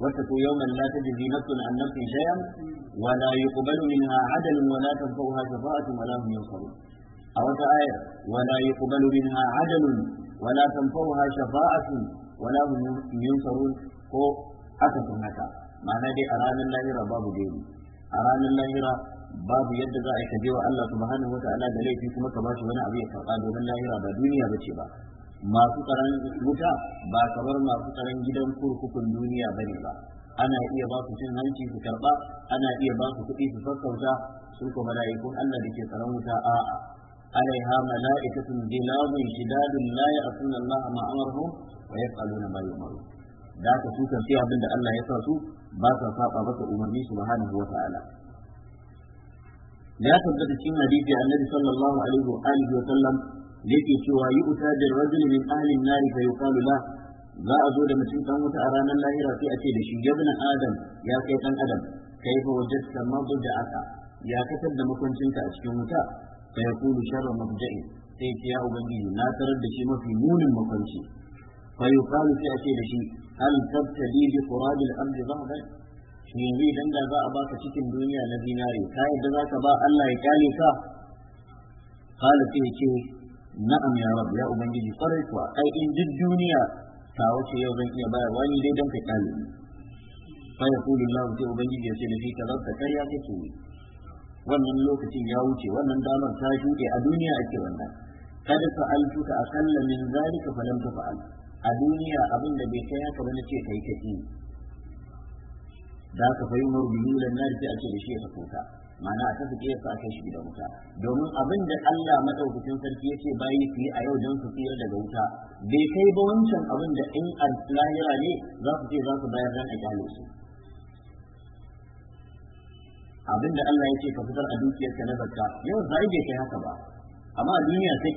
wata ko yawman la tajzi nafsun an nafsin shay'an wa la yuqbalu minha adl wa la tanfa'uha shafa'atun wa la hum yunsarun a wata ayar wa la yuqbalu minha adl wa la tanfa'uha shafa'atun wa la hum yunsarun ko aka tunaka ma'ana dai a ranar lahira babu dai a ranar lahira babu yadda za a kaje wa Allah subhanahu wata'ala da laifi kuma ka bashi wani abu ya karɓa domin lahira ba duniya ba ce ba masu tsaron wuta ba kamar masu tsaron gidan kurkukun duniya ba ne ba ana iya ba su cin hanci su karɓa ana iya ba su kuɗi su sassauta sun ko mala'ikun Allah da ke tsaron wuta a'a عليها ملائكة جلاد شداد لا يعصون الله ما أمرهم ويفعلون ما يؤمرون ذاك سوسا Allah ya sa su. ba sa saba masa umarni subhanahu wa ta'ala ya tabbata cikin hadisi annabi sallallahu alaihi wa alihi wa sallam yake cewa yi uta da rajul min ahli an-nar fa yuqalu la za a zo da mutum dan wuta a ranar lahira sai a ce da shi yabna adam ya kai dan adam kai fa wajadta mabda aka ya kasar da makwancinka a cikin wuta fa yaqulu sharra mabda'i sai ce ya ubangiji na tarar da shi mafi munin makwanci fa yuqalu sai a ce da shi hal tabtadi bi qurabil ardi zahaban shi yanzu idan da za a baka cikin duniya na zinari ka yadda za ka ba Allah ya kyale ka kala sai ce na'am ya rabu ya ubangiji kwarai kuwa ai in duk duniya ta wace yau zan iya bayarwa ni dai don ka kyale ubangiji ya ce wannan lokacin ya wuce wannan damar ta shuɗe a duniya ake wannan kada fa'altuka aqalla min zalika falam tafa'al a duniya abin da bai kai haka bane ce kai kake da ka fayi mur bihi lan nar sai a ce da shi ya kuka ma'ana a tafi kiyasa a kai shi da wuta domin abin da Allah madaukakin sarki yace bayi su yi a yau don su tsira daga wuta bai kai ba wancan abin da in lahira ne za su ce za su bayar dan a kyale su abin da Allah yace ka fitar a dukiyarka na zakka yau zai bai kai haka ba amma a duniya sai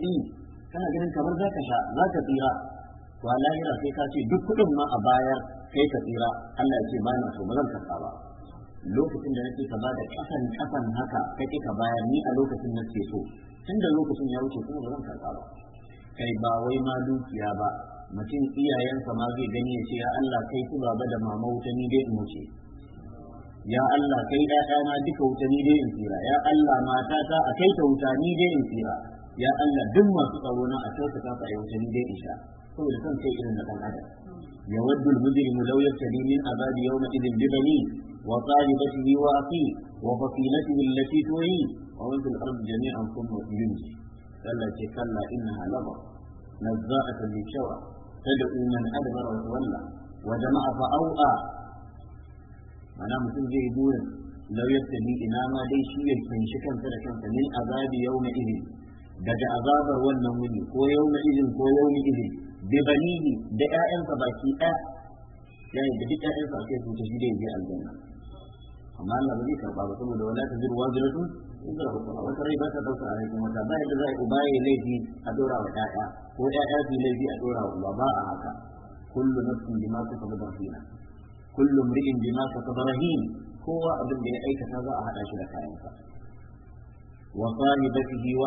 kana ganin kamar za ka sha za ka tsira to lahira sai ka ce duk kudin ma a baya kai ka tsira Allah ya ce ba na so ba zan karɓa ba lokacin da nake ka bada kasan kasan haka kake ka bayar ni a lokacin nake so tunda lokacin ya wuce kuma ba zan karɓa ba kai ba wai ma dukiya ba mutum iyayensa ma zai gani ya ce ya Allah kai su baba da mama wuta ni dai in wuce ya Allah kai na duka wuta ni dai in tsira ya Allah ta a kai ta wuta ni dai in tsira ya Allah duk masu tsaro na a kyauta ka a wuta ni dai in sha saboda kan kai irin na kan haka ya waddu al-mujri mu law yaftadi min azabi yawm idin bibani wa qalibatihi wa aqi wa fasilatihi allati tuhi wa wanzu al-ard jami'an kullu min Allah ce kalla innaha lawa nazza'atan li shawa tad'u man adbara wa walla wa jama'a fa aw'a mana mutum zai dura law yaftadi ina ma dai shi ya tsinci kansa da kansa min azabi yawm idin daga azabar wannan wuni ko yawm idin ko yawm idin bi banihi da ƴaƴansa baki ɗaya yayin da duk ƴaƴansa ake sun tafi da yaje aljanna amma Allah ba zai karba ba saboda wala ta zuru waziratu inda a wata rai ba ta a rikin wata ba yadda za uba ya laifi a dora wa ƴaƴa ko ƴaƴa su laifi a uba ba a haka kowa abin da ya aikata za a shi da kayansa wa sahibatihi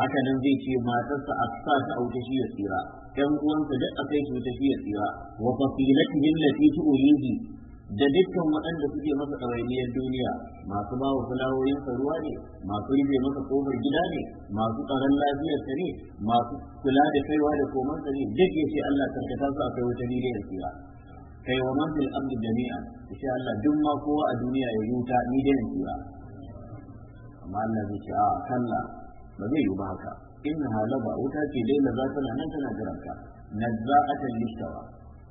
haka nan zai ce matarsa a sa ta auta shi ya tsira ɗan uwansa duk a kai shi ta shi ya tsira wa fasilatihi allati tu'lihi da dukkan waɗanda suke masa ɗawainiyar duniya masu ba wa fulawoyin ruwa ne masu rufe masa kofar gida ne masu tsaron sa ne masu kula da kaiwa da sa ne duk ya ce Allah karkata su a kai wata miliyan tsira kai wa man fil ardi jami'a insha Allah duk ma kowa a duniya ya yuta ni da tsira amma Allah zai ce a ah, kalla ba zai yi ba haka in halaba wuta ce dai na tana nan tana jiran ka lishtawa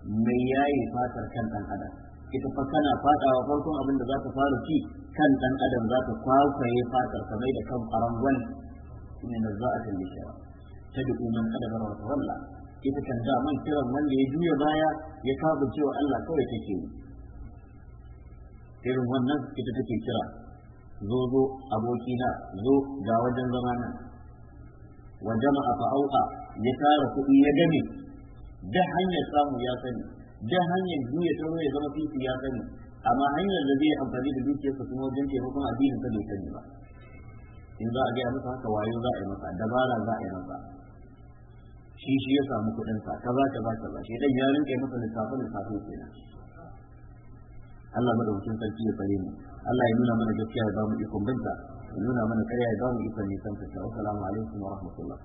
mai yayi fatar kan dan adam ita fa kana fadawa farkon abin da fara ci kan dan adam za kwakwaye fatar ka mai da kan ne lishtawa ta duku man wa tawalla ita kan da man kiran wanda ya juya baya ya cewa Allah kawai take yi irin wannan ita take kira zo zo abokina zo ga wajen zama nan wa jama'a fa auqa ya tara kuɗi ya gani. da hanyar samu ya sani da hanyar duniya ta ya zama fifi ya sani amma hanyar da zai amfani da dukiyarsa kuma wajen hukuma addinin sa bai sani ba in za a ga masa haka wayo za a yi masa dabara za a yi masa shi shi ya samu kuɗin sa kaza kaza kaza shi dan ya rinke masa lissafin lissafin kenan Allah madaukakin sarki ya tsare mu Allah ya nuna mana gaskiya ya bamu ikon binta ya nuna mana karya ya bamu ikon nisan ta assalamu alaikum wa rahmatullah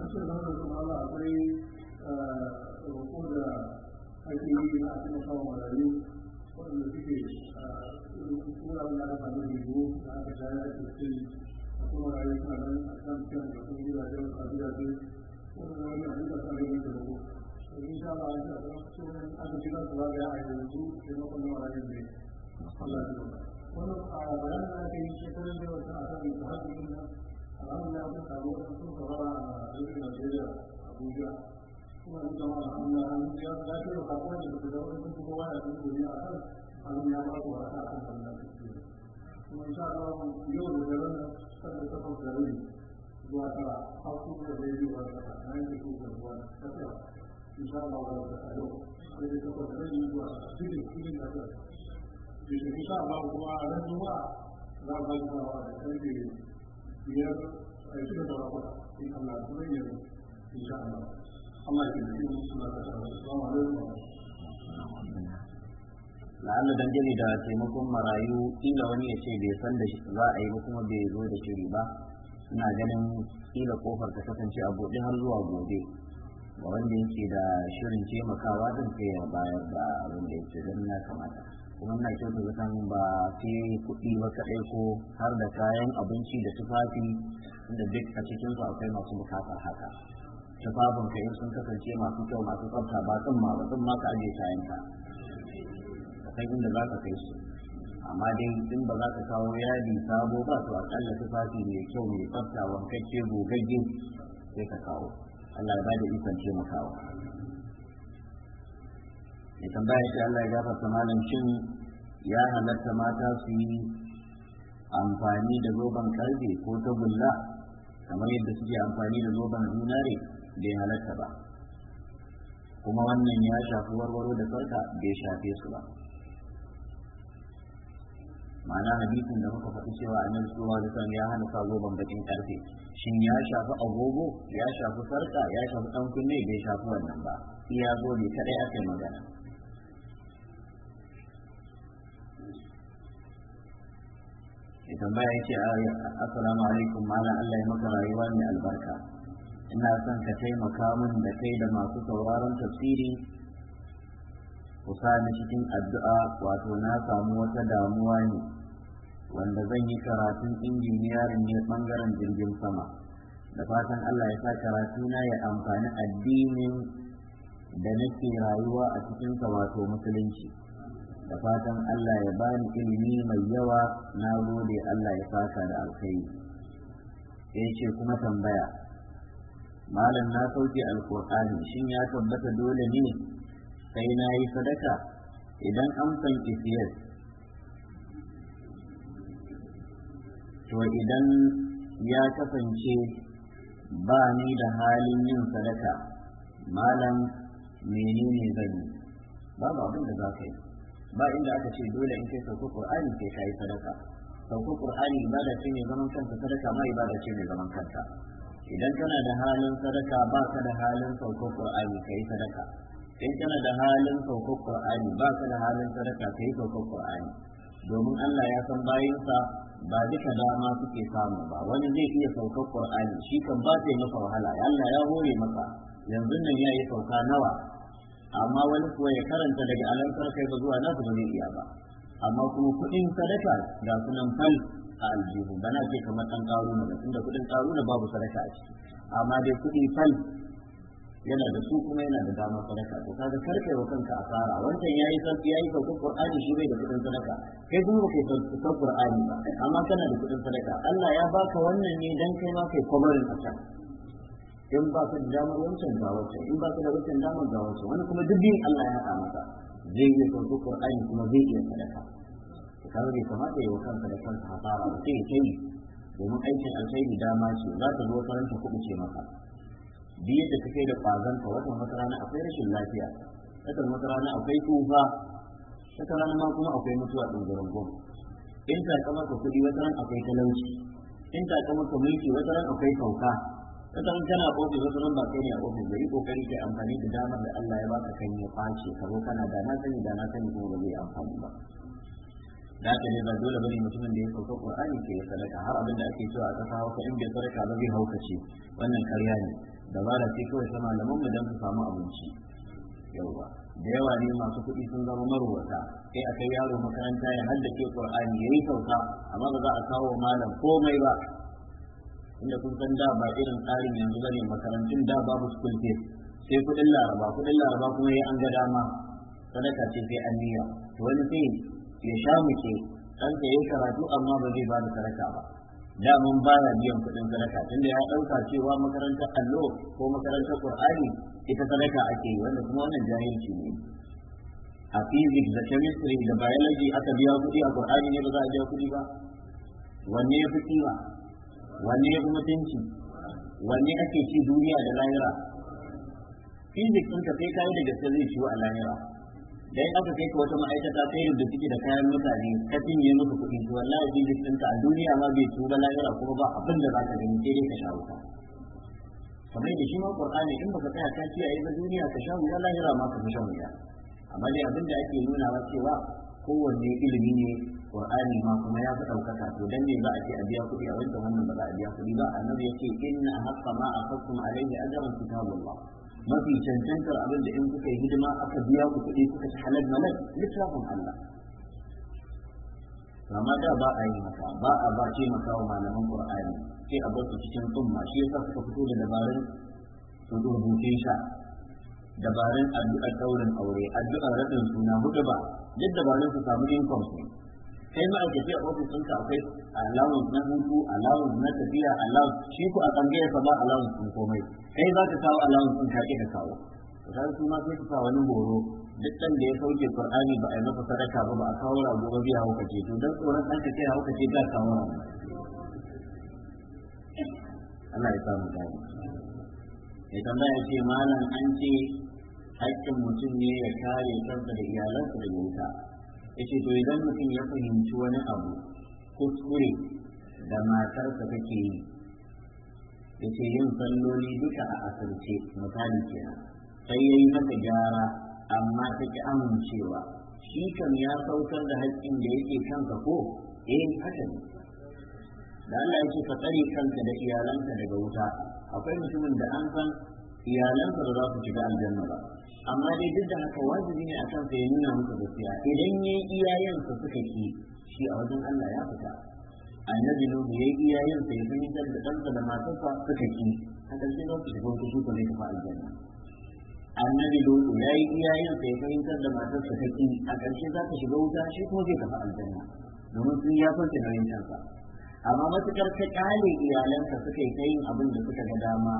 Assalamu wa rahmatullahi kuma rayuwa nan a kan kan da kuma gidajen gidaje kuma da wani abin da kare ne da ku domin sha ba ya kuma cikin abubuwan da ba ya a yanzu da kuma kuma rayuwa ne Allah ya ba wannan a bayan da ke shekarun da wata a kan da hadin nan alhamdulillah kun samu kun fara a cikin Najeriya Abuja kuma da alhamdulillah an yi ya da ke da kuma da wani kuma wani da duniya a kan alhamdulillah ba ku wata a kan wannan kuma insha Allah yau da ranar ဆက်လက်ဆောင်ကြရည်ဘုရားကအောက်ဆုံးရဲ့ဝေဒီဝါဒနိုင်တဲ့ကုသဘုရားဆက်လက်ဒီစားမောင်တော်ကလည်းအဲဒီတော့တည်းကဒီလိုဖြစ်နေတာဒီဒီစားမောင်ဘုရားလည်းသူကလာပါတော့တယ်ဒီဒီရအဲဒီတော့ဒီကမ္ဘာကိုရည်ရည်ဒီစားမောင်အမှန်တကယ်ကိုသူကဆောင်းရတယ် la'alla dangane da taimakon marayu kila wani ya ce bai san da za a yi ba kuma bai zo da shiri ba ina ganin kila kofar ta kasance a buɗe har zuwa gobe ba wanda yake da shirin taimakawa don sai ya bayar da abin da yake don ya kamata kuma ina kyautu zaton ba sai kuɗi ba kaɗai ko har da kayan abinci da tufafi da duk a cikin su akwai masu bukatar haka tufafin ka sun kasance masu kyau masu tsafta ba tsamma ba tsamma ka aje kayan ka san inda za ka kai su amma dai in ba za ka kawo yadi sabo ba to akalla tufafi mai kyau mai tsafta wankacce gogagge sai ka kawo Allah ya bada ikon taimakawa mai tambaya ce Allah ya gafarta malam shin ya halatta mata su yi amfani da zoben karfe ko tagulla kamar yadda suke amfani da zoben zinare bai halatta ba kuma wannan ya shafi warwaro da farka bai shafe su ba ma'ana hadisin da muka faɗi cewa annabi sallallahu alaihi wasallam ya hana sa zoben bakin karfe shin ya shafi agogo ya shafi sarka ya shafi dan kunne bai shafi wannan ba iya zo ne kadai aka yi magana ah, ya tambaya yace assalamu alaikum malam Allah ya maka rayuwa mai albarka ina son ka taimaka min da kai da masu sauraron tafsiri ku ni cikin addu'a wato na samu wata damuwa ne wanda zan yi karatun injiniyarin ne bangaren jirgin sama da fatan Allah ya sa karatuna ya amfani addinin da nake rayuwa a cikin wato musulunci da fatan Allah ya bani ilimi mai yawa na gode Allah ya saka da alkhairi ya eh, ce kuma tambaya malam na sauke alkur'ani shin ya tabbata dole ne sai na yi sadaka idan an san isiyar to idan ya kasance ba ni da halin yin sadaka malam menene zan yi babu abin da za ka yi ba inda aka ce dole in kai sauko qur'ani sai ka yi sadaka sauko qur'ani ibada ce mai zaman kanta sadaka ma ibada ce mai zaman kanta idan kana da halin sadaka ba ka da halin sauko qur'ani ka yi sadaka in kana da halin saukar qur'ani ba ka da halin sadaka yi saukar qur'ani domin Allah ya san bayinsa ba duka dama suke samu ba wani zai iya saukar qur'ani shi kan ba yi masa wahala Allah ya hore masa yanzu nan ya yi sauka nawa amma wani kuwa ya karanta daga alan kai ba zuwa nasu ba zai ba amma kuma kuɗin sadaka ga sunan fal a aljihu bana ce kamar ɗan ƙaruna ba tunda kuɗin ƙaruna babu sadaka a ciki amma dai kuɗi fal yana da su kuma yana da dama sadaka to kaga karkai wa kanka fara wancan yayi sauki yayi sauki qur'ani shi bai da kudin sadaka kai kuma kai sauka qur'ani ba amma kana da kudin sadaka Allah ya baka wannan ne dan kai ma kai a ka in ba ka da damar wancan ga wancan in ba ka da wancan damar ga wancan wani kuma duk biyun Allah ya haɗa maka zai iya sauki qur'ani kuma zai iya sadaka kaga bai kamata ya wa kanka da kanka a ba sai kai domin aikin alkhairi dama ce za ta zo karanta kuɗi ce maka biyar da take da kwazanta watan wata rana akwai rashin lafiya watan wata rana akwai tufa. wata rana ma kuma akwai mutuwa ɗungaren gom in ta kamar ka kuɗi wata rana akwai talauci in ta kamar ka mulki wata rana akwai sauka wata rana kana ofis wata rana ba kai ne a ofis yi kokari kai amfani da damar da Allah ya baka kan ya kwace ka zo kana da na sani da na sani kuma ba zai amfani ba da haka ne ba dole bane mutumin da ya sauka Qur'ani ke ya sadaka har abin da ake cewa a ƙasa Hausa in bai sadaka ba zai haukace wannan karya ne dabara ce kawai ta malaman mu don su samu abinci yauwa da yawa ne masu kuɗi sun zama marwata sai a kai yaro makaranta ya haddace qur'ani yayi sauka amma ba za a kawo malam komai ba inda kun san da ba irin tsarin yanzu bane makarantun da babu school fees sai kuɗin laraba kuɗin laraba kuma ya an ga dama sadaka ce sai an niyya to wani sai ya sha muke ɗansa ya karatu amma ba zai ba da sadaka ba daman baya biyan kuɗin sadaka tunda ya ɗauka cewa makarantar allo ko makarantar qur'ani ita sadaka ake yi wanda kuma wannan jahilci ne a fizik da chemistry da biology aka biya kuɗi a qur'ani ne ba za a biya kuɗi ba wanne ya fi kima wanne ya fi mutunci wanne ake ci duniya da lahira physics ɗinka sai kayi da gaske zai ciwo a lahira dan aka kai ka wata ma'aikata yi da suke da kayan mutane ka cinye maka kuɗi to wallahi ya din ka a duniya ma bai tuba lahira kuma ba abin da zaka gani sai dai ka sha wuta kamar da shi ma qur'ani in baka tsaya ka kiyaye ba duniya ka sha wuta lahira ma ka sha wuta amma dai abin da ake nuna wa cewa kowanne ilimi ne qur'ani ma kuma ya fi ɗaukaka to dan me za a ce a biya kuɗi a wancan wannan ba za a biya kuɗi ba annabi yake inna haqqa ma aqattum alayhi ajran kitabullah mafi cancantar abin da in kuka yi hidima aka biya ku kuɗi kuka ci halal malal littafin Allah amma da ba a yi maka, ba a ba ce maka wa malaman Qur'ani sai a bar su cikin tsumma shi yasa suka fito da dabarun su rubutun sha dabarun addu'ar daurin aure addu'ar radin suna hudu ba duk dabarun su samu income sai ma'aikaci a ofis ɗinka akwai allowance na hutu allowance na tafiya allowance shi ku a tsangaya sa ba allowance din komai kai za ka kawo allowance din kake ka kawo to su ma sai ka kawo wani horo duk ɗan da ya sauke ƙur'ani ba a yi maka sadaka ba ba a kawo rago ba biya hauka ce to dan tsoron dan ka ce hauka ce ga kawo Allah ya samu dadi ya tambaya ce malam an ce haƙƙin mutum ne ya kare kansa da iyalansa da Ya ce to idan mutum ya fahimci wani abu kuskure da matarsa take yi yin salloli duka a asirce misali kenan sai yayi maka gyara amma ta ki amincewa shi kan ya saukar da haƙƙin da yake kanka ko eh haka ne da Allah yake ka tsare kanka da iyalanka daga wuta akwai mutumin da an san iyalansa da za su shiga aljanna ba amma dai duk da haka wajibi ne akan sa ya nuna musu gaskiya idan yayi iyayensa suka ki shi a wajen Allah ya fita annabi nuhu yayi iyayen sa ya fahimtar da ɗansa da matarsa suka ki a ƙarshen lokaci ko su suka ne fara aljanna annabi nuhu yayi iyayen sa ya fahimtar da matarsa ta ki a ƙarshe za ta shiga wuta shi kuma zai tafi aljanna domin sun ya farce nauyin kansa amma matuƙar ta ƙale iyalansa suka yi ta yin abin da suka ga dama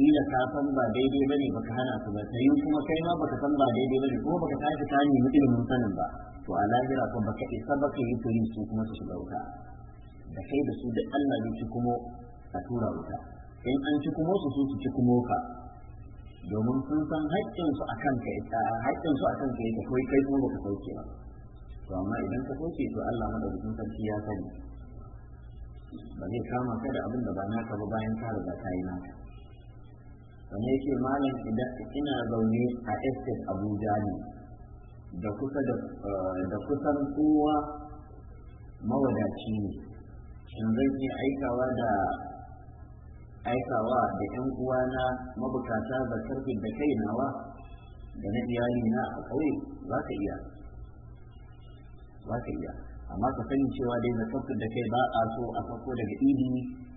kila ka san ba daidai bane baka hana su ba sai kuma kai ma baka san ba daidai bane kuma baka ta ka mutum ilimin sanin ba to a lahira kuma baka isa baka yi turi su kuma su shiga wuta da kai da su da Allah ne ci kuma ka tura wuta in an ci kuma su su ci kuma ka domin sun san haƙƙin su akan ka ita haƙƙin su akan ka ta kai kai kuma baka sauke ba to amma idan ka sauke to Allah ma madaukakin sarki ya sani ba zai kama ka da abin da ba naka ba bayan ka riga ka yi naka wani yake malam idan ina zaune a estate abuja ne eh, da kusan kowa mawadaci ne shin zan iya aikawa da aikawa da yan na mabukata zakar da kai nawa da na iyali na a kauye za ka iya za ka iya amma ka sani cewa dai zakar da kai ba a so a sako daga idi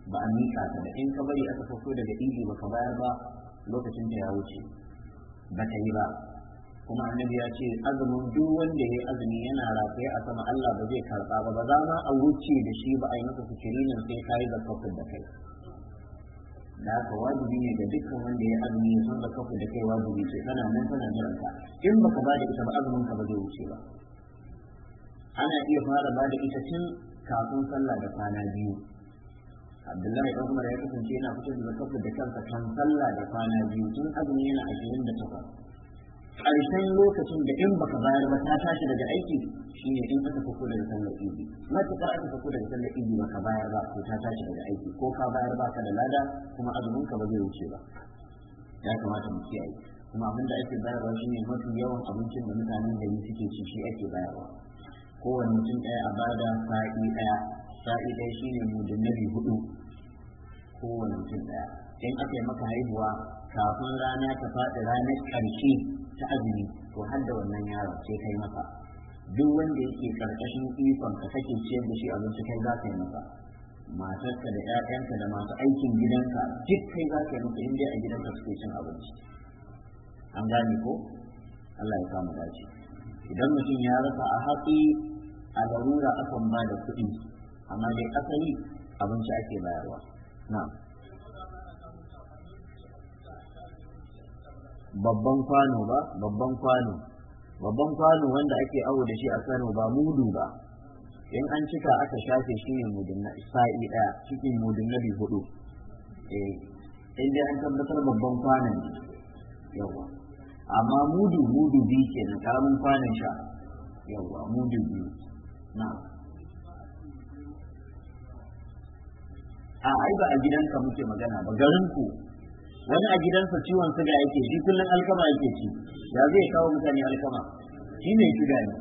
ba a miƙa ta da in ka bari aka sako daga idi ba ka bayar ba lokacin da ya wuce ba ta yi ba kuma annabi ya ce azumin duk wanda ya azumi yana rataye a sama Allah ba zai karɓa ba ba za ma a wuce da shi ba a yi masa nan sai ka yi zakafin da kai da haka wajibi ne ga dukkan wanda ya azumi ya san zakafin da kai wajibi ce kana nan kana jiran ka in baka ba da ita ba azumin ka ba zai wuce ba ana iya fara ba da ita tun kafin sallah da kwana biyu abdullahi dan umar ya kasance yana fitar da zakar da kansa kan sallah da kwana biyu tun azumi yana ashirin da takwas ƙarshen lokacin da in baka bayar ba ta tashi daga aiki shine in aka fako daga sallar idi matuƙar aka fako daga sallar idi baka bayar ba ko ta tashi daga aiki ko ka bayar ba ka da lada kuma azumin ka ba zai wuce ba ya kamata mu kiyaye kuma abin da ake bayarwa shine mafi yawan abincin da mutanen gari suke ci shi ake bayarwa kowane mutum ɗaya a bada sa'i ɗaya sa'idai shi ne biyu hudu kowane mutum daya in aka yi maka haihuwa kafin rana ta faɗi ranar ƙarshe ta azumi to har da wannan yaron sai kai maka duk wanda yake karkashin ikon ka kake ciyar da shi abinci kai za ka yi maka matarka da 'ya'yanka da masu aikin gidanka duk kai za ka yi maka in dai a gidanka suke cin abinci an gane ko Allah ya kama dace idan mutum ya rasa a haƙi a larura akan ba da kuɗi amma dai asali abinci ake bayarwa na'am babban kwano ba babban kwano babban kwano wanda ake awo da shi a Kano ba mudu ba in an cika aka shafe shi ne mudun na sa'i daya cikin mudun na hudu eh in dai an tabbatar babban kwanon ne yawa amma mudu mudu biyu kenan karamin kwanon sha yawa mudu biyu na'am a ai ba a gidanka muke magana ba garin ku wani a gidansa ciwon suga yake shi kullum alkama yake ci ya zai kawo mutane alkama shi ne suga ne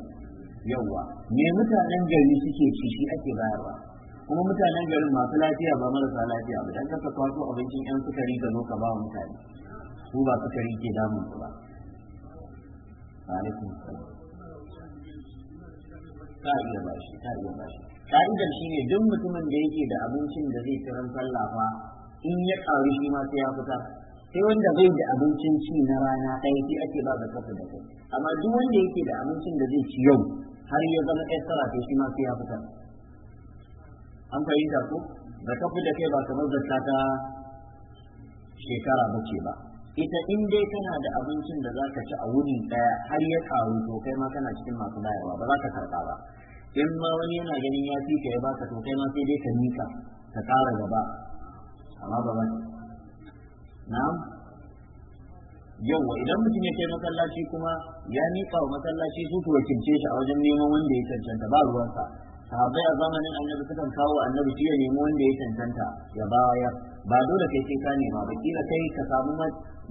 Yauwa, me mutanen gari suke ci shi ake bayarwa kuma mutanen garin masu lafiya ba marasa lafiya ba dan kasa kwaso abincin yan sukari ka zo ka ba mutane su ba sukari ke damun su ba alaikum salam iya bashi ka iya bashi ka'idar shi ne duk mutumin da yake da abincin da zai kiran sallah fa in ya ƙaru shi ma sai ya fita sai wanda zai da abincin ci na rana ɗaya sai ake ba da kafa da kai amma duk wanda yake da abincin da zai ci yau har ya zama ɗaya sara sai shi ma sai ya fita an fahimta ko da kafa da kai ba kamar zakka ta shekara ba ce ba ita in dai kana da abincin da za ka ci a wuri ɗaya har ya ƙaru to kai ma kana cikin masu bayarwa ba za ka karɓa ba in ma wani yana ganin ya fi ka ya baka to kai ma sai dai ka mika ka kara gaba amma ba ba na'am yawwa idan mutum ya kai masallaci kuma ya miƙa wa masallaci su su wakilce shi a wajen neman wanda ya cancanta ba ruwansa sahabbai a zamanin annabi sukan kawo annabi shi ya nemi wanda ya cancanta ya bayar ba dole kai sai ka nema ba kila kai ka samu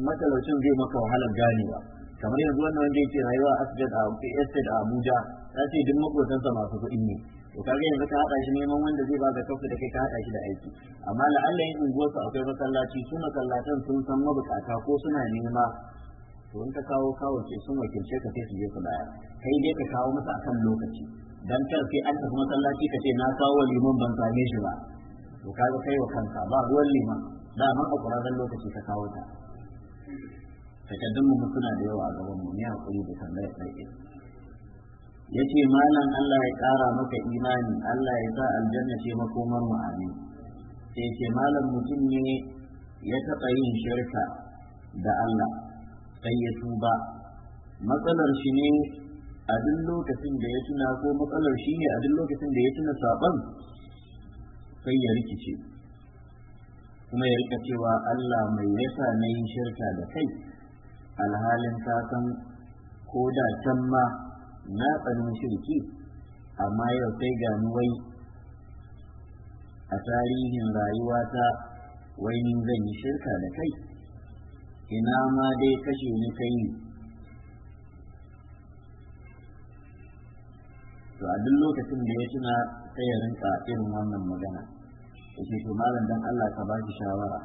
matalaucin zai maka wahalar ganewa kamar yanzu wannan wanda yake rayuwa asibiti a estate a abuja ya ce duk makotansa masu kuɗi ne to kaga yanzu ka haɗa shi neman wanda zai ba ka kafa da kai ka haɗa shi da aiki amma la'alla yin unguwarsu akwai masallaci su masallatan sun san mabukata ko suna nema to in ka kawo kawo ce sun wakilce ka sai su je su bayar kai dai ka kawo masa akan lokaci dan kar sai an tafi masallaci ka ce na kawo wa liman ban same shi ba to kaga kai wa kanka ba ruwan liman man a lokaci ka kawo ta takaddun mu suna da yawa a gaban mu ne hakuri da tambayar sarki yace malam Allah ya ƙara maka imani Allah ya sa aljanna ce makomar mu amin sai ce malam mutum ne ya taɓa yin shirka da Allah sai ya tuba matsalar shi ne a duk lokacin da ya tuna ko matsalar shi ne a duk lokacin da ya tuna saban sai ya rikice kuma ya rika cewa Allah mai yasa na yin shirka da kai alhalin ta san ko da can ma na tsanin shirki amma yau sai ga wai a tarihin rayuwata wai ni zan yi shirka da kai ina ma dai kashe ni kai to a duk lokacin da ya tuna sai ya irin wannan magana yake to malam dan Allah ka ba shawara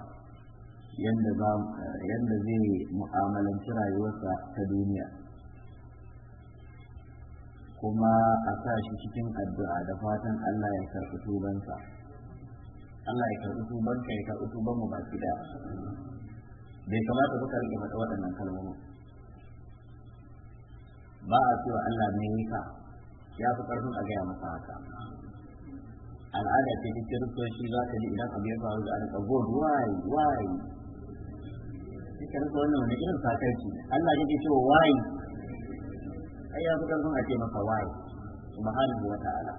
yadda zai mu'amalanci rayuwarsa ta duniya kuma a sa shi cikin addu'a da fatan Allah ya karɓi tubansa Allah ya karɓi tubansa ya karɓi tubanmu ba shi da bai kamata ba karɓi rike faɗa waɗannan kalmomin ba a cewa Allah ne ya ya fi ƙarfin a gaya masa haka al'ada ce ta shi za ta ji idan abu ya faru da alƙa god why kika rasa wannan wani irin ki. Allah yake cewa wai ai ya bukan son a ce maka wai subhanahu wata'ala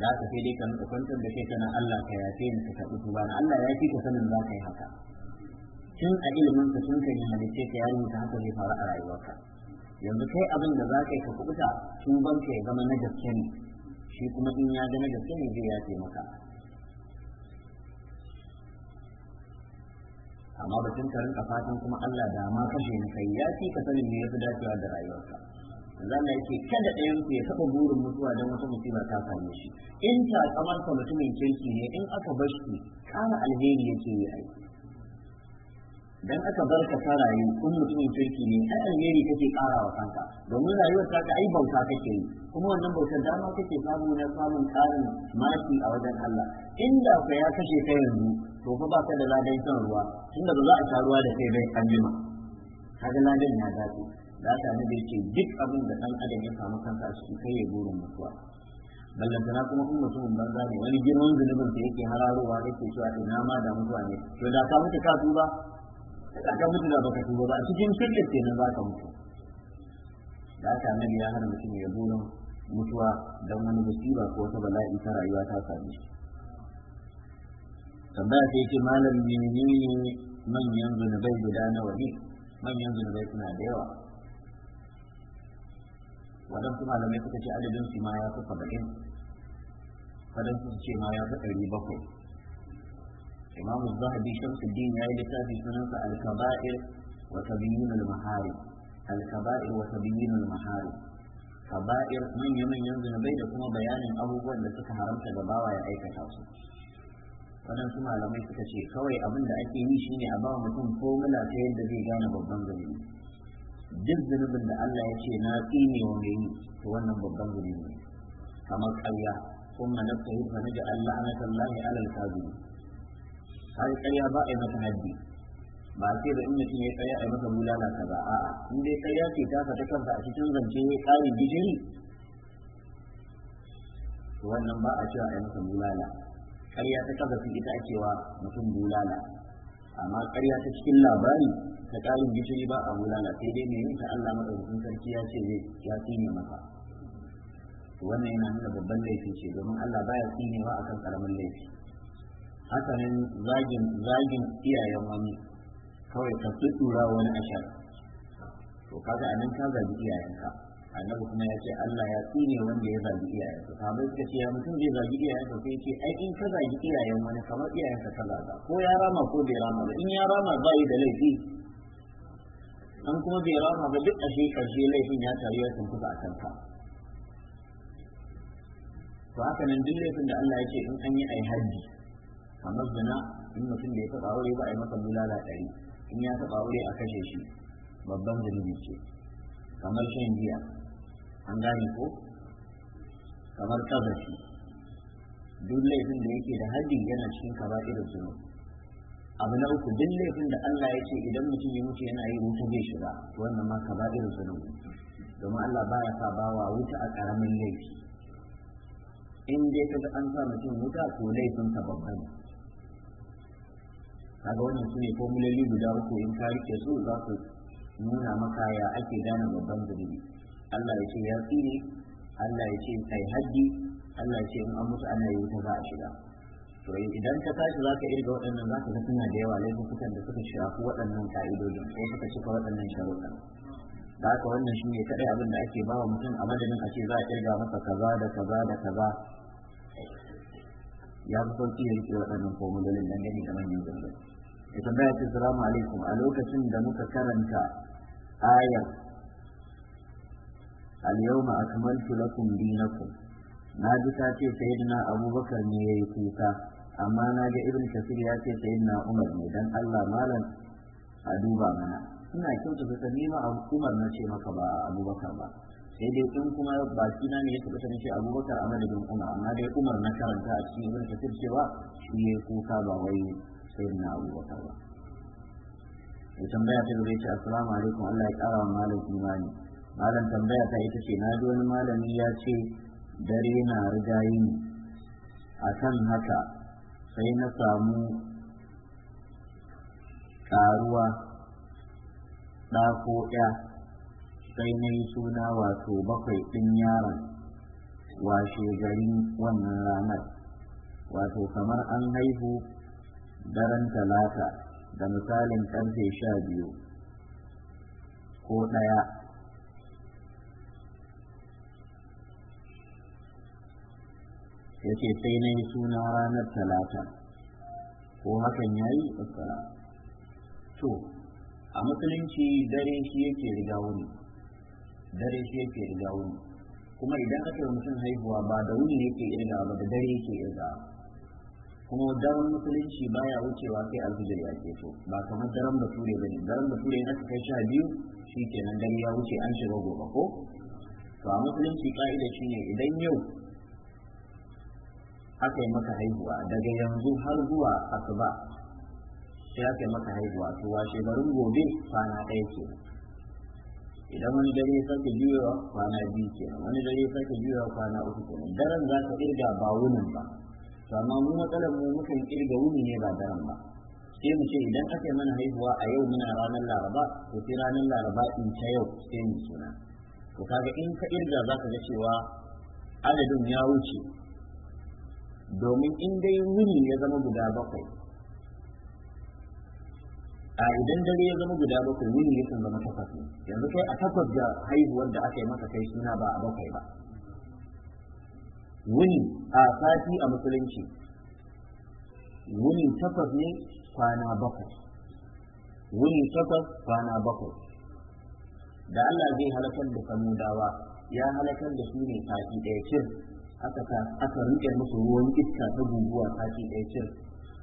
da aka sai dai ka nuka kwantar da kai kana Allah ka yafe ni ka taɓi ba. Allah ya fi ka sanin za ka yi haka tun a ilimin ka tun kan yi halitta ka ya rubuta haka zai faru a rayuwarka yanzu kai abin da za ka yi ka kubuta tuban ka ya zama na gaske ne shi kuma in ya ga na gaske ne zai yafe maka amma batun ka rinka fatan kuma Allah da ma kashe ni kai ya fi ka sanin me yafi dacewa da rayuwarka zan yake kada ɗayan ku ya taɓa burin mutuwa don wata musiba ta same shi in ta kamar ka mutumin kirki ne in aka bar shi kana alheri yake yi aiki dan aka bar ka fara rayu kun mutumin kirki ne ai alheri kake ƙara wa kanka domin rayuwar ta ai bauta kake yi kuma wannan bautar dama kake samu na samun ƙarin maki a wajen Allah inda ka ya kashe kai yanzu to fa ba ka da ladan shan ruwa tunda ba za a sha ruwa da kai bai kallima kaga ladan ya dace da ka nabi yake duk abin da dan adam ya samu kansa a cikin kai ya burin mutuwa ballantana kuma in mutumin ban ne wani girman zunubin da yake hararowa yake cewa ina ma da mutuwa ne to da ka mutu ka tuba ka mutu da baka tuba ba a cikin shirkin kenan za ka mutu da haka annabi ya hana mutum ya zo mutuwa don wani musiba ko wata bala'i ta rayuwa ta same shi tambaya sai ce malam menene manyan zunubai guda nawa ne manyan zunubai suna da yawa waɗansu malamai suka ce adadin su ma ya fi saba'in waɗansu su ce ma ya fi ɗari bakwai imamu zahabi shamsuddin ya yi littafi sunansa al-kaba'ir wa tabiyyin al-maharib wa tabiyyin al-maharib manya manyan zunubai da kuma bayanin abubuwan da suka haramta ga bawa ya aikata su waɗansu malamai suka ce kawai abin da ake yi shine a bawa mutum formula ta yadda zai gane babban zunubi duk zunubin da Allah ya ce na tsine wa mai yi wannan babban zunubi ne kamar ƙarya kuma na tsaye na ji Allah na tallahi alal kazi har ƙarya ba a yi mata haddi ba a ce da in mutum ya ƙarya a yi masa ka ba. a'a in dai ƙarya ce ta fata a cikin zance ya ƙari gishiri wannan ba a cewa a yi masa bulala ƙarya ta su ita a cewa mutum bulala amma kariya ta cikin labari ta ƙarin gishiri ba a bulala sai dai mai yin ta Allah madaukakin sarki ya ce ne ya tsine masa wannan yana nuna babban laifi ce domin Allah baya tsinewa akan ƙaramin laifi hakanin zagin zagin iyayen wani kawai ka tura wani ashar to kaga anan ka zagi iyayenka annabi kuma ya ce Allah ya tsine wanda ya zagi iyayensa sahabbai suka ce ya mutum zai zagi iyayensa sai ce ai in ka zagi iyayen wani kamar iyayensa ka zaga ko ya rama ko bai rama ba in ya rama ba yi da laifi an kuma bai rama ba duk ashe karshe laifin ya taru ya tunkuta a kanka to haka nan duk laifin da Allah ya ce in an yi ai haji kamar zina in mutum da ya taɓa aure ba a yi masa bulala ɗari in ya taɓa aure a kashe shi babban zunubi ce kamar shan giya an gane ko kamar kazafi duk laifin da yake da hajji yana cikin irin zunubi abu na uku duk laifin da Allah ya ce idan mutum ya mutu yana yi wuta bai shiga wannan ma irin zunubi domin Allah baya sa bawa wuta a karamin laifi in dai kaga an sa mutum wuta to laifin ka babba ne kaga wannan ne, formuloli guda uku in ka rike su za su nuna maka ya ake gane babban zunubi Allah ya ce ya tsine Allah ya ce kai haddi. Allah ya ce in an musu ana ya wuta za a shiga to idan ka tashi za ka irga waɗannan za ka ga suna da yawa laifukan da suka shafi waɗannan ka'idojin ko suka cika waɗannan sharuɗa da haka wannan shi ne kaɗai abin da ake ba wa mutum a madadin a ce za a irga masa kaza da kaza da kaza ya fi sauƙi ya riƙe waɗannan formulolin dangane da manyan zanzan ya tambaya salamu alaikum a lokacin da muka karanta ayar al-yawma akmaltu lakum dinakum na ji ta ce sayyidina abubakar ne yayi kuka amma na ga ibn kasir ya ce umar ne Allah malam a duba mana ina kyauta ka sani na ce maka ba abubakar ba sai dai in kuma shi na ne ya tabbata ne abubakar a madadin umar amma dai umar na karanta a cikin ibn kasir shi kuka ba wai sayyidina abubakar ba Mai tambaya ta gaba ce assalamu alaikum Allah ya kara wa malam imani malam tambaya ta ita ce na ji wani malami ya ce dare na riga A kan haka sai na samu karuwa ɗa ko ɗaya sai na yi suna wato bakwai ɗin yaron washe garin wannan ranar wato kamar an haihu daren talata da misalin karfe sha biyu ko ɗaya yake sai na yi suna ranar talata ko hakan ya yi tsara to a musulunci dare shi yake riga wuni dare shi yake riga wuni kuma idan aka yi mutum haihuwa ba da wuni yake irga ba da dare yake irga kuma daren musulunci baya wucewa sai alfijir ya keto ba kamar daren bature bane daren bature na kai sha biyu shikenan dare ya wuce an shiga gobe ko to a musulunci ka'ida shine idan yau aka yi maka haihuwa daga yanzu har zuwa asuba sai aka yi maka haihuwa to washe garin gobe kwana ɗaya ke idan wani dare ya sake juyawa kwana biyu ke wani dare ya sake juyawa kwana uku ke daren za ka irga ba wunin ba to amma mu matsalar mu mukan kirga wuni ne ba daren ba sai mu ce idan aka yi mana haihuwa a yau muna ranar laraba ko sai ranar laraba in ta yau sai mu suna to kaga in ka kirga za ka ga cewa adadin ya wuce domin in dai wuni ya zama guda bakwai a idan dare ya zama guda bakwai wuni ya zama takwas ne yanzu kai a takwas ga haihuwar da aka yi maka kai suna ba a bakwai ba wuni a sati a musulunci wuni takwas ne kwana bakwai wuni takwas kwana bakwai da Allah zai halakar da samudawa ya halakar da su ne sati ɗaya cin aka rike musu ruwan iska ta guguwa sati ɗaya cin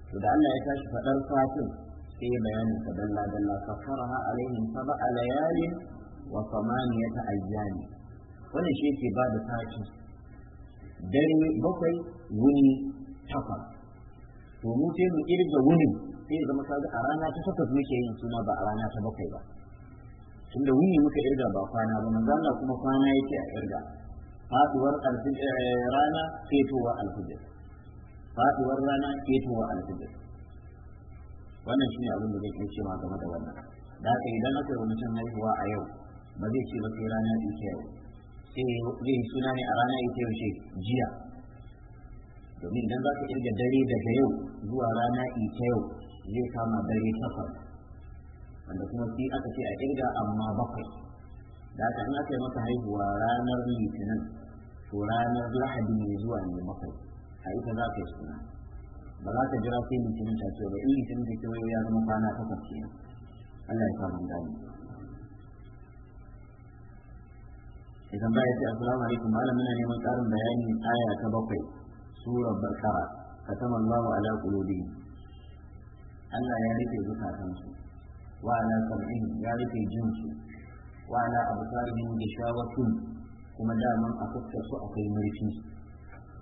to da Allah ya tashi faɗar satin, sai bayanin ka dalla dalla kafaraha alaihim sab'a layalin wa samaniyata ayyani wannan shi yake ba da sati? dare bakwai wuni takwas to mu sai mu kirga wunin sai zama kaga a rana ta takwas muke yin suna ba a rana ta bakwai ba tun da wuni muka irga ba kwana ba mu Allah kuma kwana yake a irga faduwar eh, rana ketowa alfijir faduwar rana ketowa alfijir wannan shine abin da zai kai cewa game da wannan da haka idan aka yi can haihuwa a yau ba zai ce ba sai rana ta yau Eh, zai yi suna ne a rana ya ce yaushe jiya domin idan za ka kirga dare daga yau zuwa rana ita yau zai kama dare takwas wanda kuma sai aka ce a kirga amma bakwai da aka in aka yi masa haihuwa ranar litinin to ranar lahadi ne zuwa ne bakwai a ita za ka yi suna ba za ka jira sai litinin ta ce ba in litinin ta ce ya zama kwana takwas kenan Allah ya samu gani idan ba ya ce assalamu alaikum malam muna neman karin bayanin aya ta bakwai surar ka sama Allahu ala qulubi Allah ya rike zukatan su wa ala sab'in ya rike jin su wa ala absarihim gishawatun kuma daman a fuskar su akwai mulki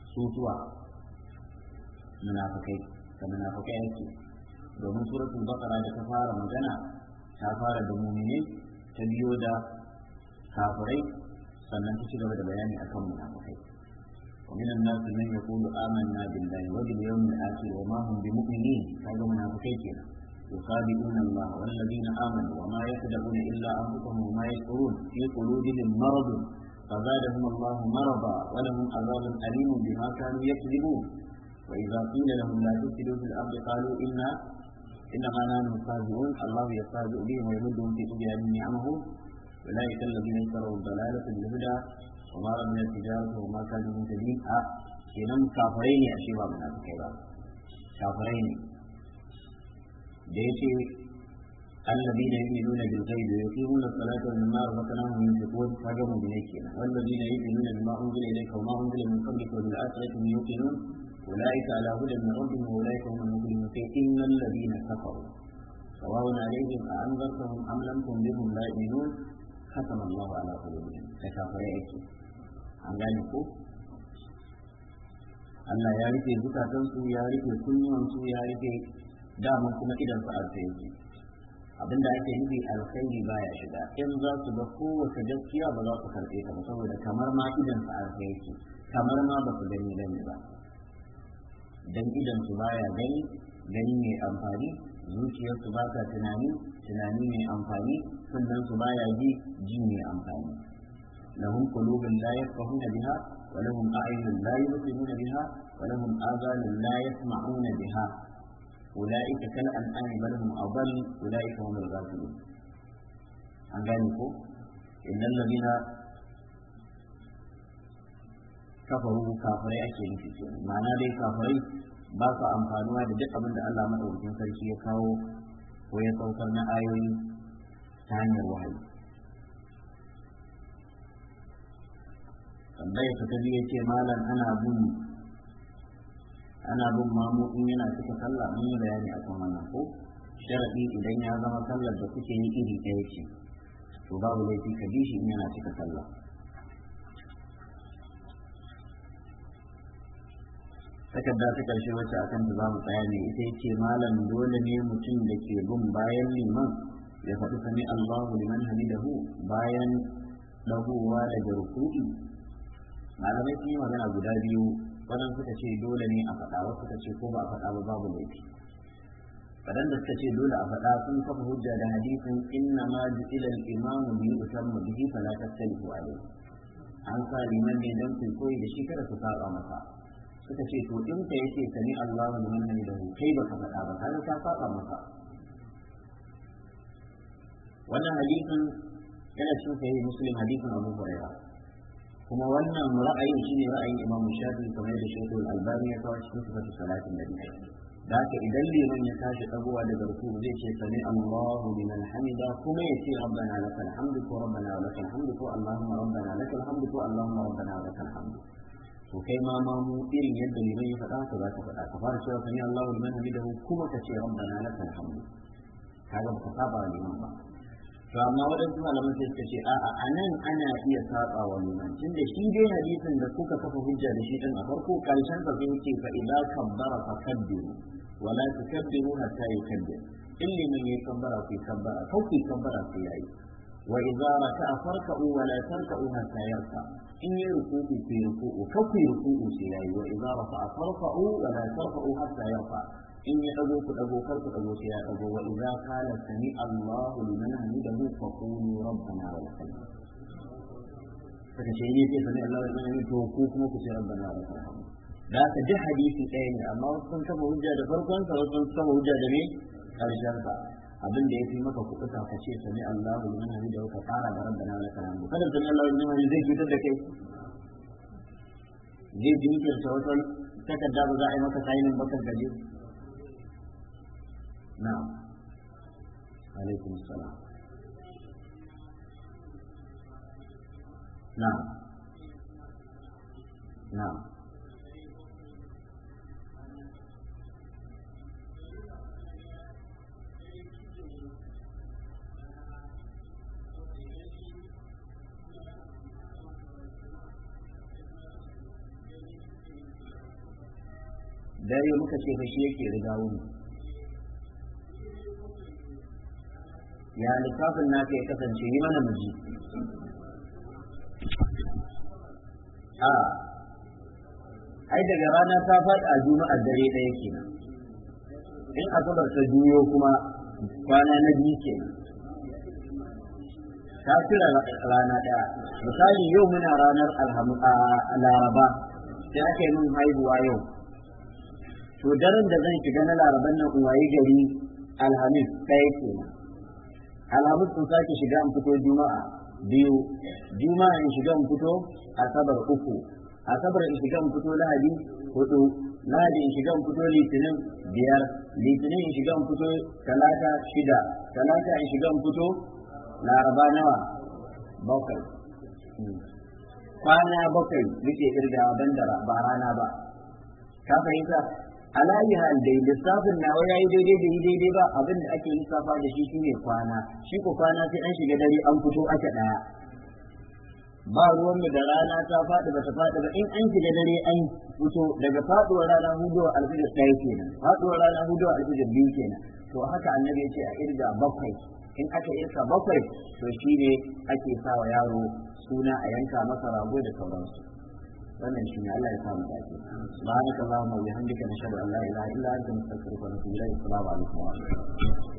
su zuwa munafikai da munafikai yake domin suratul bakara da ta fara magana ta fara da mu'mini ta biyo da kafirai sannan ta ci gaba da bayani akan munafikai ومن الناس من يقول آمنا بالله وباليوم الآخر وما هم بمؤمنين هذا منافقين كده يخادعون الله والذين آمنوا وما يخدعون إلا أنفسهم وما يشعرون في قلوبهم مرض فزادهم الله مرضا ولهم عذاب أليم بما كانوا يكذبون وإذا قيل لهم لا تفسدوا في الأرض قالوا إنا إنما نحن خادعون الله يستهزئ بهم ويمدهم في طغيانهم نعمه أولئك الذين اشتروا الضلالة بالهدى وما من التجارة وما كانوا مهتدين أ kenan kafirai ne a cewa munafikai ba kafirai ne da yace الذين يؤمنون بالغيب ويقيمون الصلاة ومما رزقناهم ينفقون فجروا بنيكنا والذين يؤمنون بما أنزل إليك وما أنزل من قبلك وبالآخرة هم يوقنون أولئك على هدى من ربهم وأولئك هم المفلحون إن الذين كفروا سواء عليهم أأنذرتهم أم لم تنذرهم لا يؤمنون khatam Allahu ala qulubihim sai kafirai yake an gane ko Allah ya rike zukatan su ya rike kunnuwan su ya rike daman kuma idan su arsa yake abinda ake nufi alkhairi baya shiga in za su ga kowace gaskiya ba za su karɓe ka ba saboda kamar ma idan su arsa yake kamar ma ba su gani gani ba dan idan su baya gani gani mai amfani zuciyarsu ba ta tunani tunani mai amfani sannan su ma yaji ji ne amfani lahum qulubun la yafqahuna biha wa lahum a'yunun la yubsiruna biha wa lahum adhanun la yasma'una biha ulaika kal an'ami bal hum adall ulaika humul ghafilun an gane ko innal ladina kafaru kafirai ake nufi kenan ma'ana dai kafirai ba su amfanuwa da duk abin da Allah madaukakin sarki ya kawo ko ya saukar na ayoyi ta hanyar wahayi tambayar ta ta biyu ce malam ana bin ana bin mamu in yana cika sallah mun yi bayani a kuma nan ko sharadi idan ya zama sallar da kuke yi iri ɗaya ce to babu laifi ka bi shi in yana cika sallah takarda ta karshe wacce akan da za mu tsaya ne ita ce malam dole ne mutum da ke bin bayan liman ya faɗi sami Allahu liman hamidahu bayan dagowa daga ruku'i malamai sun yi magana guda biyu wannan suka ce dole ne a faɗa wasu suka ce ko ba a faɗa ba babu laifi waɗanda suka ce dole a faɗa sun kafa hujja da hadisin inna ma ju'ila al-imamu bi usamma bihi fala tastalifu alayhi an sa liman ne dan kai koyi da shi kada ku saba masa suka ce to in ka yake sami Allahu liman hamidahu kai ba ka faɗa ba kana ka saba masa wannan hadisin yana cikin sahih muslim hadisin abu hurairah kuma wannan ra'ayin shine ra'ayin imam shafi kamar da shaykh al-albani ya kawo cikin sifatu salatin da nabi da haka idan liman ya tashi tsagowa daga ruku zai ce sami allahu liman hamida kuma ya ce rabbana lakal hamdu ko rabbana lakal hamdu ko allahumma rabbana lakal hamdu ko allahumma rabbana lakal hamdu to kai ma ma mu irin yadda liman ya faɗa ka za ka faɗa ka fara cewa sami allahu liman hamidahu kuma ka ce rabbana lakal hamdu kaga ba ka saba liman ba to amma waɗansu malaman sai suka ce a'a a nan ana iya saba wa liman tunda shi dai hadisin da kuka kafa hujja da shi din a farko karshen ka sai ce fa idza kabbara fa kabbiru wa la tukabbiru hatta yukabbir in liman ya kabbara ku kabbara ko ku kabbara ku yayi wa idza raka'a farka'u wa la tarka'u hatta yarka in yi ruku'u ku yi ko ku ruku'u sai yi wa idza rafa'a farka'u wa la tarfa'u hatta yarka in ya dago ku dago kar ku dago sai ya dago wa idza qala sami Allahu liman hamidahu fa qulu rabbana wa lakal sai ne sai sami Allahu liman hamidahu to ku kuma ku ce rabbana wa lakal da ka ji hadisi ɗaya ne amma wasu sun kama hujja da farkon sa wasu sun kama hujja da ne karshen sa abin da ya fi maka kuɗuka ka ce sami Allahu liman hamidahu ka fara da rabbana wa lakal kada sami Allahu liman hamidahu zai cutar da kai zai ji jinkirta wata takarda ba za a yi maka sainin bakar gaje na'am alaikum salam na'am na'am dare muka ce fa shi yake riga wuni ya lissafin naka ya kasance yi mana miji a ai daga rana ta faɗi a a dare ɗaya kenan in asabar ta juyo kuma kwana na biyu ke. ta kira rana ɗaya misali yau muna ranar laraba sai ake yi min haihuwa yau to daren da zan shiga na laraban nan waye gari alhamis ɗaya kenan alhamis sun sake shiga in fito juma'a biyu juma'a in shiga in fito asabar uku asabar in shiga in fito lahadi hudu lahadi in shiga in fito litinin biyar litinin in shiga in fito talata shida talata in shiga in fito laraba nawa bakwai hmm. kwana bakwai muke kirgawa ban da ba rana ba ka fahimta alayi hal dai lissafin nawa ya yi daidai da yi daidai ba abin da ake lissafa da shi shine kwana shi ko kwana sai an shiga dare an fito aka ɗaya ba ruwanmu da rana ta faɗi ba ta faɗi ba in an shiga dare an fito daga faɗuwar rana huduwar alfijir ɗaya kenan faɗuwar rana huduwar alfijir biyu kenan to haka annabi ya ce a irga bakwai in aka irka bakwai to shine ake sawa yaro suna a yanka masa rago da sauransu wannan shi ne Allah ya samu dace subhanaka allahumma wa bihamdika nashhadu an la ilaha illa anta nastaghfiruka wa natubu ilayk wa rahmatullahi